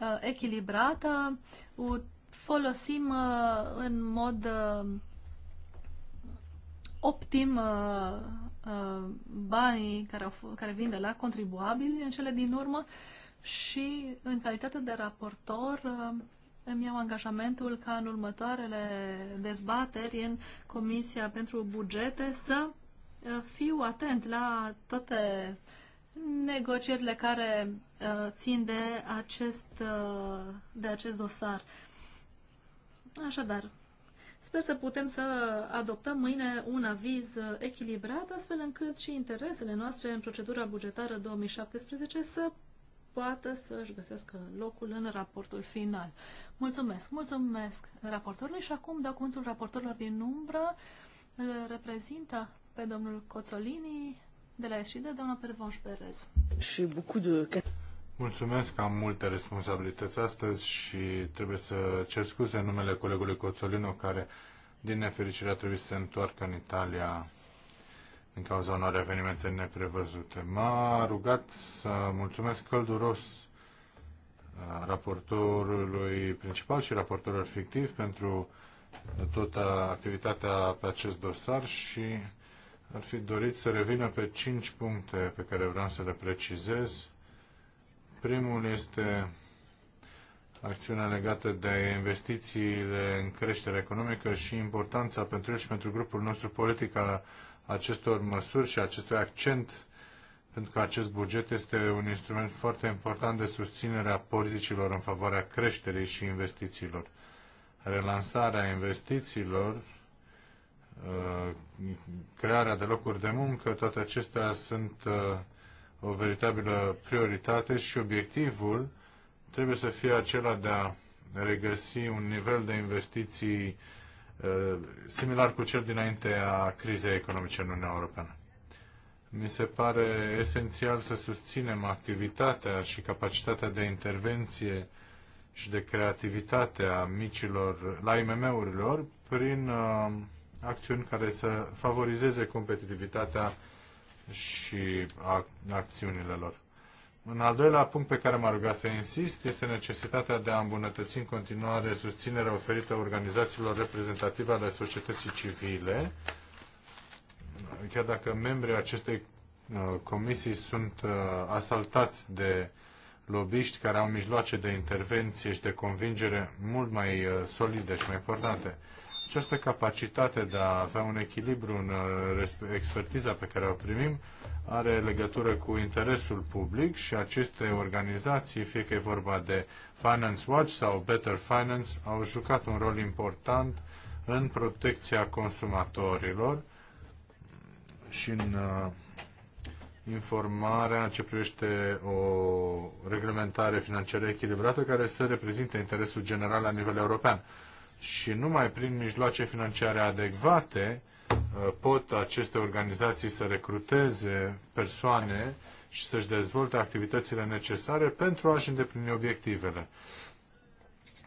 uh, echilibrată, o folosim uh, în mod uh, optim banii care, au, care vin de la contribuabili în cele din urmă și în calitate de raportor uh, îmi iau angajamentul ca în următoarele dezbateri în Comisia pentru Bugete să uh, fiu atent la toate negocierile care uh, țin de acest, uh, de acest dosar. Așadar, sper să putem să adoptăm mâine un aviz echilibrat, astfel încât și interesele noastre în procedura bugetară 2017 să poată să își găsească locul în raportul final. Mulțumesc! Mulțumesc raportorului și acum dau cuvântul raportorilor din umbră. Îl reprezintă pe domnul Coțolini de la SID, doamna Pervonș Perez. Și bucur de... Mulțumesc că am multe responsabilități astăzi și trebuie să cer scuze în numele colegului Coțolino care din nefericire a trebuit să se întoarcă în Italia din cauza unor evenimente neprevăzute. M-a rugat să mulțumesc călduros uh, raportorului principal și raportorul fictiv pentru toată activitatea pe acest dosar și ar fi dorit să revină pe cinci puncte pe care vreau să le precizez. Primul este acțiunea legată de investițiile în creștere economică și importanța pentru el și pentru grupul nostru politic al acestor măsuri și acestui accent, pentru că acest buget este un instrument foarte important de susținere a politicilor în favoarea creșterii și investițiilor. Relansarea investițiilor, uh, crearea de locuri de muncă, toate acestea sunt uh, o veritabilă prioritate și obiectivul trebuie să fie acela de a regăsi un nivel de investiții Eh, similar cu cel dinainte a crizei economice în Uniunea Europeană. Mi se pare esențial să susținem activitatea și capacitatea de intervenție și de creativitate a micilor, la IMM-urilor, prin uh, acțiuni care să favorizeze competitivitatea și a, acțiunile lor. Un al doilea punct pe care m-a rugat să insist este necesitatea de a îmbunătăți în continuare susținerea oferită organizațiilor reprezentative ale societății civile, chiar dacă membrii acestei uh, comisii sunt uh, asaltați de lobiști care au mijloace de intervenție și de convingere mult mai uh, solide și mai importante. Această capacitate de a avea un echilibru în expertiza pe care o primim are legătură cu interesul public și aceste organizații, fie că e vorba de Finance Watch sau Better Finance, au jucat un rol important în protecția consumatorilor și în uh, informarea în ce privește o reglementare financiară echilibrată care să reprezinte interesul general la nivel european. Și numai prin mijloace financiare adecvate Uh, pot aceste organizații să recruteze persoane și să-și dezvolte activitățile necesare pentru a-și îndeplini obiectivele.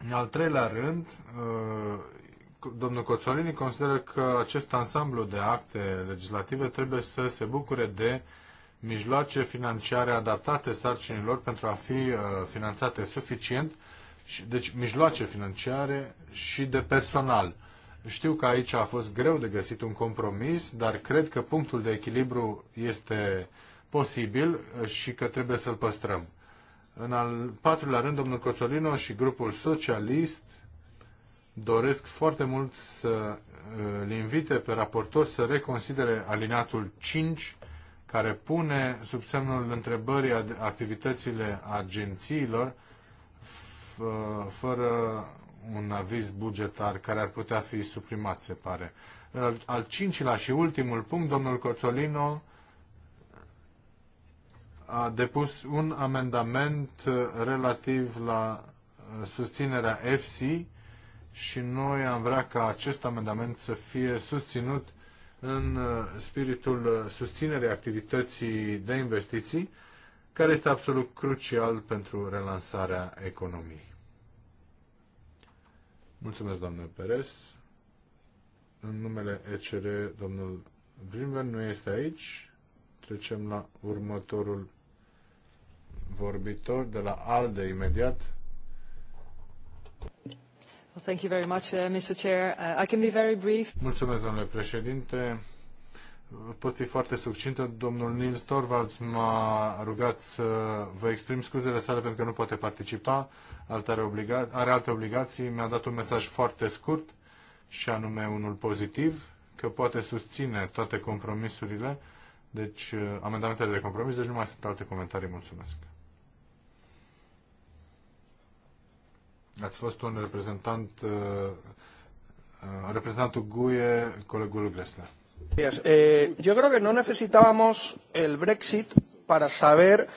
În al treilea rând, uh, domnul Coțolini consideră că acest ansamblu de acte legislative trebuie să se bucure de mijloace financiare adaptate sarcinilor pentru a fi uh, finanțate suficient, deci mijloace financiare și de personal. Știu că aici a fost greu de găsit un compromis, dar cred că punctul de echilibru este posibil și că trebuie să-l păstrăm. În al patrulea rând, domnul Coțolino și grupul socialist doresc foarte mult să îl invite pe raportor să reconsidere alineatul 5, care pune sub semnul întrebării activitățile agențiilor fără un aviz bugetar care ar putea fi suprimat, se pare. Al, al cincilea și ultimul punct, domnul Coțolino a depus un amendament uh, relativ la uh, susținerea EFSI și noi am vrea ca acest amendament să fie susținut în uh, spiritul susținerii activității de investiții, care este absolut crucial pentru relansarea economiei. Mulțumesc, doamnă Perez. În numele ECR, domnul Grimben nu este aici. Trecem la următorul vorbitor de la ALDE imediat. Well, thank you very much, uh, Mr. Chair. Uh, I can be very brief. Mulțumesc, domnule președinte. Pot fi foarte succintă. Domnul Nils Torvalds m-a rugat să vă exprim scuzele sale pentru că nu poate participa alte are, obliga- are alte obligații, mi-a dat un mesaj foarte scurt și anume unul pozitiv, că poate susține toate compromisurile, deci uh, amendamentele de compromis, deci nu mai sunt alte comentarii. Mulțumesc. Ați fost un reprezentant, uh, uh reprezentantul GUE, colegul Gressler. Yes. Eh, yo creo que no necesitábamos el Brexit para saber...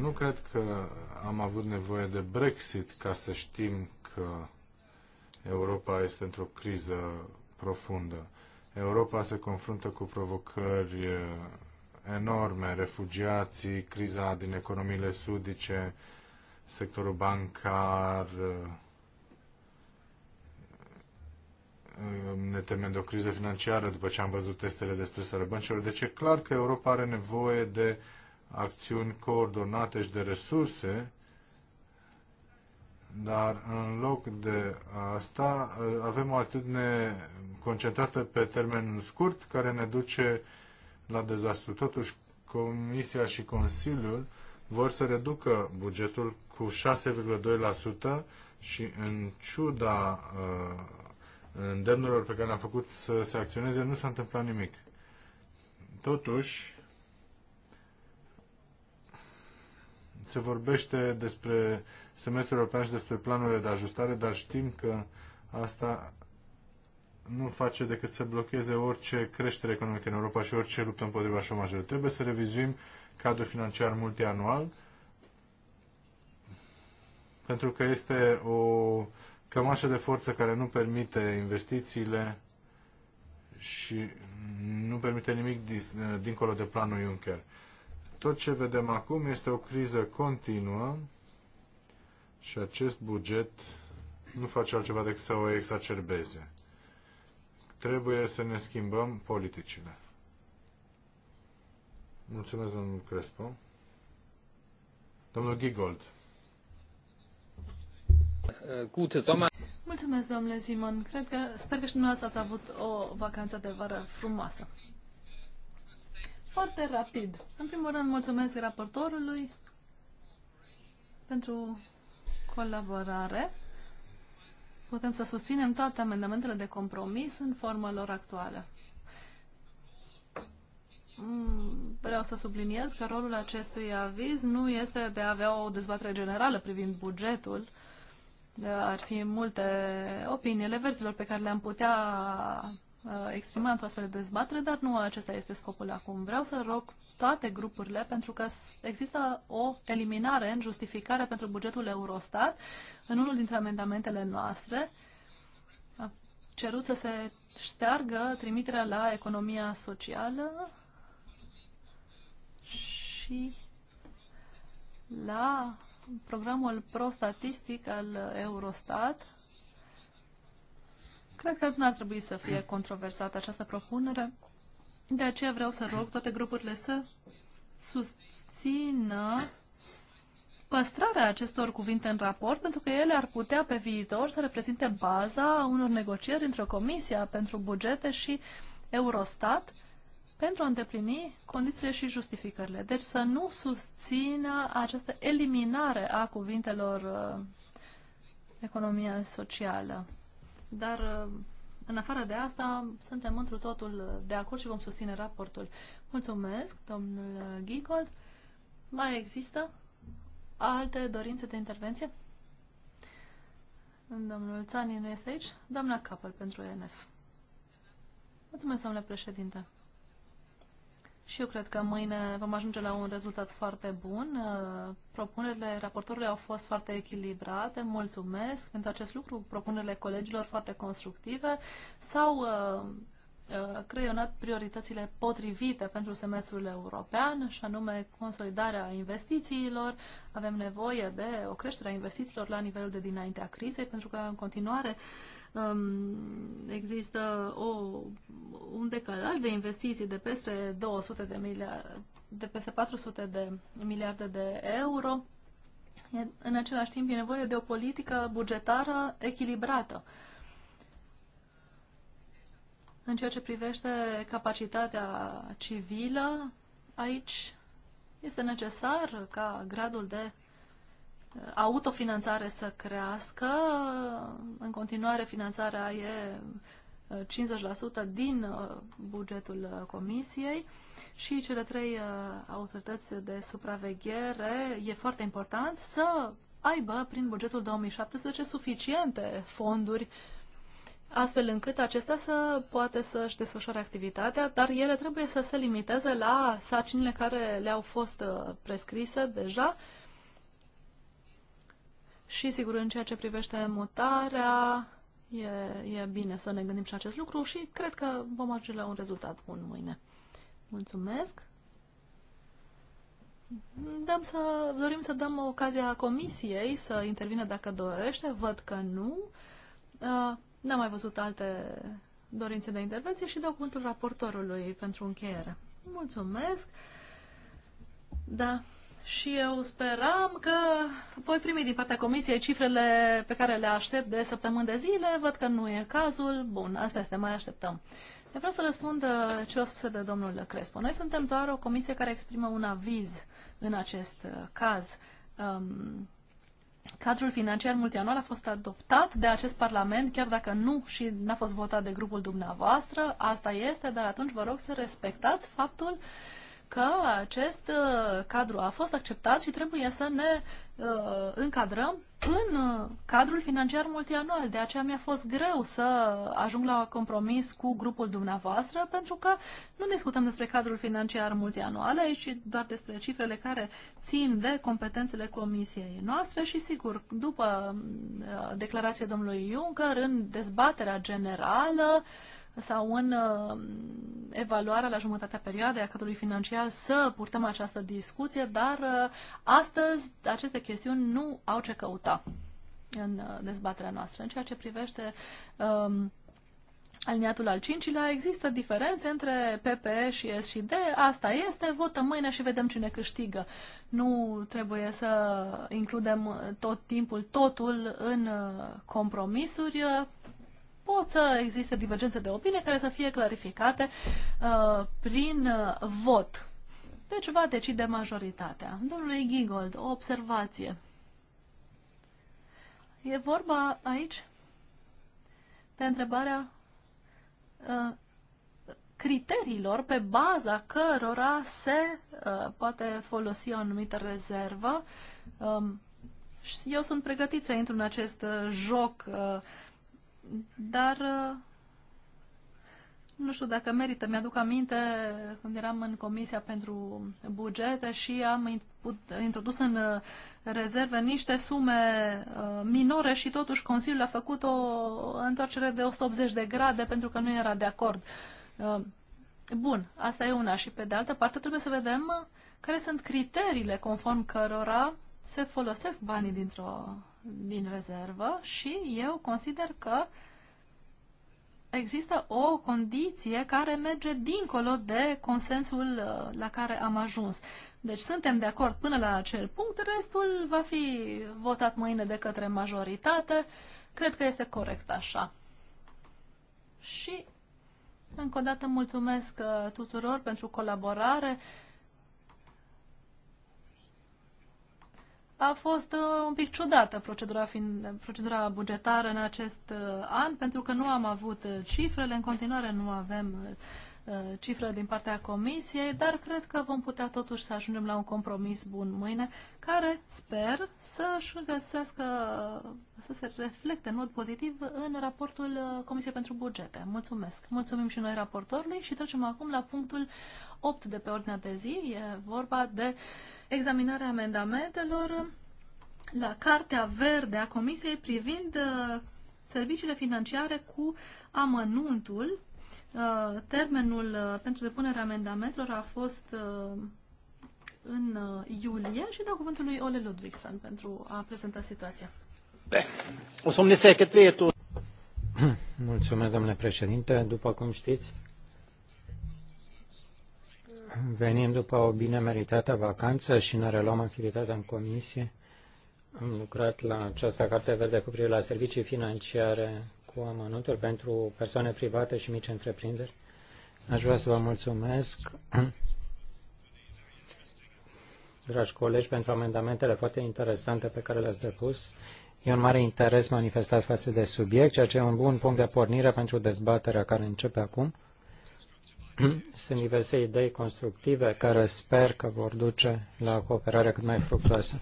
Nu cred că am avut nevoie de Brexit ca să știm că Europa este într-o criză profundă. Europa se confruntă cu provocări eh, enorme, refugiații, criza din economiile sudice, sectorul bancar, eh, ne temem de o criză financiară după ce am văzut testele de stres ale băncilor. Deci e clar că Europa are nevoie de acțiuni coordonate și de resurse, dar în loc de asta eh, avem o atitudine concentrată pe termen scurt care ne duce la dezastru. Totuși, Comisia și Consiliul vor să reducă bugetul cu 6,2% și în ciuda eh, îndemnurilor pe care le-am făcut să se acționeze, nu s-a întâmplat nimic. Totuși, se vorbește despre semestrul european și despre planurile de ajustare, dar știm că asta nu face decât să blocheze orice creștere economică în Europa și orice luptă împotriva șomajului. Trebuie să revizuim cadrul financiar multianual pentru că este o cămașă de forță care nu permite investițiile și nu permite nimic dincolo de planul Juncker. Tot ce vedem acum este o criză continuă și acest buget nu face altceva decât să o exacerbeze. Trebuie să ne schimbăm politicile. Mulțumesc, domnul Crespo. Domnul Gigold. Mulțumesc, domnule Simon. Cred că, sper că și dumneavoastră ați avut o vacanță de vară frumoasă. Foarte rapid. În primul rând, mulțumesc raportorului pentru colaborare. Putem să susținem toate amendamentele de compromis în forma lor actuală. Mm, vreau să subliniez că rolul acestui aviz nu este de a avea o dezbatere generală privind bugetul. Ar fi multe opiniile verzilor pe care le-am putea Uh, exprima într-o astfel de dezbatere, dar nu acesta este scopul acum. Vreau să rog toate grupurile, pentru că există o eliminare în justificare pentru bugetul Eurostat în unul dintre amendamentele noastre. A cerut să se șteargă trimiterea la economia socială și la programul prostatistic al Eurostat Cred că nu ar trebui să fie controversată această propunere. De aceea vreau să rog toate grupurile să susțină păstrarea acestor cuvinte în raport, pentru că ele ar putea pe viitor să reprezinte baza unor negocieri între Comisia pentru Bugete și Eurostat pentru a îndeplini condițiile și justificările. Deci să nu susțină această eliminare a cuvintelor uh, economia socială dar uh, în afară de asta suntem întru totul de acord și vom susține raportul. Mulțumesc, domnul Ghicold. Mai există alte dorințe de intervenție? Domnul Țani nu este aici. Doamna Capăl pentru ENF. Mulțumesc, domnule președinte. Și eu cred că mâine vom ajunge la un rezultat foarte bun. Uh, propunerile raportorului au fost foarte echilibrate. Mulțumesc pentru acest lucru. Propunerile colegilor foarte constructive. S-au uh, uh, creionat prioritățile potrivite pentru semestrul european, și anume consolidarea investițiilor. Avem nevoie de o creștere a investițiilor la nivelul de dinaintea crizei, pentru că în continuare Um, există o, un decalaj de investiții de peste 200 de miliarde, de peste 400 de miliarde de euro. În același timp e nevoie de o politică bugetară echilibrată. În ceea ce privește capacitatea civilă, aici este necesar ca gradul de autofinanțare să crească. În continuare, finanțarea e 50% din uh, bugetul uh, comisiei și cele trei uh, autorități de supraveghere e foarte important să aibă prin bugetul 2017 suficiente fonduri astfel încât acestea să poate să-și desfășoare activitatea, dar ele trebuie să se limiteze la sacinile care le-au fost prescrise deja, și, sigur, în ceea ce privește mutarea, e, e bine să ne gândim și acest lucru și cred că vom ajunge la un rezultat bun mâine. Mulțumesc! Dăm să, dorim să dăm ocazia comisiei să intervine dacă dorește. Văd că nu. Uh, n-am mai văzut alte dorințe de intervenție și dau cuvântul raportorului pentru încheiere. Mulțumesc! Da, și eu speram că voi primi din partea comisiei cifrele pe care le aștept de săptămâni de zile. Văd că nu e cazul. Bun, asta este, mai așteptăm. Eu vreau să răspund uh, celor spuse de domnul Crespo. Noi suntem doar o comisie care exprimă un aviz în acest uh, caz. Um, cadrul financiar multianual a fost adoptat de acest Parlament, chiar dacă nu și n-a fost votat de grupul dumneavoastră. Asta este, dar atunci vă rog să respectați faptul că acest uh, cadru a fost acceptat și trebuie să ne uh, încadrăm în uh, cadrul financiar multianual. De aceea mi-a fost greu să ajung la compromis cu grupul dumneavoastră, pentru că nu discutăm despre cadrul financiar multianual, aici doar despre cifrele care țin de competențele comisiei noastre și, sigur, după declarația domnului Juncker, în dezbaterea generală, sau în uh, evaluarea la jumătatea perioadei a cadrului financiar să purtăm această discuție, dar uh, astăzi aceste chestiuni nu au ce căuta în uh, dezbaterea noastră. În ceea ce privește uh, aliniatul al cincilea, există diferențe între PPE și S și D. Asta este, votăm mâine și vedem cine câștigă. Nu trebuie să includem tot timpul totul în uh, compromisuri pot să existe divergențe de opinie care să fie clarificate uh, prin uh, vot. Deci va decide majoritatea. Domnului Gigold, o observație. E vorba aici de întrebarea uh, criteriilor pe baza cărora se uh, poate folosi o anumită rezervă. Um, eu sunt pregătit să intru în acest uh, joc uh, dar uh, nu știu dacă merită. Mi-aduc aminte când eram în Comisia pentru Bugete și am introdus în uh, rezerve niște sume uh, minore și totuși Consiliul a făcut o întoarcere de 180 de grade pentru că nu era de acord. Bun, asta e una. Și pe de altă parte trebuie să vedem care sunt criteriile conform cărora se folosesc banii dintr-o din rezervă și eu consider că există o condiție care merge dincolo de consensul uh, la care am ajuns. Deci suntem de acord până la acel punct, restul va fi votat mâine de către majoritate. Cred că este corect așa. Și încă o dată mulțumesc uh, tuturor pentru colaborare. A fost uh, un pic ciudată procedura, fiind, procedura bugetară în acest uh, an, pentru că nu am avut uh, cifrele, în continuare nu avem uh, uh cifre din partea comisiei, dar cred că vom putea totuși să ajungem la un compromis bun mâine, care sper să-și găsească, să se reflecte în mod pozitiv în raportul uh, Comisiei pentru Bugete. Mulțumesc! Mulțumim și noi raportorului și trecem acum la punctul 8 de pe ordinea de zi. E vorba de uh, examinarea amendamentelor la Cartea Verde a Comisiei privind uh, serviciile financiare cu amănuntul. Uh, termenul uh, pentru depunerea amendamentelor a fost în iulie și dau cuvântul lui Ole Ludvigsen pentru a prezenta situația. Mulțumesc, domnule președinte. După cum știți, Venim după o bine meritată vacanță și ne reluăm activitatea în comisie. Am lucrat la această carte verde cu privire la servicii financiare cu amănuntul pentru persoane private și mici întreprinderi. Aș vrea să vă mulțumesc, dragi colegi, pentru amendamentele foarte interesante pe care le-ați depus. E un mare interes manifestat față de subiect, ceea ce e un bun punct de pornire pentru dezbaterea care începe acum. Sunt diverse idei constructive care sper că vor duce la cooperare cât mai fructuoasă.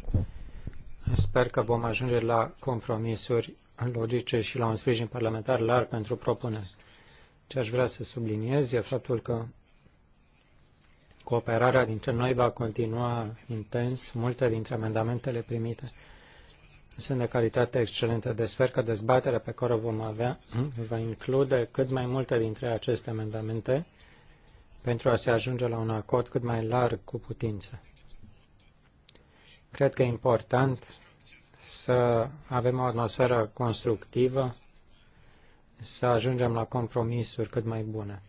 Sper că vom ajunge la compromisuri logice și la un sprijin parlamentar larg pentru propuneri. Ce aș vrea să subliniez e faptul că cooperarea dintre noi va continua intens. Multe dintre amendamentele primite sunt de calitate excelentă. de sper că dezbaterea pe care o vom avea va include cât mai multe dintre aceste amendamente pentru a se ajunge la un acord cât mai larg cu putință. Cred că e important să avem o atmosferă constructivă, să ajungem la compromisuri cât mai bune.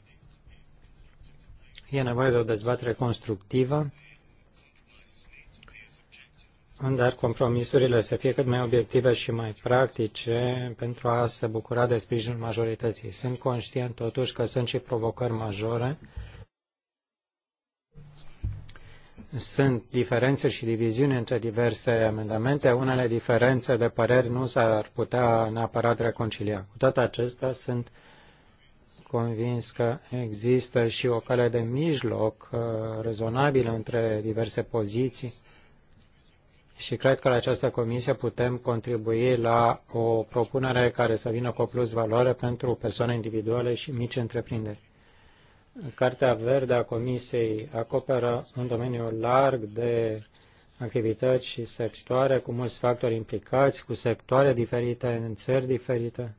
E nevoie de o dezbatere constructivă, dar compromisurile să fie cât mai obiective și mai practice pentru a se bucura de sprijinul majorității. Sunt conștient totuși că sunt și provocări majore sunt diferențe și diviziuni între diverse amendamente. Unele diferențe de păreri nu s-ar putea neapărat reconcilia. Cu toate acestea, sunt convins că există și o cale de mijloc uh, rezonabilă între diverse poziții și cred că la această comisie putem contribui la o propunere care să vină cu o plus valoare pentru persoane individuale și mici întreprinderi. Cartea verde a Comisiei acoperă un domeniu larg de activități și sectoare cu mulți factori implicați, cu sectoare diferite, în țări diferite.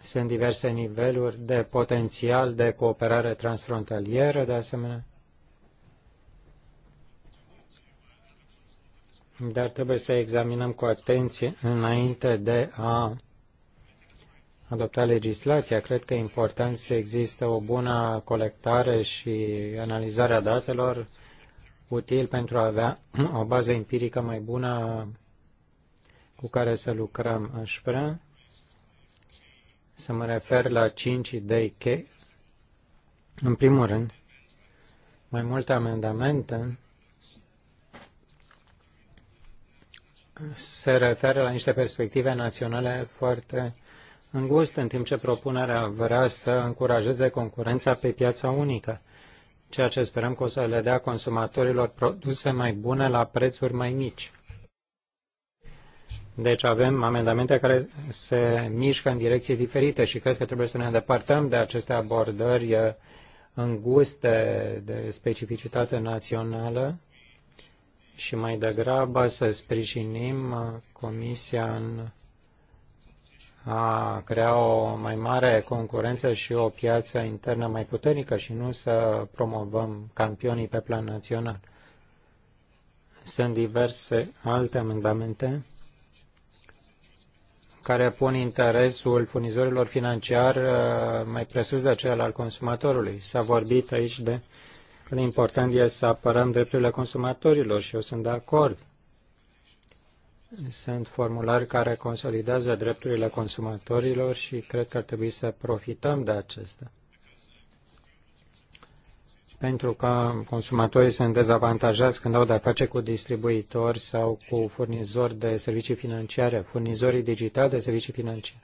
Sunt diverse niveluri de potențial de cooperare transfrontalieră, de asemenea. Dar trebuie să examinăm cu atenție înainte de a adopta legislația, cred că e important să există o bună colectare și analizare a datelor util pentru a avea o bază empirică mai bună cu care să lucrăm. Aș vrea să mă refer la 5 idei cheie. În primul rând, mai multe amendamente se referă la niște perspective naționale foarte îngust, în timp ce propunerea vrea să încurajeze concurența pe piața unică, ceea ce sperăm că o să le dea consumatorilor produse mai bune la prețuri mai mici. Deci avem amendamente care se mișcă în direcții diferite și cred că trebuie să ne îndepărtăm de aceste abordări uh, înguste de specificitate națională și mai degrabă să sprijinim uh, Comisia în a crea o mai mare concurență și o piață internă mai puternică și nu să promovăm campionii pe plan național. Sunt diverse alte amendamente care pun interesul furnizorilor financiar uh, mai presus de cel al consumatorului. S-a vorbit aici de cât de important e să apărăm drepturile consumatorilor și eu sunt de acord sunt formulări care consolidează drepturile consumatorilor și cred că ar trebui să profităm de acestea. Pentru că consumatorii sunt dezavantajați când au de-a face cu distribuitori sau cu furnizori de servicii financiare, furnizorii digitali de servicii financiare.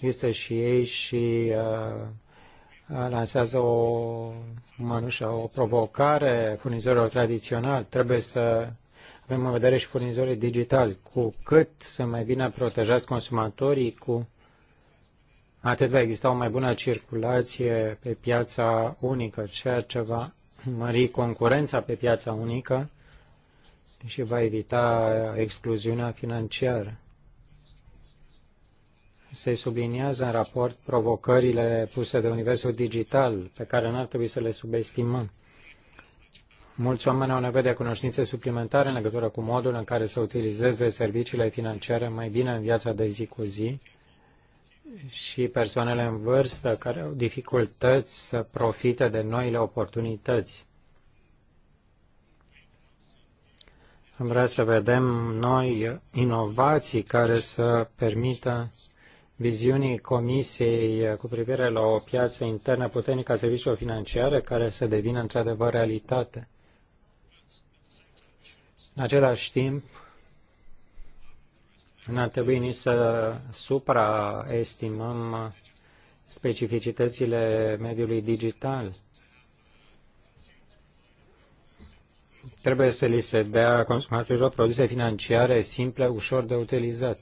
Există și ei și uh, lansează o mănușă, o provocare furnizorilor tradiționali. Trebuie să avem în vedere și furnizorii digitali. Cu cât să mai bine protejați consumatorii, cu atât va exista o mai bună circulație pe piața unică, ceea ce va mări concurența pe piața unică și va evita excluziunea financiară. Se subliniază în raport provocările puse de universul digital, pe care n-ar trebui să le subestimăm. Mulți oameni au nevoie de cunoștințe suplimentare în legătură cu modul în care să utilizeze serviciile financiare mai bine în viața de zi cu zi și persoanele în vârstă care au dificultăți să profite de noile oportunități. Am vrea să vedem noi inovații care să permită viziunii Comisiei cu privire la o piață internă puternică a serviciilor financiare care să devină într-adevăr realitate. În același timp, n-ar trebui nici să supraestimăm specificitățile mediului digital. Trebuie să li se dea consumatorilor produse financiare simple, ușor de utilizat.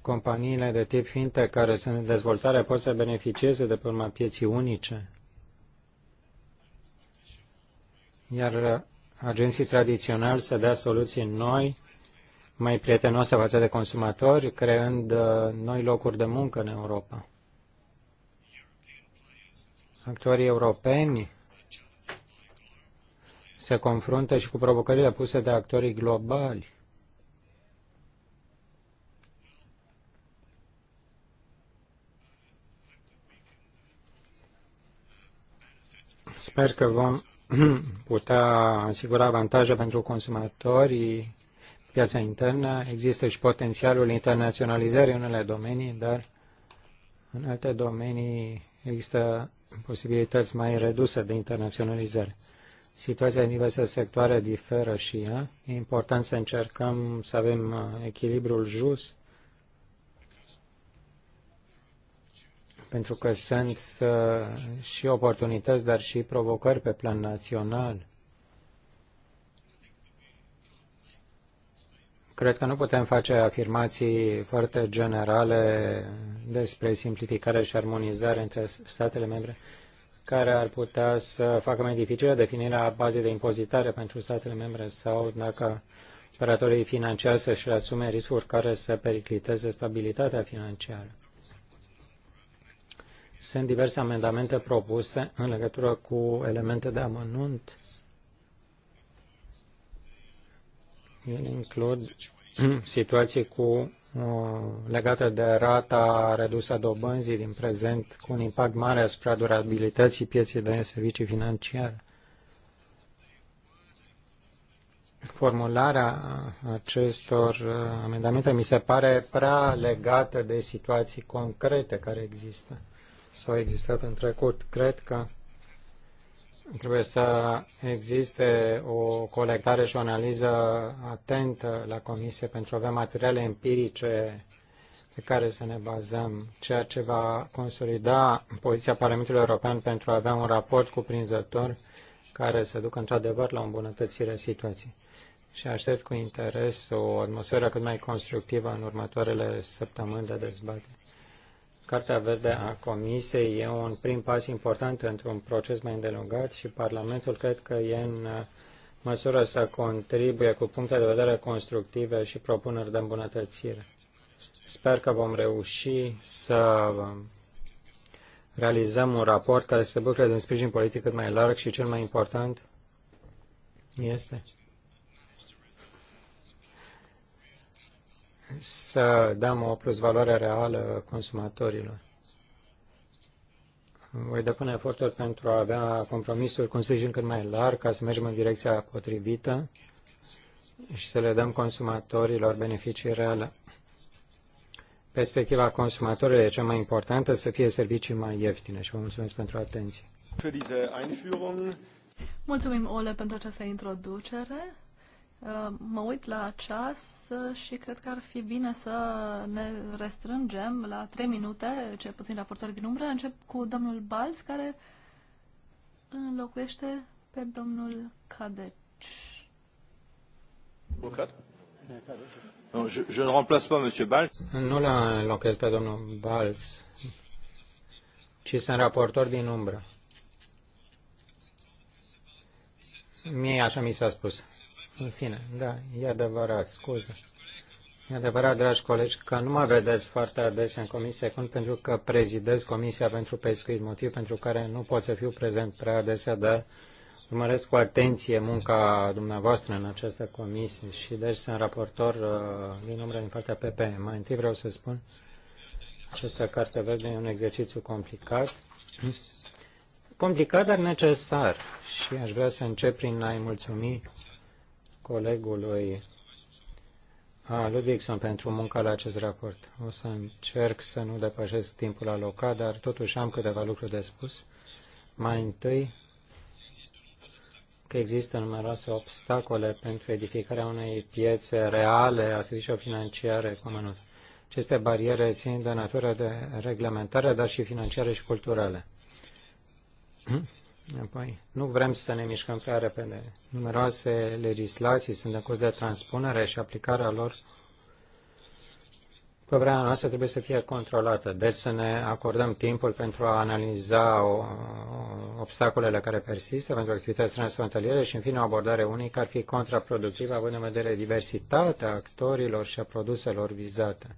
Companiile de tip finte care sunt în dezvoltare pot să beneficieze de pe urma pieții unice. Iar agenții tradiționali să dea soluții noi, mai prietenoase față de consumatori, creând uh, noi locuri de muncă în Europa. Actorii europeni se confruntă și cu provocările puse de actorii globali. Sper că vom putea asigura avantaje pentru consumatorii, piața internă, există și potențialul internaționalizării în unele domenii, dar în alte domenii există posibilități mai reduse de internaționalizare. Situația în diverse sectoare diferă și ea. Eh, e important să încercăm să avem eh, echilibrul just pentru că sunt uh, și oportunități, dar și provocări pe plan național. Cred că nu putem face afirmații foarte generale despre simplificare și armonizare între statele membre, care ar putea să facă mai dificilă definirea bazei de impozitare pentru statele membre sau dacă operatorii financiari să-și asume riscuri care să pericliteze stabilitatea financiară. Sunt diverse amendamente propuse în legătură cu elemente de amănunt. Ele includ situații cu, uh, legate de rata redusă dobânzii din prezent, cu un impact mare asupra durabilității pieței de servicii financiare. formularea acestor uh, amendamente mi se pare prea legată de situații concrete care există sau existat în trecut. Cred că trebuie să existe o colectare și o analiză atentă la comisie pentru a avea materiale empirice pe care să ne bazăm, ceea ce va consolida poziția Parlamentului European pentru a avea un raport cuprinzător care să ducă într-adevăr la o situației. Și aștept cu interes o atmosferă cât mai constructivă în următoarele săptămâni de dezbatere. Cartea verde a Comisiei e un prim pas important într-un proces mai îndelungat și Parlamentul cred că e în uh, măsură să contribuie cu puncte de vedere constructive și propuneri de îmbunătățire. Sper că vom reuși să um, realizăm un raport care se bucure de un sprijin politic cât mai larg și cel mai important este să dăm o plusvaloare reală consumatorilor. Voi depune eforturi pentru a avea compromisuri cu un sprijin cât mai larg ca să mergem în direcția potrivită și să le dăm consumatorilor beneficii reale. Perspectiva consumatorului e cea mai importantă, să fie servicii mai ieftine și vă mulțumesc pentru atenție. Mulțumim, Ole, pentru această introducere. Uh, mă uit la ceas uh, și cred că ar fi bine să ne restrângem la trei minute, cel puțin raportorii din umbră. Încep cu domnul Balz, care înlocuiește pe domnul Cadeci. Bucat? je, je ne remplace pas monsieur Balz. Nu l înlocuiesc pe domnul Balz, ci sunt raportor din umbră. Mie așa mi s-a spus. În fine, da, e adevărat, scuze. E adevărat, dragi colegi, că nu mă vedeți foarte adesea în comisie când pentru că prezidez Comisia pentru Pescuit, motiv pentru care nu pot să fiu prezent prea adesea, dar urmăresc cu atenție munca dumneavoastră în această comisie și deci sunt raportor uh, din umbră din partea PP. Mai întâi vreau să spun, această carte verde e un exercițiu complicat, complicat, dar necesar și aș vrea să încep prin a-i mulțumi colegului a Ludvigson pentru munca la acest raport. O să încerc să nu depășesc timpul alocat, dar totuși am câteva lucruri de spus. Mai întâi, că există numeroase obstacole pentru edificarea unei piețe reale a serviciilor financiare comune. Aceste bariere țin de natură de reglementare, dar și financiare și culturale. Apoi, nu vrem să ne mișcăm prea repede. Numeroase legislații sunt în curs de transpunere și aplicarea lor pe vremea noastră trebuie să fie controlată. Deci să ne acordăm timpul pentru a analiza o, obstacolele care persistă pentru activități transfrontaliere și, în fine, o abordare unică ar fi contraproductivă având în vedere diversitatea actorilor și a produselor vizate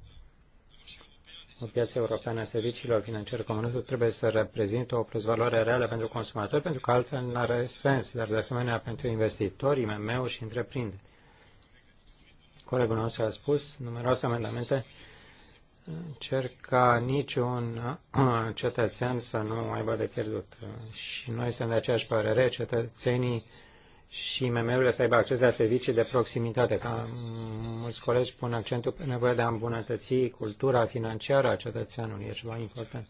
o piață europeană a serviciilor financiare comune, trebuie să reprezinte o plusvaloare reală pentru consumatori, pentru că altfel nu are sens, dar de asemenea pentru investitori, IMM-uri și întreprinderi. Colegul nostru a spus numeroase amendamente cer ca niciun cetățean să nu aibă de pierdut. Și noi suntem de aceeași părere, cetățenii și IMM-urile să aibă acces la servicii de proximitate. Ca mulți colegi pun accentul pe nevoia de a îmbunătăți cultura financiară a cetățeanului. E ceva important.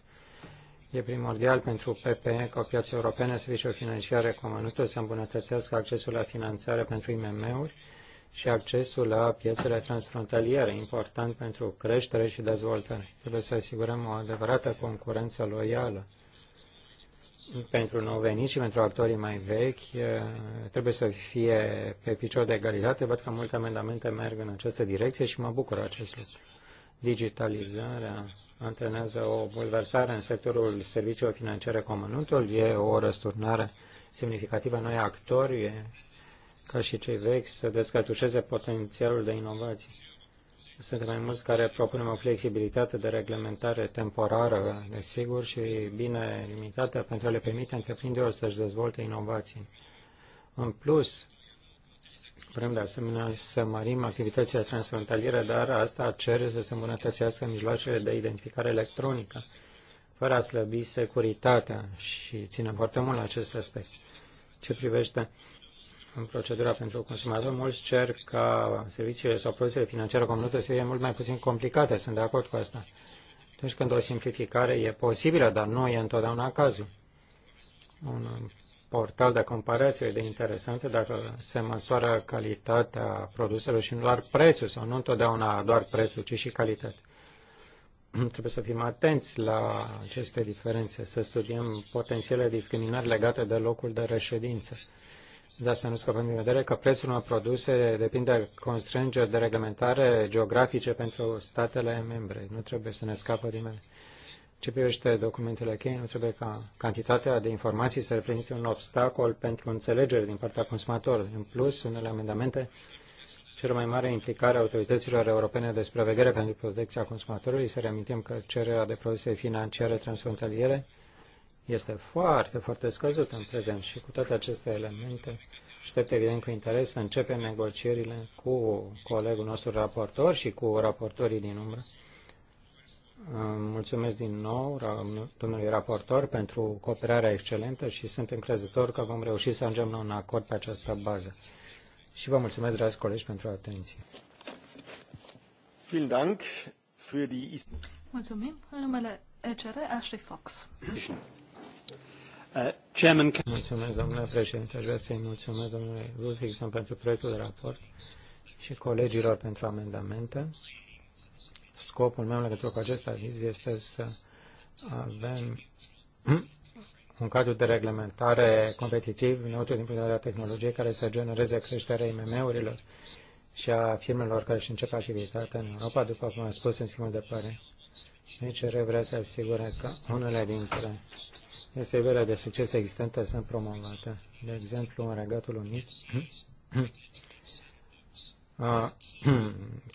E primordial pentru PPE ca piața europeană serviciilor financiare comunități să îmbunătățească accesul la finanțare pentru IMM-uri și accesul la piețele transfrontaliere, important pentru creștere și dezvoltare. Trebuie să asigurăm o adevărată concurență loială pentru nou venit și pentru actorii mai vechi trebuie să fie pe picior de egalitate. Văd că multe amendamente merg în această direcție și mă bucur acest lucru. Digitalizarea antrenează o bulversare în sectorul serviciilor financiare comunutul, e o răsturnare semnificativă noi actori, ca și cei vechi să descătușeze potențialul de inovație. Sunt mai mulți care propunem o flexibilitate de reglementare temporară, desigur, și bine limitată pentru a le permite întreprinderilor să-și dezvolte inovații. În plus, vrem de asemenea să mărim activitățile transfrontaliere, dar asta cere să se îmbunătățească mijloacele de identificare electronică, fără a slăbi securitatea și ținem foarte mult la acest aspect. Ce privește în procedura pentru consumator, mulți cer ca serviciile sau produsele financiare comunitare să fie mult mai puțin complicate. Sunt de acord cu asta. Deci când o simplificare e posibilă, dar nu e întotdeauna cazul. Un portal de comparație de interesant dacă se măsoară calitatea produselor și nu doar prețul, sau nu întotdeauna doar prețul, ci și calitatea. Trebuie să fim atenți la aceste diferențe, să studiem potențiale discriminări legate de locul de reședință dar să nu scăpăm din vedere că prețul unor produse depinde de constrângeri de reglementare geografice pentru statele membre. Nu trebuie să ne scapă din ele. Ce privește documentele cheie, nu trebuie ca cantitatea de informații să reprezinte un obstacol pentru înțelegere din partea consumatorului. În plus, unele amendamente cer mai mare implicare a autorităților europene de supraveghere pentru protecția consumatorului. Să reamintim că cererea de produse financiare transfrontaliere este foarte, foarte scăzut în prezent și cu toate aceste elemente aștept evident cu interes să începem negocierile cu colegul nostru raportor și cu raportorii din umbră. Mulțumesc din nou domnului raportor pentru cooperarea excelentă și sunt încrezător că vom reuși să ajungem la un acord pe această bază. Și vă mulțumesc, dragi colegi, pentru atenție. Mulțumim. În numele ECR, Ashley Fox. Uh, mulțumesc, domnule președinte. Aș vrea să-i mulțumesc domnului Ludvigson pentru proiectul de raport și colegilor pentru amendamente. Scopul meu în legătură cu acest aviz este să avem un cadru de reglementare competitiv, neutru din punct de vedere tehnologiei, care să genereze creșterea IMM-urilor și a firmelor care își încep activitatea în Europa, după cum am spus în schimbul de pare. Nici vrea să asigure că unele dintre Desevelea de succes existente sunt promovate. De exemplu, în Regatul Unit,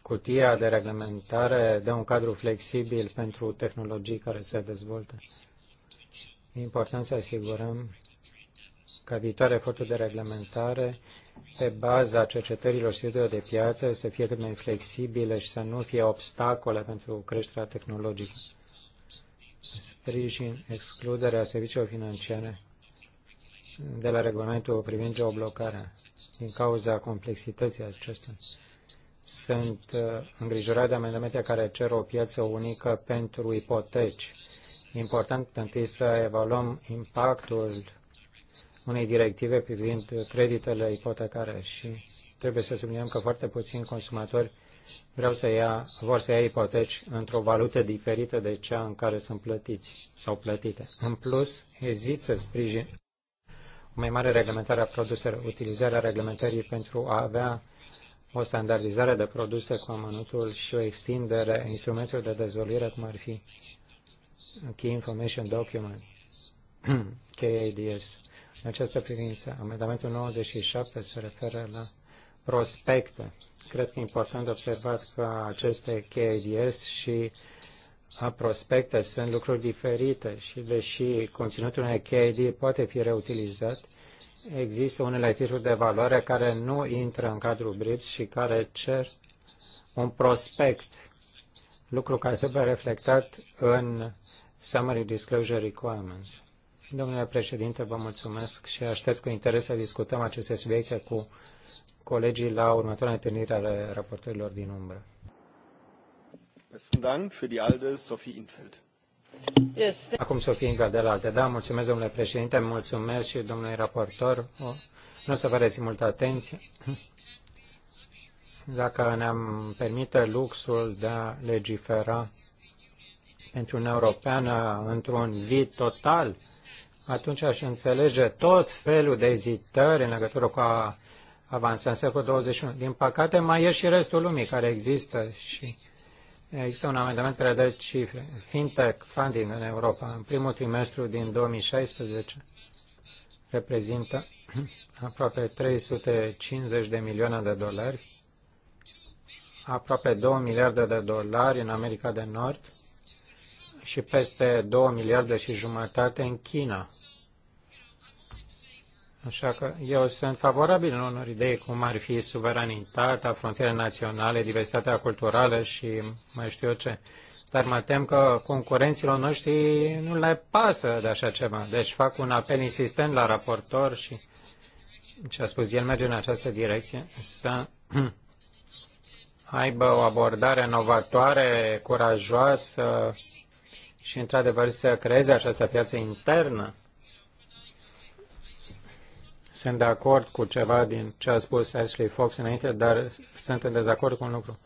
cutia de reglementare dă un cadru flexibil pentru tehnologii care se dezvoltă. E important să asigurăm ca viitoare eforturi de reglementare pe baza cercetărilor și studiilor de piață să fie cât mai flexibile și să nu fie obstacole pentru creșterea tehnologică sprijin excluderea serviciilor financiare de la regulamentul privind o blocare, din cauza complexității acestor. Sunt uh, îngrijorat de amendamente care cer o piață unică pentru ipoteci. Important întâi să evaluăm impactul unei directive privind creditele ipotecare și trebuie să subliniem că foarte puțini consumatori vreau să ia, vor să ia ipoteci într-o valută diferită de cea în care sunt plătiți sau plătite. În plus, ezit să sprijin o mai mare reglementare a produselor, utilizarea reglementării pentru a avea o standardizare de produse cu amănutul și o extindere a instrumentelor de dezvoltare, cum ar fi Key Information Document, KADS. În această privință, amendamentul 97 se referă la prospecte Cred că e important de observat că aceste KDS și a prospecte sunt lucruri diferite și deși conținutul unei KD poate fi reutilizat, există unele titluri de valoare care nu intră în cadrul BRIPS și care cer un prospect, lucru care trebuie reflectat în Summary Disclosure Requirements. Domnule președinte, vă mulțumesc și aștept cu interes să discutăm aceste subiecte cu colegii la următoarea întâlnire ale raportorilor din umbră. Acum Sofie Infeld de la alte. Da, mulțumesc, domnule președinte, mulțumesc și domnului raportor. Nu o să vă rețin multă atenție. Dacă ne-am permite luxul de a legifera pentru Uniunea Europeană într-un vid total, atunci aș înțelege tot felul de ezitări în legătură cu a avansa în secolul 21. Din păcate, mai e și restul lumii care există și există un amendament care dă cifre. Fintech funding în Europa, în primul trimestru din 2016, reprezintă aproape 350 de milioane de dolari, aproape 2 miliarde de dolari în America de Nord și peste 2 miliarde și jumătate în China. Așa că eu sunt favorabil în unor idei cum ar fi suveranitatea, frontiere naționale, diversitatea culturală și mai știu eu ce. Dar mă tem că concurenților noștri nu le pasă de așa ceva. Deci fac un apel insistent la raportor și ce a spus el merge în această direcție, să aibă o abordare novatoare, curajoasă și, într-adevăr, să creeze această piață internă sunt de acord cu ceva din ce a spus Ashley Fox înainte, dar sunt în dezacord cu un lucru.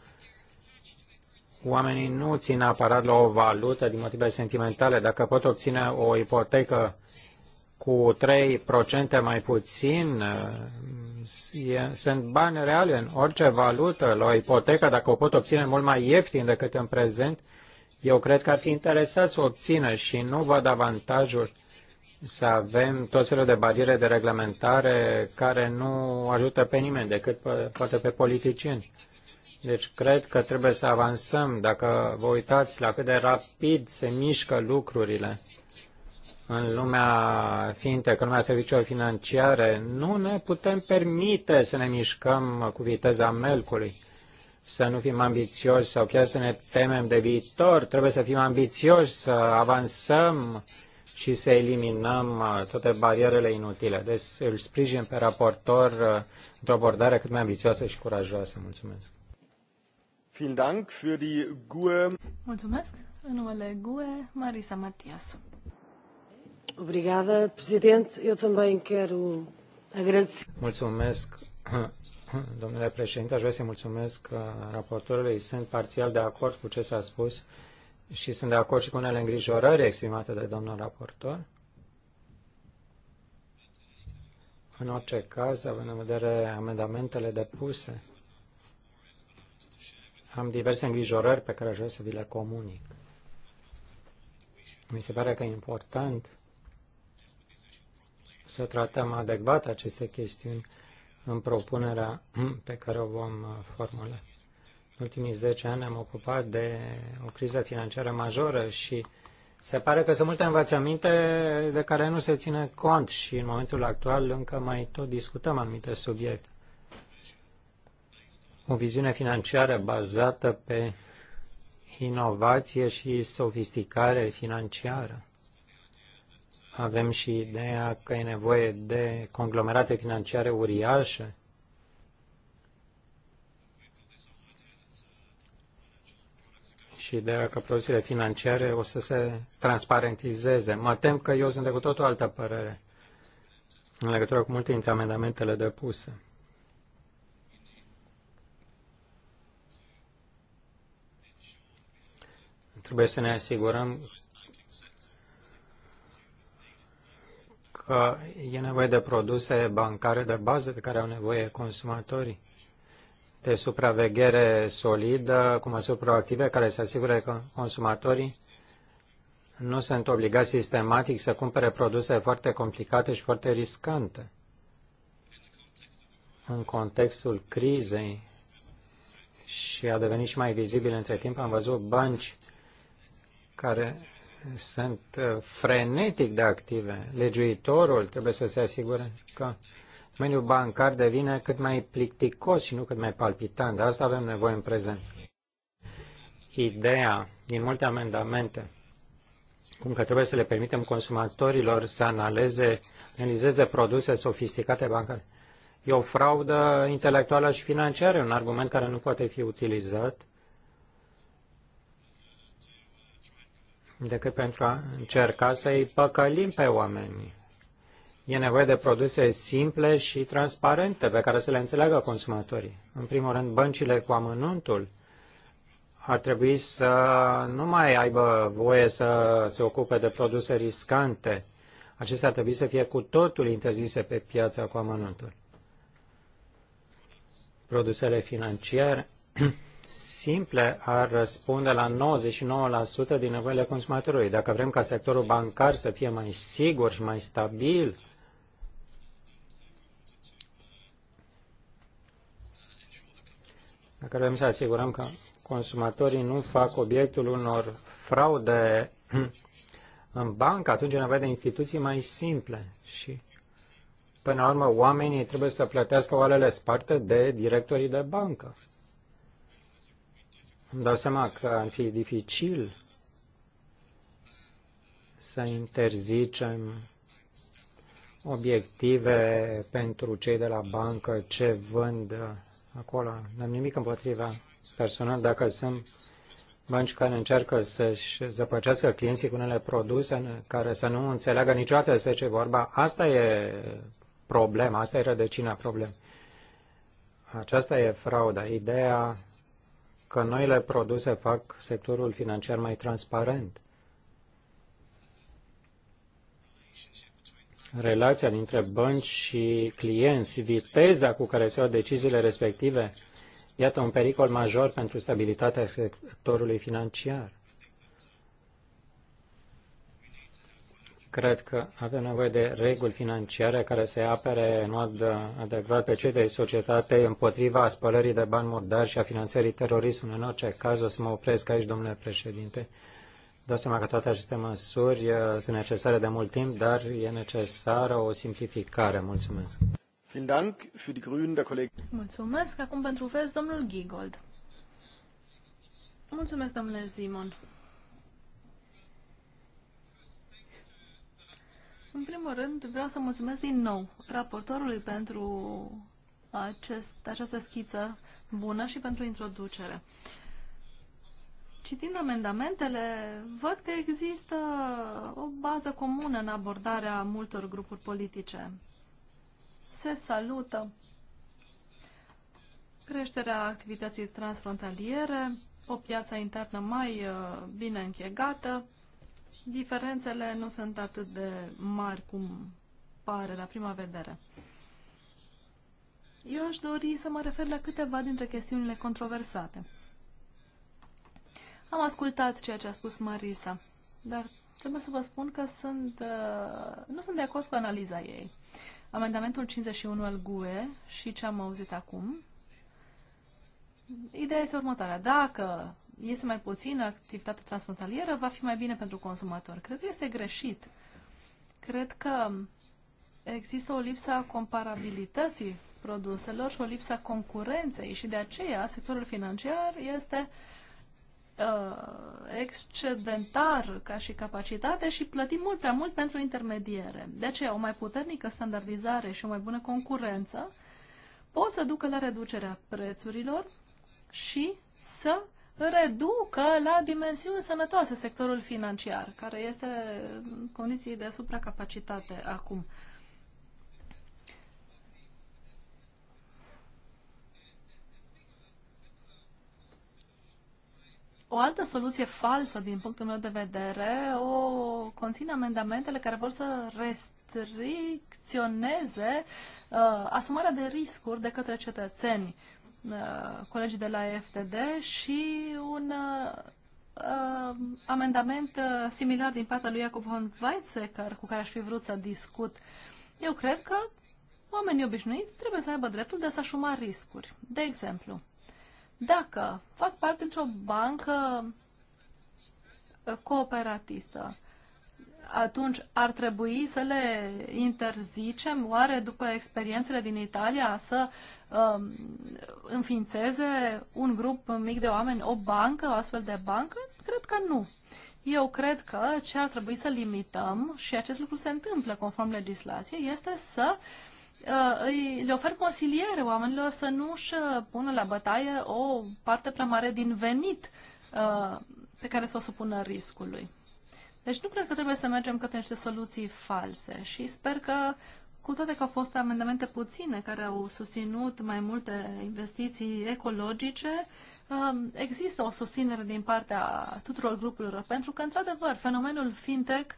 Oamenii nu țin aparat la o valută din motive sentimentale. Dacă pot obține o ipotecă cu 3% mai puțin, sunt bani reale în orice valută, la o ipotecă, dacă o pot obține mult mai ieftin decât în prezent, eu cred că ar fi interesat să o obțină și nu văd avantajul uh, să avem tot felul de bariere de reglementare care nu ajută pe nimeni decât pe, poate pe politicieni. Deci cred că trebuie să avansăm. Dacă vă uitați la cât de rapid se mișcă lucrurile în lumea fintech, în lumea serviciilor financiare, nu ne putem permite să ne mișcăm cu viteza melcului să nu fim ambițioși sau chiar să ne temem de viitor. Trebuie să fim ambițioși, să avansăm, și să eliminăm uh, toate barierele inutile. Deci îl sprijin pe raportor uh, într-o abordare cât mai ambițioasă și curajoasă. Mulțumesc. Mulțumesc. În numele GUE, Marisa Matias. Obrigada, președinte. Eu também quero agradecer. Mulțumesc, domnule președinte. Aș vrea să mulțumesc uh, raportorului. Sunt parțial de acord cu ce s-a spus și sunt de acord și cu unele îngrijorări exprimate de domnul raportor. În orice caz, având în vedere amendamentele depuse, am diverse îngrijorări pe care aș vrea să vi le comunic. Mi se pare că e important să tratăm adecvat aceste chestiuni în propunerea pe care o vom formula ultimii 10 ani am ocupat de o criză financiară majoră și se pare că sunt multe învățăminte de care nu se ține cont și în momentul actual încă mai tot discutăm anumite subiecte. O viziune financiară bazată pe inovație și sofisticare financiară. Avem și ideea că e nevoie de conglomerate financiare uriașe și de că produsele financiare o să se transparentizeze. Mă tem că eu sunt de cu o altă părere în legătură cu multe dintre amendamentele depuse. Trebuie să ne asigurăm că e nevoie de produse bancare de bază de care au nevoie consumatorii de supraveghere solidă cu măsuri proactive care să asigure că consumatorii nu sunt obligați sistematic să cumpere produse foarte complicate și foarte riscante. În contextul crizei și a devenit și mai vizibil între timp, am văzut bănci care sunt uh, frenetic de active. Legiuitorul trebuie să se asigure că Mediul bancar devine cât mai plicticos și nu cât mai palpitant. De asta avem nevoie în prezent. Ideea din multe amendamente, cum că trebuie să le permitem consumatorilor să analeze, analizeze produse sofisticate bancare, e o fraudă intelectuală și financiară, un argument care nu poate fi utilizat decât pentru a încerca să-i păcălim pe oameni. E nevoie de produse simple și transparente pe care să le înțeleagă consumatorii. În primul rând, băncile cu amănuntul ar trebui să nu mai aibă voie să se ocupe de produse riscante. Acestea ar trebui să fie cu totul interzise pe piața cu amănuntul. Produsele financiare simple ar răspunde la 99% din nevoile consumatorului. Dacă vrem ca sectorul bancar să fie mai sigur și mai stabil, Dacă vrem să asigurăm că consumatorii nu fac obiectul unor fraude în bancă, atunci e nevoie de instituții mai simple și Până la urmă, oamenii trebuie să plătească oalele sparte de directorii de bancă. Îmi dau seama că ar fi dificil să interzicem obiective pentru cei de la bancă ce vând acolo. N-am nimic împotriva personal dacă sunt bănci care încearcă să-și zăpăcească clienții cu unele produse care să nu înțeleagă niciodată despre ce vorba. Asta e problema, asta e rădăcina problemei. Aceasta e frauda. Ideea că noile produse fac sectorul financiar mai transparent relația dintre bănci și clienți, viteza cu care se iau deciziile respective, iată un pericol major pentru stabilitatea sectorului financiar. Cred că avem nevoie de reguli financiare care se apere în mod adecvat pe cei de societate împotriva spălării de bani murdari și a finanțării terorismului. În orice caz, o să mă opresc aici, domnule președinte dau seama că toate aceste măsuri uh, sunt necesare de mult timp, dar e necesară o simplificare. Mulțumesc. Mulțumesc. Acum pentru vezi, domnul Gigold. Mulțumesc, domnule Simon. În primul rând, vreau să mulțumesc din nou raportorului pentru acest, această schiță bună și pentru introducere citind amendamentele, văd că există o bază comună în abordarea multor grupuri politice. Se salută creșterea activității transfrontaliere, o piață internă mai uh, bine închegată, diferențele nu sunt atât de mari cum pare la prima vedere. Eu aș dori să mă refer la câteva dintre chestiunile controversate. Am ascultat ceea ce a spus Marisa, dar trebuie să vă spun că sunt, uh, nu sunt de acord cu analiza ei. Amendamentul 51 al GUE și ce am auzit acum, ideea este următoarea. Dacă este mai puțină activitate transfrontalieră, va fi mai bine pentru consumator. Cred că este greșit. Cred că există o lipsă a comparabilității produselor și o lipsă a concurenței și de aceea sectorul financiar este uh, Uh, excedentar ca și capacitate și plătim mult prea mult pentru intermediere. De aceea, o mai puternică standardizare și o mai bună concurență pot să ducă la reducerea prețurilor și să reducă la dimensiuni sănătoase sectorul financiar, care este în condiții de supracapacitate acum. O altă soluție falsă, din punctul meu de vedere, o conține amendamentele care vor să restricționeze uh, asumarea de riscuri de către cetățeni, uh, colegii de la FTD și un uh, uh, amendament uh, similar din partea lui Iacob von Weizsäcker, cu care aș fi vrut să discut. Eu cred că oamenii obișnuiți trebuie să aibă dreptul de a-și asuma riscuri. De exemplu, dacă fac parte într-o bancă uh, cooperatistă, atunci ar trebui să le interzicem, oare după experiențele din Italia, să um, înființeze un grup mic de oameni, o bancă, o astfel de bancă? Cred că nu. Eu cred că ce ar trebui să limităm, și acest lucru se întâmplă conform legislației, este să uh, Uh, îi, le ofer consiliere oamenilor să nu își uh, pună la bătaie o parte prea mare din venit uh, pe care să o supună riscului. Deci nu cred că trebuie să mergem către niște soluții false și sper că, cu toate că au fost amendamente puține care au susținut mai multe investiții ecologice, um, există o susținere din partea tuturor grupurilor, pentru că, într-adevăr, fenomenul fintech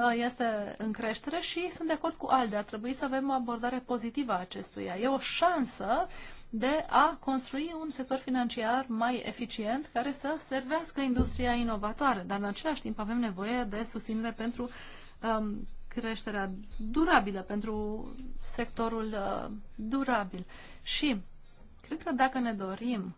Uh, este în creștere și sunt de acord cu ALDE. Ar trebui să avem o abordare pozitivă a acestuia. E o șansă de a construi un sector financiar mai eficient care să servească industria inovatoare, dar în același timp avem nevoie de susținere pentru um, creșterea durabilă, pentru sectorul uh, durabil. Și cred că dacă ne dorim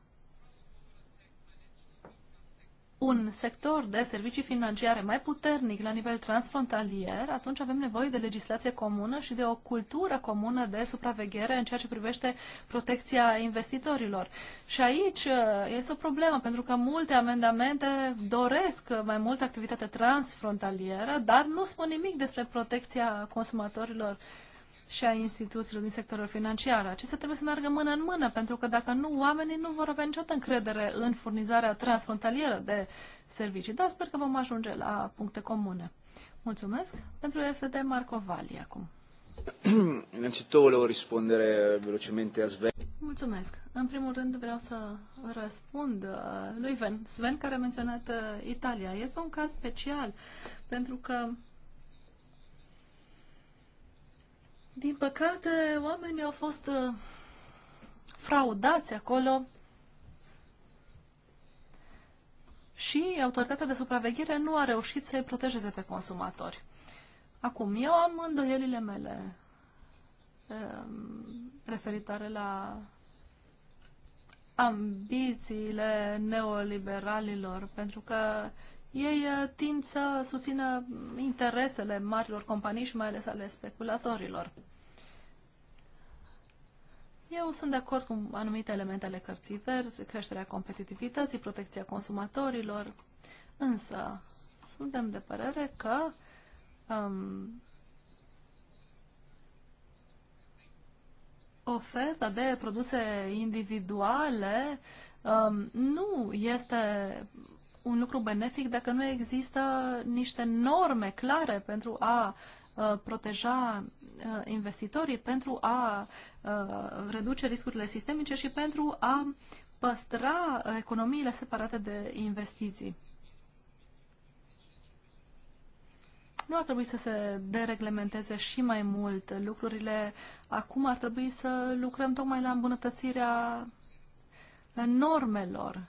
un sector de servicii financiare mai puternic la nivel transfrontalier, atunci avem nevoie de legislație comună și de o cultură comună de supraveghere în ceea ce privește protecția investitorilor. Și aici uh, este o problemă, pentru că multe amendamente doresc mai multă activitate transfrontalieră, dar nu spun nimic despre protecția consumatorilor și a instituțiilor din sectorul financiar. Acestea trebuie să meargă mână în mână, pentru că dacă nu, oamenii nu vor avea niciodată încredere în furnizarea transfrontalieră de servicii. Dar sper că vom ajunge la puncte comune. Mulțumesc. Pentru FTD Marco Vali acum. Innanzitutto o răspundere velocemente a Sven. Mulțumesc. În primul rând vreau să răspund uh, lui Sven, Sven care a menționat uh, Italia. Este un caz special pentru că Din păcate, oamenii au fost uh, fraudați acolo și autoritatea de supraveghere nu a reușit să-i protejeze pe consumatori. Acum, eu am îndoielile mele uh, referitoare la ambițiile neoliberalilor, pentru că ei uh, tind să susțină interesele marilor companii și mai ales ale speculatorilor. Eu sunt de acord cu anumite elemente ale cărții verzi, creșterea competitivității, protecția consumatorilor, însă suntem de părere că um, oferta de produse individuale um, nu este un lucru benefic dacă nu există niște norme clare pentru a uh, proteja uh, investitorii, pentru a uh, reduce riscurile sistemice și pentru a păstra economiile separate de investiții. nu ar trebui să se dereglementeze și mai mult lucrurile. Acum ar trebui să lucrăm tocmai la îmbunătățirea normelor.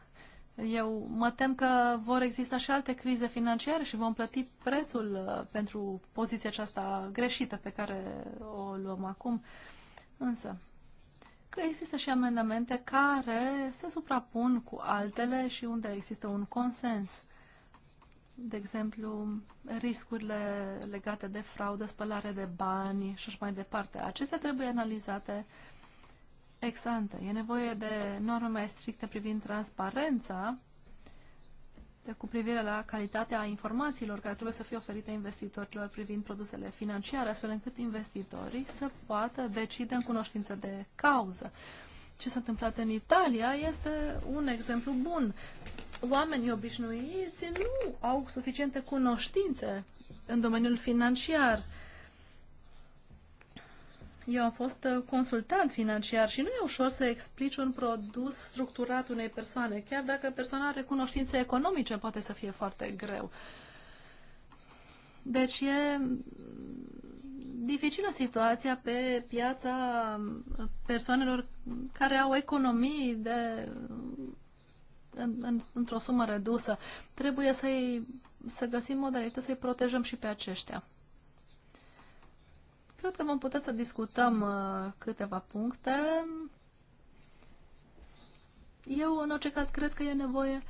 Eu mă tem că vor exista și alte crize financiare și vom plăti prețul uh, pentru poziția aceasta greșită pe care o luăm acum. Însă, că există și amendamente care se suprapun cu altele și unde există un consens. De exemplu, riscurile legate de fraudă, spălare de bani și așa mai departe. Acestea trebuie analizate uh, Exante. E nevoie de norme mai stricte privind transparența de, cu privire la calitatea informațiilor care trebuie să fie oferite investitorilor privind produsele financiare, astfel încât investitorii să poată decide în cunoștință de cauză. Ce s-a întâmplat în Italia este un exemplu bun. Oamenii obișnuiți nu au suficiente cunoștințe în domeniul financiar eu am fost uh, consultant financiar și nu e ușor să explici un produs structurat unei persoane. Chiar dacă persoana are cunoștințe economice, poate să fie foarte greu. Deci e mm, dificilă situația pe piața mm, persoanelor care au economii de mm, în, în, într-o sumă redusă. Trebuie să-i, să găsim modalități să-i protejăm și pe aceștia. Cred că vom putea să discutăm uh, câteva puncte. Eu, în orice caz, cred că e nevoie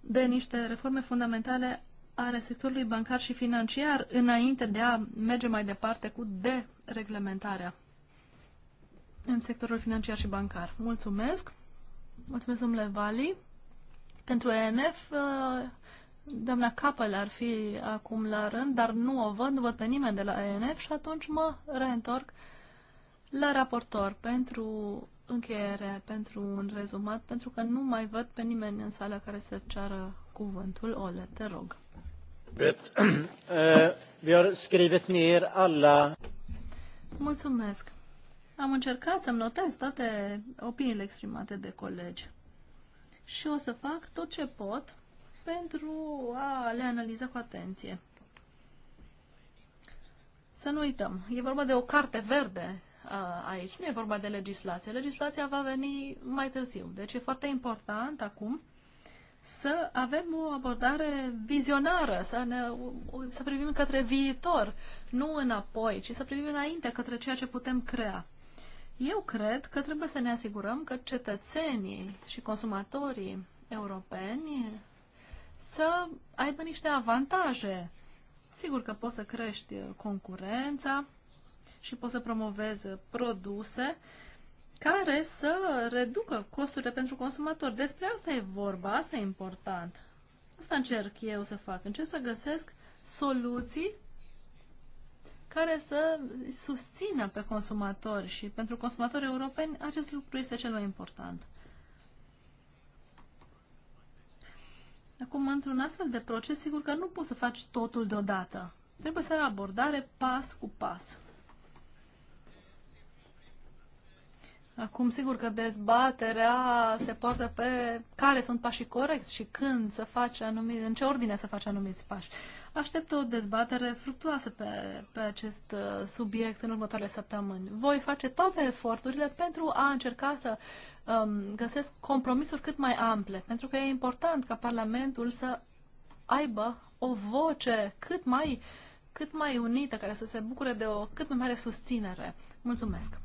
de niște reforme fundamentale ale sectorului bancar și financiar înainte de a merge mai departe cu dereglementarea în sectorul financiar și bancar. Mulțumesc! Mulțumesc, domnule Vali. Pentru ENF uh, Doamna Capel ar fi acum la rând, dar nu o văd, nu văd pe nimeni de la ENF și atunci mă reîntorc la raportor pentru încheiere, pentru un rezumat, pentru că nu mai văd pe nimeni în sală care să ceară cuvântul. Ole, te rog. Mulțumesc. Am încercat să-mi notez toate opiniile exprimate de colegi. Și o să fac tot ce pot pentru a le analiza cu atenție. Să nu uităm, e vorba de o carte verde aici, nu e vorba de legislație. Legislația va veni mai târziu. Deci e foarte important acum să avem o abordare vizionară, să, ne, să privim către viitor, nu înapoi, ci să privim înainte, către ceea ce putem crea. Eu cred că trebuie să ne asigurăm că cetățenii și consumatorii europeni să aibă niște avantaje. Sigur că poți să crești concurența și poți să promovezi produse care să reducă costurile pentru consumatori. Despre asta e vorba, asta e important. Asta încerc eu să fac. Încerc să găsesc soluții care să susțină pe consumatori și pentru consumatori europeni acest lucru este cel mai important. Acum, într-un astfel de proces, sigur că nu poți să faci totul deodată. Trebuie să ai abordare pas cu pas. Acum, sigur că dezbaterea se poartă pe care sunt pașii corecți și când să faci anumite, în ce ordine să faci anumiți pași. Aștept o dezbatere fructuoasă pe, pe acest uh, subiect în următoarele săptămâni. Voi face toate eforturile pentru a încerca să um, găsesc compromisuri cât mai ample, pentru că e important ca Parlamentul să aibă o voce cât mai, cât mai unită, care să se bucure de o cât mai mare susținere. Mulțumesc!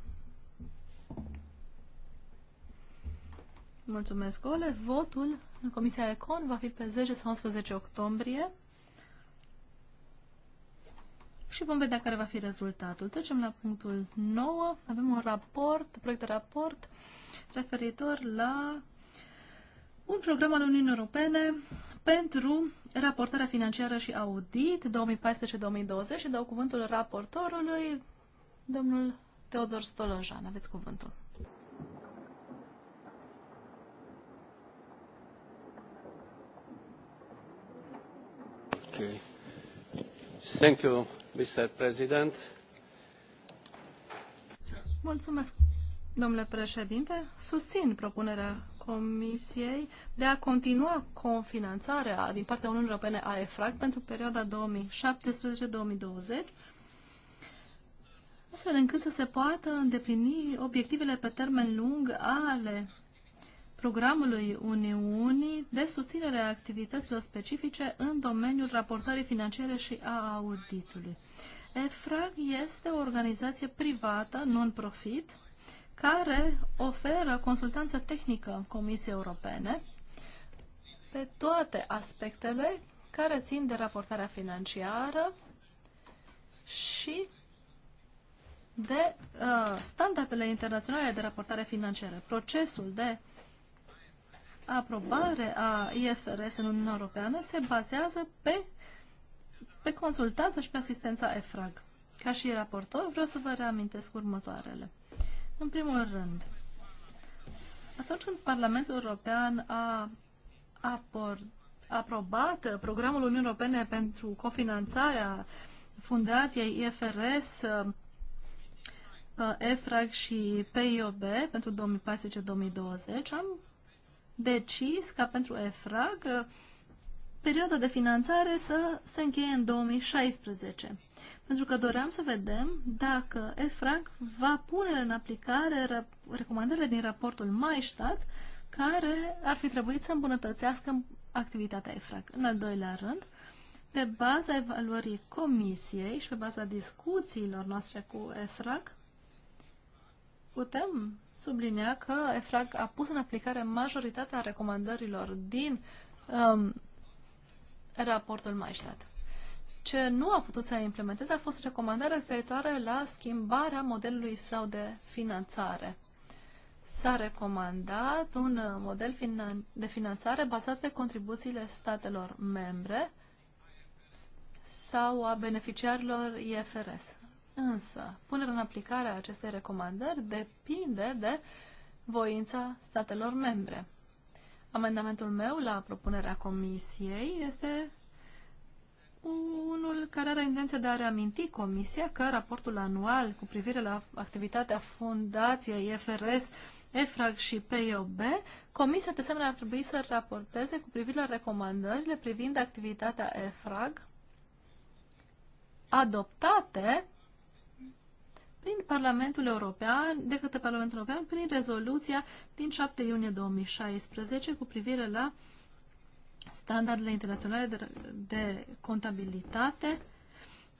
Mulțumesc, Ole. Votul în Comisia Econ va fi pe 10 sau 11 octombrie și vom vedea care va fi rezultatul. Trecem la punctul 9. Avem un raport, proiect de raport referitor la un program al Uniunii Europene pentru raportarea financiară și audit 2014-2020 și dau cuvântul raportorului, domnul Teodor Stolojan. Aveți cuvântul. Okay. Thank you, domnule președinte. Susțin propunerea Comisiei de a continua confinanțarea din partea Uniunii Europene a EFRAG pentru perioada 2017 douăzeci astfel încât să se poată îndeplini obiectivele pe termen lung ale programului Uniunii de susținere a activităților specifice în domeniul raportării financiare și a auditului. EFRAG este o organizație privată, non-profit, care oferă consultanță tehnică Comisiei Europene pe toate aspectele care țin de raportarea financiară și de uh, standardele internaționale de raportare financiară. Procesul de aprobare a IFRS în Uniunea Europeană se bazează pe, pe consultanță și pe asistența EFRAG. Ca și raportor, vreau să vă reamintesc următoarele. În primul rând, atunci când Parlamentul European a aprobat programul Uniunii Europene pentru cofinanțarea fundației IFRS, uh, uh, EFRAG și PIOB pentru 2014-2020, am decis ca pentru EFRAG uh, perioada de finanțare să se încheie în 2016. Pentru că doream să vedem dacă EFRAG va pune în aplicare recomandările din raportul Maistat care ar fi trebuit să îmbunătățească activitatea EFRAG. În al doilea rând, pe baza evaluării comisiei și pe baza discuțiilor noastre cu Efrag putem sublinia că EFRAG a pus în aplicare majoritatea recomandărilor din um, raportul Maistat. Ce nu a putut să implementeze a fost recomandarea referitoare la schimbarea modelului său de finanțare. S-a recomandat un uh, model de finanțare bazat pe contribuțiile statelor membre sau a beneficiarilor IFRS. Însă, punerea în aplicare a acestei recomandări depinde de voința statelor membre. Amendamentul meu la propunerea Comisiei este unul care are intenția de a reaminti Comisia că raportul anual cu privire la activitatea Fundației FRS, EFRAG și POB, Comisia de asemenea ar trebui să raporteze cu privire la recomandările privind activitatea EFRAG adoptate prin Parlamentul European, de către Parlamentul European, prin rezoluția din 7 iunie 2016 cu privire la standardele internaționale de, de contabilitate,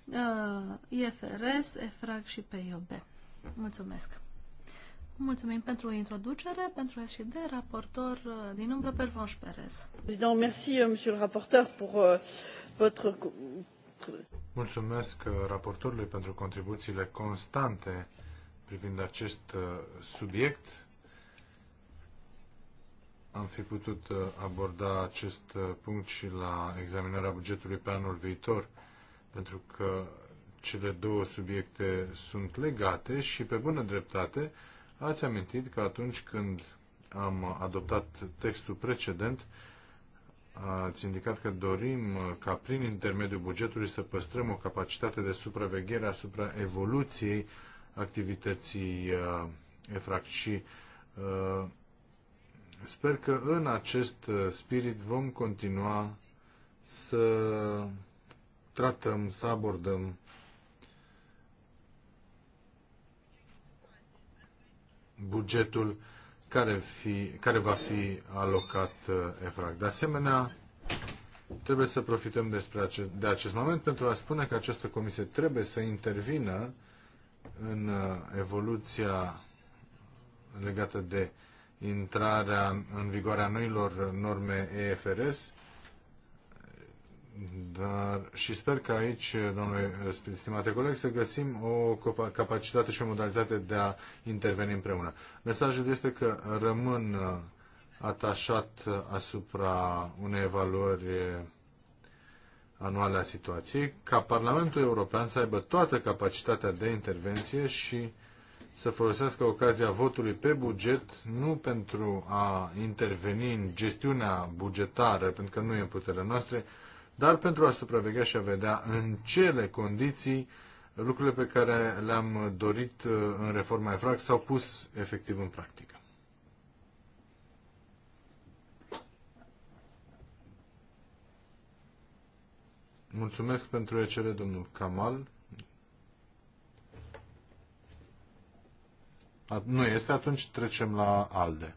uh, IFRS, EFRAG și PIOB. Mulțumesc! Mulțumim pentru introducere, pentru de raportor uh, din umbră, pe Perez. Président, merci, euh, monsieur le rapporteur, pour euh, votre Mulțumesc uh, raportorului pentru contribuțiile constante privind acest uh, subiect. Am fi putut uh, aborda acest punct și la examinarea bugetului pe anul viitor, pentru că cele două subiecte sunt legate și, pe bună dreptate, ați amintit că atunci când am adoptat textul precedent, ați indicat că dorim uh, ca prin intermediul bugetului să păstrăm o capacitate de supraveghere asupra evoluției activității uh, EFRAC și uh, sper că în acest spirit vom continua să tratăm, să abordăm bugetul care, fi, care va fi alocat eh, EFRAG. De asemenea, trebuie să profităm despre acest, de acest moment pentru a spune că această comisie trebuie să intervină în eh, evoluția legată de intrarea în vigoare a noilor norme EFRS dar și sper că aici, domnule stimate coleg, să găsim o capacitate și o modalitate de a interveni împreună. Mesajul este că rămân uh, atașat uh, asupra unei evaluări uh, anuale a situației, ca Parlamentul European să aibă toată capacitatea de intervenție și să folosească ocazia votului pe buget, nu pentru a interveni în gestiunea bugetară, pentru că nu e în puterea noastră, dar pentru a supraveghea și a vedea în cele condiții lucrurile pe care le-am dorit uh, în reforma EFRAC s-au pus efectiv în practică. Mulțumesc pentru ecere, domnul Kamal. Nu este, atunci trecem la ALDE.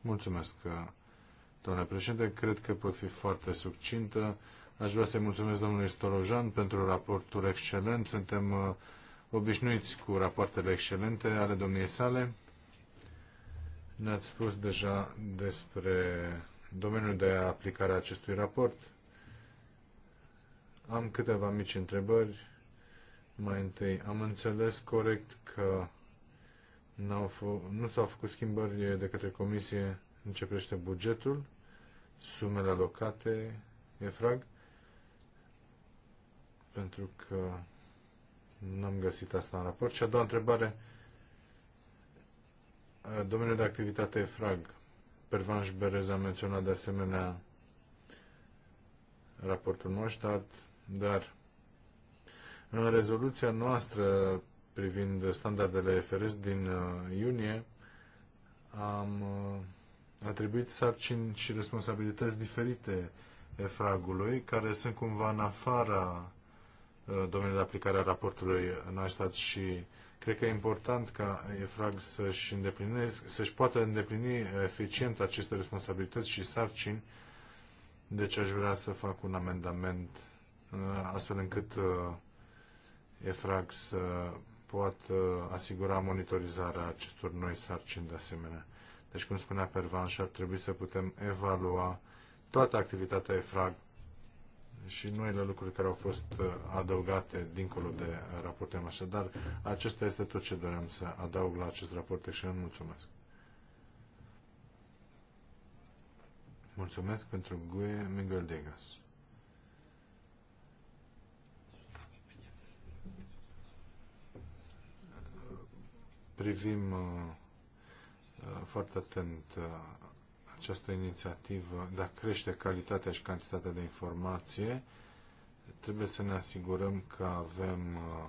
Mulțumesc. Uh, Domnule președinte, cred că pot fi foarte succintă. Aș vrea să-i mulțumesc domnului Stolojan pentru raportul excelent. Suntem uh, obișnuiți cu rapoartele excelente ale domniei sale. Ne-ați spus deja despre domeniul de aplicare a acestui raport. Am câteva mici întrebări. Mai întâi, am înțeles corect că nu s-au făcut schimbări de către Comisie în privește bugetul sumele alocate EFRAG pentru că n-am găsit asta în raport. Și a doua întrebare, domeniul de activitate EFRAG. Pervanș Berez a menționat de asemenea raportul nostru, dar în rezoluția noastră privind standardele FRS din uh, iunie am uh, atribuit sarcini și responsabilități diferite efragului care sunt cumva în afara uh, domeniul de aplicare a raportului Nastat și cred că e important ca EFRAG să-și, să-și poată îndeplini eficient aceste responsabilități și sarcini. Deci aș vrea să fac un amendament uh, astfel încât uh, EFRAG să poată asigura monitorizarea acestor noi sarcini de asemenea. Deci, cum spunea Pervanș, ar trebui să putem evalua toată activitatea EFRAG și noile lucruri care au fost uh, adăugate dincolo de raportul Așa Dar acesta este tot ce doream să adaug la acest raport și deci îmi mulțumesc. Mulțumesc pentru Guie Miguel Degas. Privim uh, Uh, foarte atent uh, această inițiativă de a crește calitatea și cantitatea de informație. Trebuie să ne asigurăm că avem uh,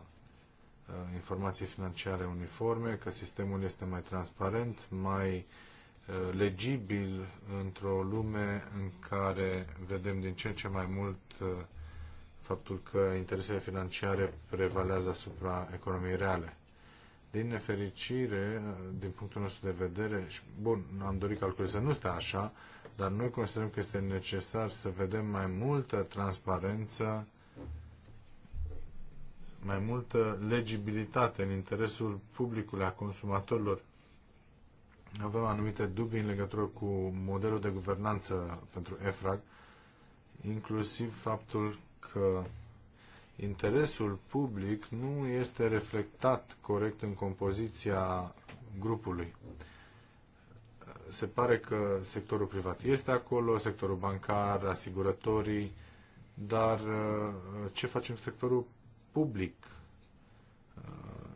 informații financiare uniforme, că sistemul este mai transparent, mai legibil într-o lume în care vedem din ce în ce mai mult faptul că interesele financiare prevalează asupra economiei reale. Din nefericire, din punctul nostru de vedere, și bun, am dorit calculul să nu stea așa, dar noi considerăm că este necesar să vedem mai multă transparență, mai multă legibilitate în interesul publicului, a consumatorilor. Avem anumite dubii în legătură cu modelul de guvernanță pentru EFRAG, inclusiv faptul că interesul public nu este reflectat corect în compoziția grupului. Se pare că sectorul privat este acolo, sectorul bancar, asigurătorii, dar uh, ce facem sectorul public? Uh,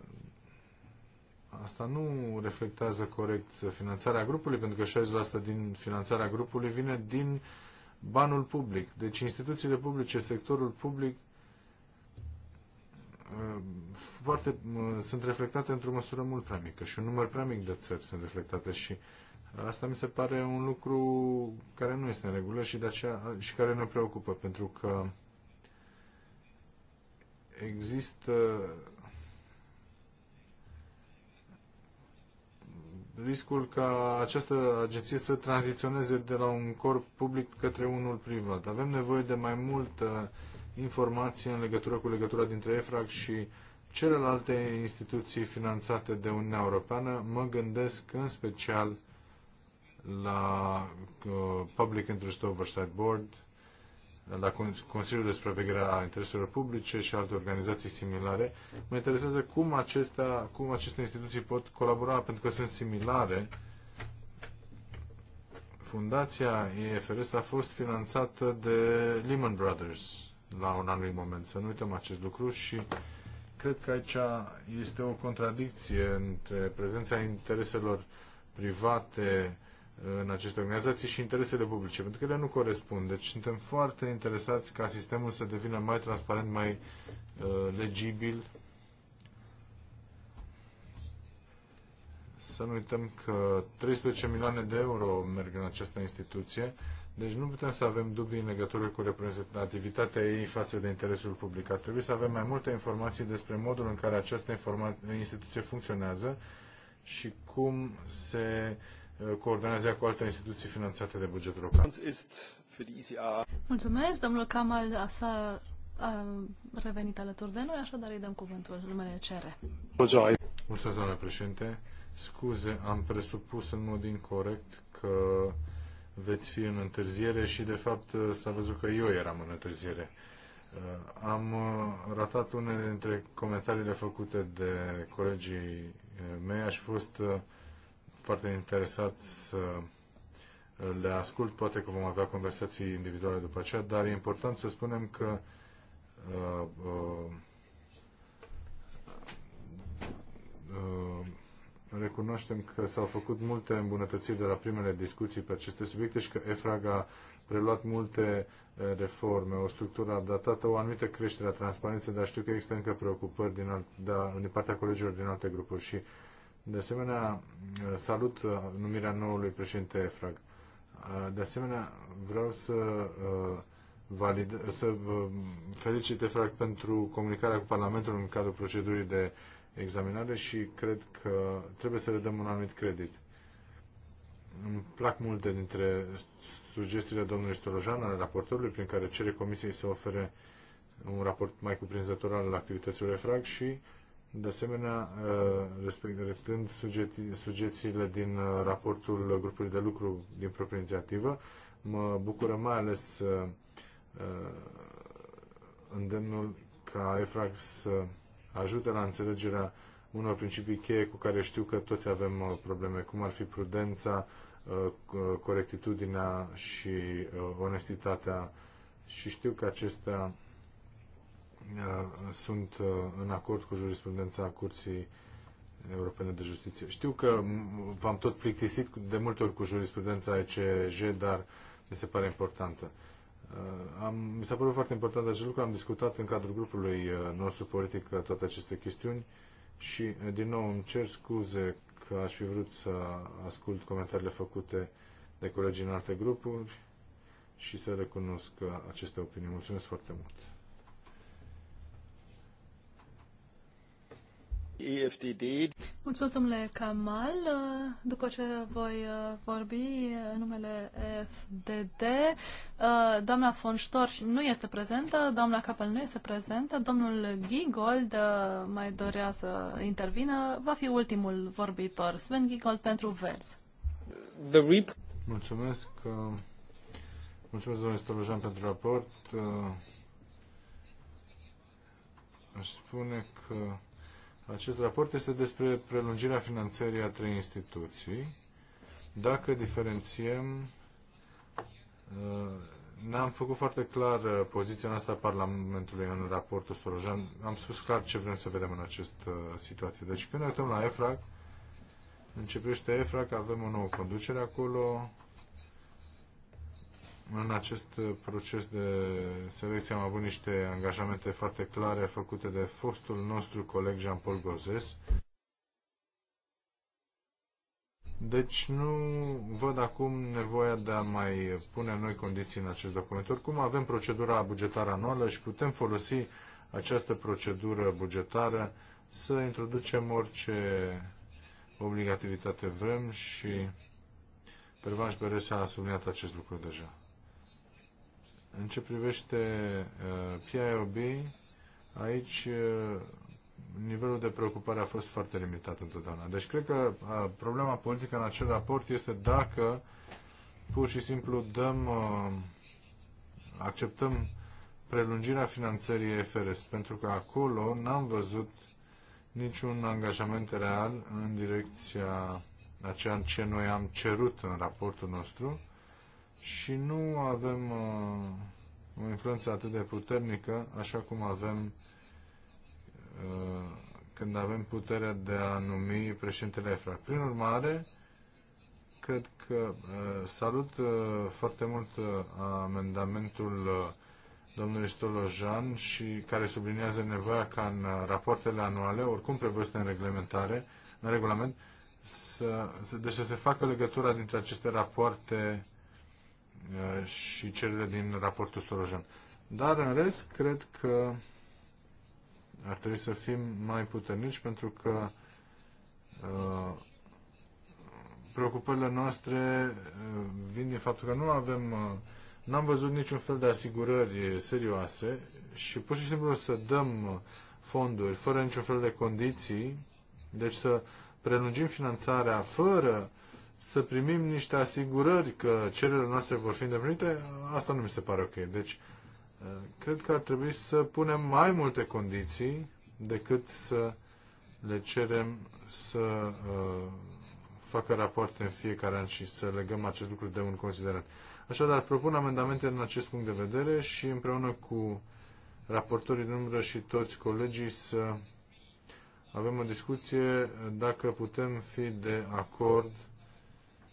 asta nu reflectează corect finanțarea grupului, pentru că 60% din finanțarea grupului vine din banul public. Deci instituțiile publice, sectorul public Uh, foarte, uh, sunt reflectate într-o măsură mult prea mică și un număr prea mic de țări sunt reflectate și uh, asta mi se pare un lucru care nu este în regulă și, de aceea, și care ne preocupă, pentru că există riscul ca această agenție să tranziționeze de la un corp public către unul privat. Avem nevoie de mai multă informație în legătură cu legătura dintre EFRAG și celelalte instituții finanțate de Uniunea Europeană. Mă gândesc în special la uh, Public Interest Oversight Board, la Consiliul de Supraveghere a Intereselor Publice și alte organizații similare. Mă interesează cum, acestea, cum aceste instituții pot colabora, pentru că sunt similare. Fundația EFRS a fost finanțată de Lehman Brothers la un anumit moment. Să nu uităm acest lucru și cred că aici este o contradicție între prezența intereselor private în aceste organizații și interesele publice, pentru că ele nu corespund. Deci suntem foarte interesați ca sistemul să devină mai transparent, mai uh, legibil. Să nu uităm că 13 milioane de euro merg în această instituție deci nu putem să avem dubii în legătură cu reprezentativitatea ei față de interesul public. Ar trebui să avem mai multe informații despre modul în care această instituție funcționează și cum se uh, coordonează cu alte instituții finanțate de bugetul local. Mulțumesc, domnul Kamal Asar a revenit alături de noi, așadar îi dăm cuvântul numele CR. Mulțumesc, doamne președinte. Scuze, am presupus în mod incorrect că veți fi în întârziere și, de fapt, s-a văzut că eu eram în întârziere. Uh, am uh, ratat unele dintre comentariile făcute de colegii uh, mei. Aș fost foarte interesat să le ascult. Poate că vom avea conversații individuale după aceea, dar e important să spunem că uh, uh, uh, recunoaștem că s-au făcut multe îmbunătățiri de la primele discuții pe aceste subiecte și că EFRAG a preluat multe reforme, o structură adaptată, o anumită creștere a transparenței, dar știu că există încă preocupări din, alt, da, din partea colegilor din alte grupuri și de asemenea salut numirea noului președinte EFRAG. De asemenea, vreau să valide, să felicit EFRAG pentru comunicarea cu Parlamentul în cadrul procedurii de examinare și cred că trebuie să le dăm un anumit credit. Îmi plac multe dintre sugestiile domnului Stolojan ale raportorului prin care cere comisiei să ofere un raport mai cuprinzător al activităților EFRAG și, de asemenea, uh, respectând sugestiile din uh, raportul grupului de lucru din proprie inițiativă, mă bucură mai ales uh, îndemnul ca EFRAG să ajută la înțelegerea unor principii cheie cu care știu că toți avem uh, probleme, cum ar fi prudența, uh, uh, corectitudinea și onestitatea. Și știu că acestea sunt în acord cu jurisprudența Curții Europene de Justiție. Știu că v-am tot plictisit de multe ori cu jurisprudența ECJ, dar mi se pare importantă. Uh, am, mi s-a părut foarte important acest lucru, am discutat în cadrul grupului uh, nostru politic toate aceste chestiuni și, uh, din nou, îmi cer scuze că aș fi vrut să ascult comentariile făcute de colegii în alte grupuri și să recunosc aceste opinii. Mulțumesc foarte mult! EFTD. Mulțumesc, domnule Kamal. După ce voi uh, vorbi în numele FDD, uh, doamna von Storch nu este prezentă, doamna Capel nu este prezentă, domnul Gigold uh, mai dorea să intervină, va fi ultimul vorbitor. Sven Gigold pentru vers. The RIP. Mulțumesc. Mulțumesc, domnule Stolojan, pentru raport. Aș spune că acest raport este despre prelungirea finanțării a trei instituții. Dacă diferențiem, uh, ne am făcut foarte clar uh, poziția noastră a Parlamentului în raportul Sorojan. Am spus clar ce vrem să vedem în această uh, situație. Deci când ne uităm la EFRAG, începește EFRAG, avem o nouă conducere acolo, în acest proces de selecție am avut niște angajamente foarte clare făcute de fostul nostru coleg Jean-Paul Gozes. Deci nu văd acum nevoia de a mai pune noi condiții în acest document. Oricum avem procedura bugetară anuală și putem folosi această procedură bugetară să introducem orice obligativitate vrem și Pervanș Beres a subliniat acest lucru deja. În ce privește uh, PIOB, aici uh, nivelul de preocupare a fost foarte limitat întotdeauna. Deci cred că uh, problema politică în acel raport este dacă pur și simplu dăm, acceptăm prelungirea finanțării EFRS, pentru că acolo n-am văzut niciun angajament real în direcția a ceea ce noi am cerut în raportul nostru și nu avem uh, o influență atât de puternică așa cum avem uh, când avem puterea de a numi președintele EFRA. Prin urmare, cred că uh, salut uh, foarte mult uh, amendamentul uh, domnului Stolojan și care subliniază nevoia ca în rapoartele anuale, oricum prevăzute în reglementare, în regulament, să, să, deci să se facă legătura dintre aceste rapoarte Uh, și cele din raportul Sorojan. Dar, în rest, cred că ar trebui să fim mai puternici pentru că uh, preocupările noastre uh, vin din faptul că nu avem, n-am văzut niciun fel de asigurări serioase și pur și simplu să dăm fonduri fără niciun fel de condiții, deci să prelungim finanțarea fără să primim niște asigurări că cererile noastre vor fi îndeplinite, asta nu mi se pare ok. Deci, uh, cred că ar trebui să punem mai multe condiții decât să le cerem să uh, facă rapoarte în fiecare an și să legăm acest lucru de un considerent. Așadar, propun amendamente în acest punct de vedere și împreună cu raportorii din umbră și toți colegii să avem o discuție dacă putem fi de acord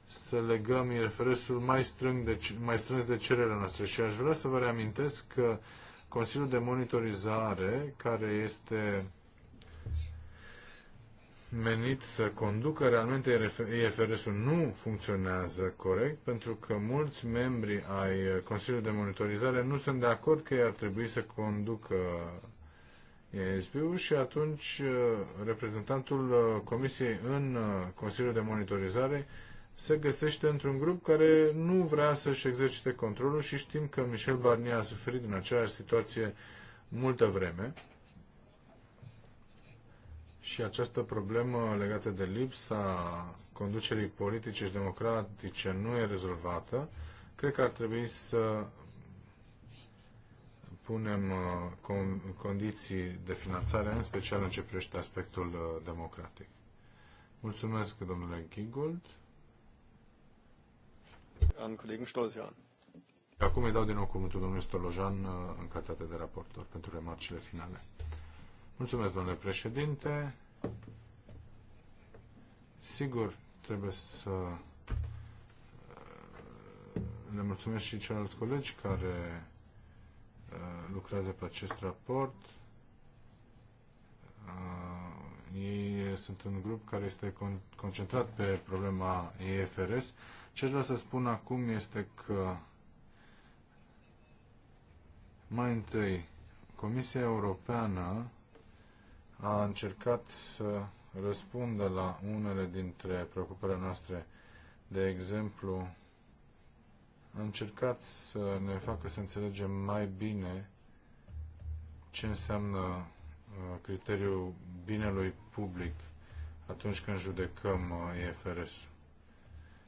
să legăm IFRS-ul mai, strâng de, mai strâns de cererea noastră. Și aș vrea să vă reamintesc că Consiliul de Monitorizare, care este menit să conducă realmente IFRS-ul nu funcționează corect pentru că mulți membri ai Consiliului de Monitorizare nu sunt de acord că ei ar trebui să conducă ESB-ul și atunci uh, reprezentantul uh, Comisiei în uh, Consiliul de Monitorizare se găsește într-un grup care nu vrea să-și exercite controlul și știm că Michel Barnier a suferit în aceeași situație multă vreme și această problemă legată de lipsa conducerii politice și democratice nu e rezolvată, cred că ar trebui să punem uh, condiții de finanțare, în special în ce privește aspectul uh, democratic. Mulțumesc, domnule Giggold. An colegul Stolzian. Acum îi dau din nou cuvântul domnului Stolojan uh, în calitate de raportor pentru remarcile finale. Mulțumesc, domnule președinte. Sigur, trebuie să uh, le mulțumesc și celorlalți colegi care uh, lucrează pe acest raport. Ei sunt un grup care este concentrat pe problema EFRS. Ce aș vrea să spun acum este că mai întâi Comisia Europeană a încercat să răspundă la unele dintre preocupările noastre. De exemplu, a încercat să ne facă să înțelegem mai bine ce înseamnă Uh, criteriul binelui public atunci când judecăm IFRS. Uh,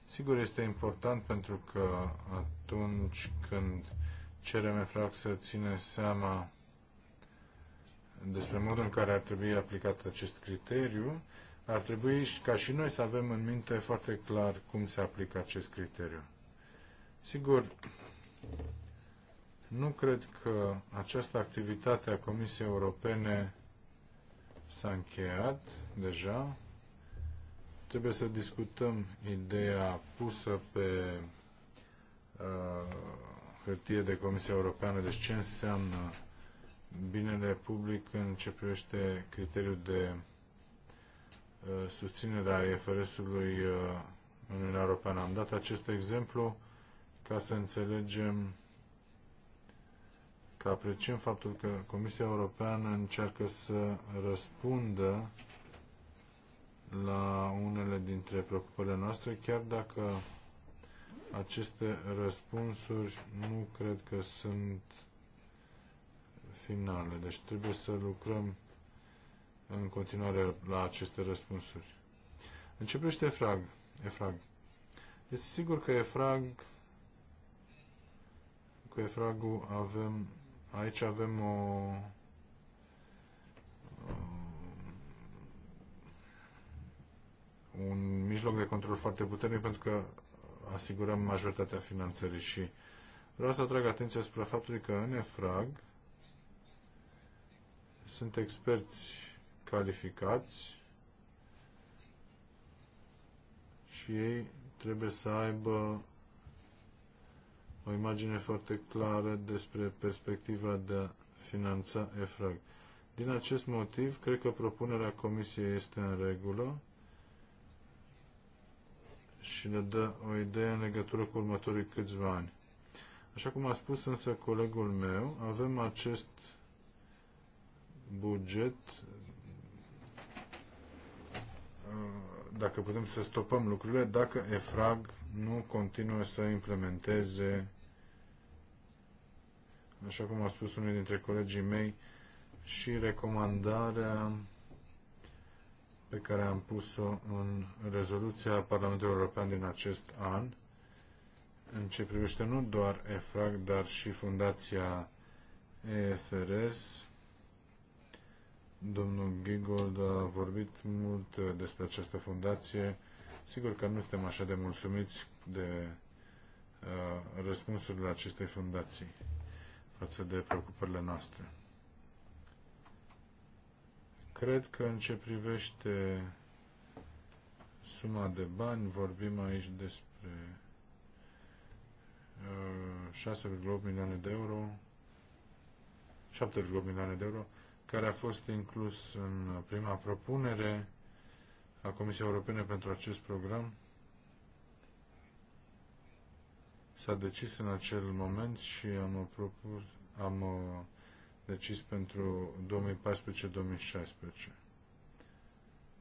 Sigur, este important pentru că atunci când cerem EFRAC să ține seama despre modul în care ar trebui aplicat acest criteriu, ar trebui ca și noi să avem în minte foarte clar cum se aplică acest criteriu. Sigur, nu cred că această activitate a Comisiei Europene s-a încheiat deja. Trebuie să discutăm ideea pusă pe uh, hârtie de Comisia Europeană, deci ce înseamnă binele public în ce privește criteriul de uh, susținere a IFRS-ului uh, în Uniunea Europeană. Am dat acest exemplu ca să înțelegem că apreciem faptul că Comisia Europeană încearcă să răspundă la unele dintre preocupările noastre, chiar dacă aceste răspunsuri nu cred că sunt finale. Deci trebuie să lucrăm în continuare la aceste răspunsuri. Începește EFRAG. EFRAG. Este sigur că EFRAG cu EFRAG-ul avem Aici avem o um, un mijloc de control foarte puternic pentru că asigurăm majoritatea finanțării și vreau să atrag atenția spre faptul că în EFRAG sunt experți calificați și ei trebuie să aibă o imagine foarte clară despre perspectiva de a finanța EFRAG. Din acest motiv, cred că propunerea Comisiei este în regulă și le dă o idee în legătură cu următorii câțiva ani. Așa cum a spus însă colegul meu, avem acest buget dacă putem să stopăm lucrurile, dacă EFRAG nu continuă să implementeze așa cum a spus unul dintre colegii mei, și recomandarea pe care am pus-o în rezoluția Parlamentului European din acest an, în ce privește nu doar EFRAG, dar și Fundația EFRS. Domnul Gigold a vorbit mult despre această fundație. Sigur că nu suntem așa de mulțumiți de uh, răspunsurile acestei fundații față de preocupările noastre. Cred că în ce privește suma de bani, vorbim aici despre 6,8 uh, milioane de euro, 7,8 milioane de euro, care a fost inclus în prima propunere a Comisiei Europene pentru acest program s-a decis în acel moment și am, propus, am uh, decis pentru 2014-2016.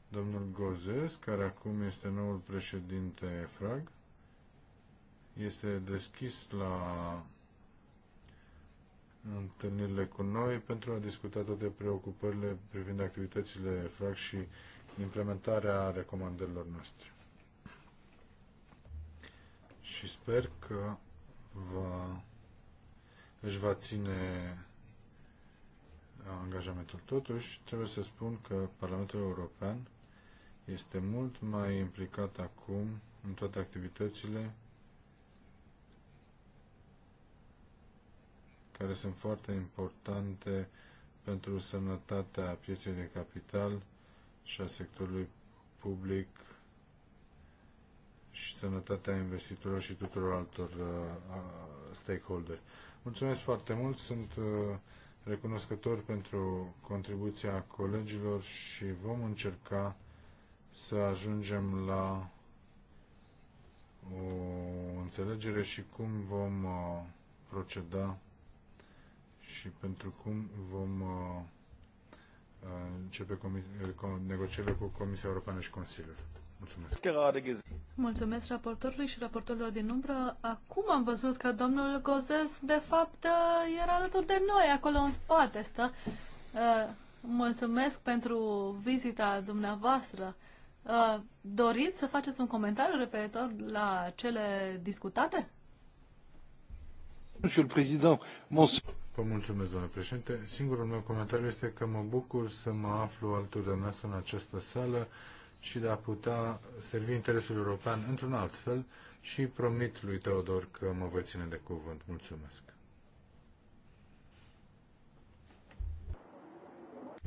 Domnul Gozes, care acum este noul președinte FRAG, este deschis la întâlnirile cu noi pentru a discuta toate preocupările privind activitățile FRAG și implementarea recomandărilor noastre și sper că va, își va ține angajamentul. Totuși, trebuie să spun că Parlamentul European este mult mai implicat acum în toate activitățile care sunt foarte importante pentru sănătatea pieței de capital și a sectorului public și sănătatea investitorilor și tuturor altor uh, stakeholderi. Mulțumesc foarte mult, sunt uh, recunoscător pentru contribuția colegilor și vom încerca să ajungem la o înțelegere și cum vom uh, proceda și pentru cum vom începe negocierile cu Comisia Europeană și Consiliul. Mulțumesc. Mulțumesc raportorului și raportorilor din umbră. Acum am văzut că domnul Gozes, de fapt, uh, era alături de noi, acolo în spate stă. Uh, mulțumesc pentru vizita dumneavoastră. Uh, doriți să faceți un comentariu referitor la cele discutate? Monsieur le Président, Vă mulțumesc, domnule președinte. Singurul meu comentariu este că mă bucur să mă aflu alături de noastră în această sală și de a putea servi interesul european într-un alt fel și promit lui Teodor că mă voi ține de cuvânt. Mulțumesc.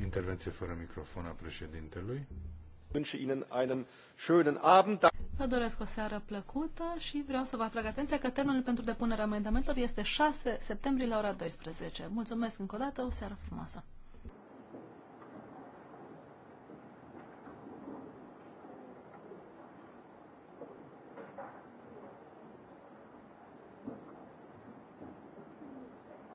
Intervenție fără microfon a președintelui. Da- vă doresc o seară plăcută și vreau să vă atrag atenția că termenul pentru depunerea amendamentelor este 6 septembrie la ora 12. Mulțumesc încă o dată, o seară frumoasă!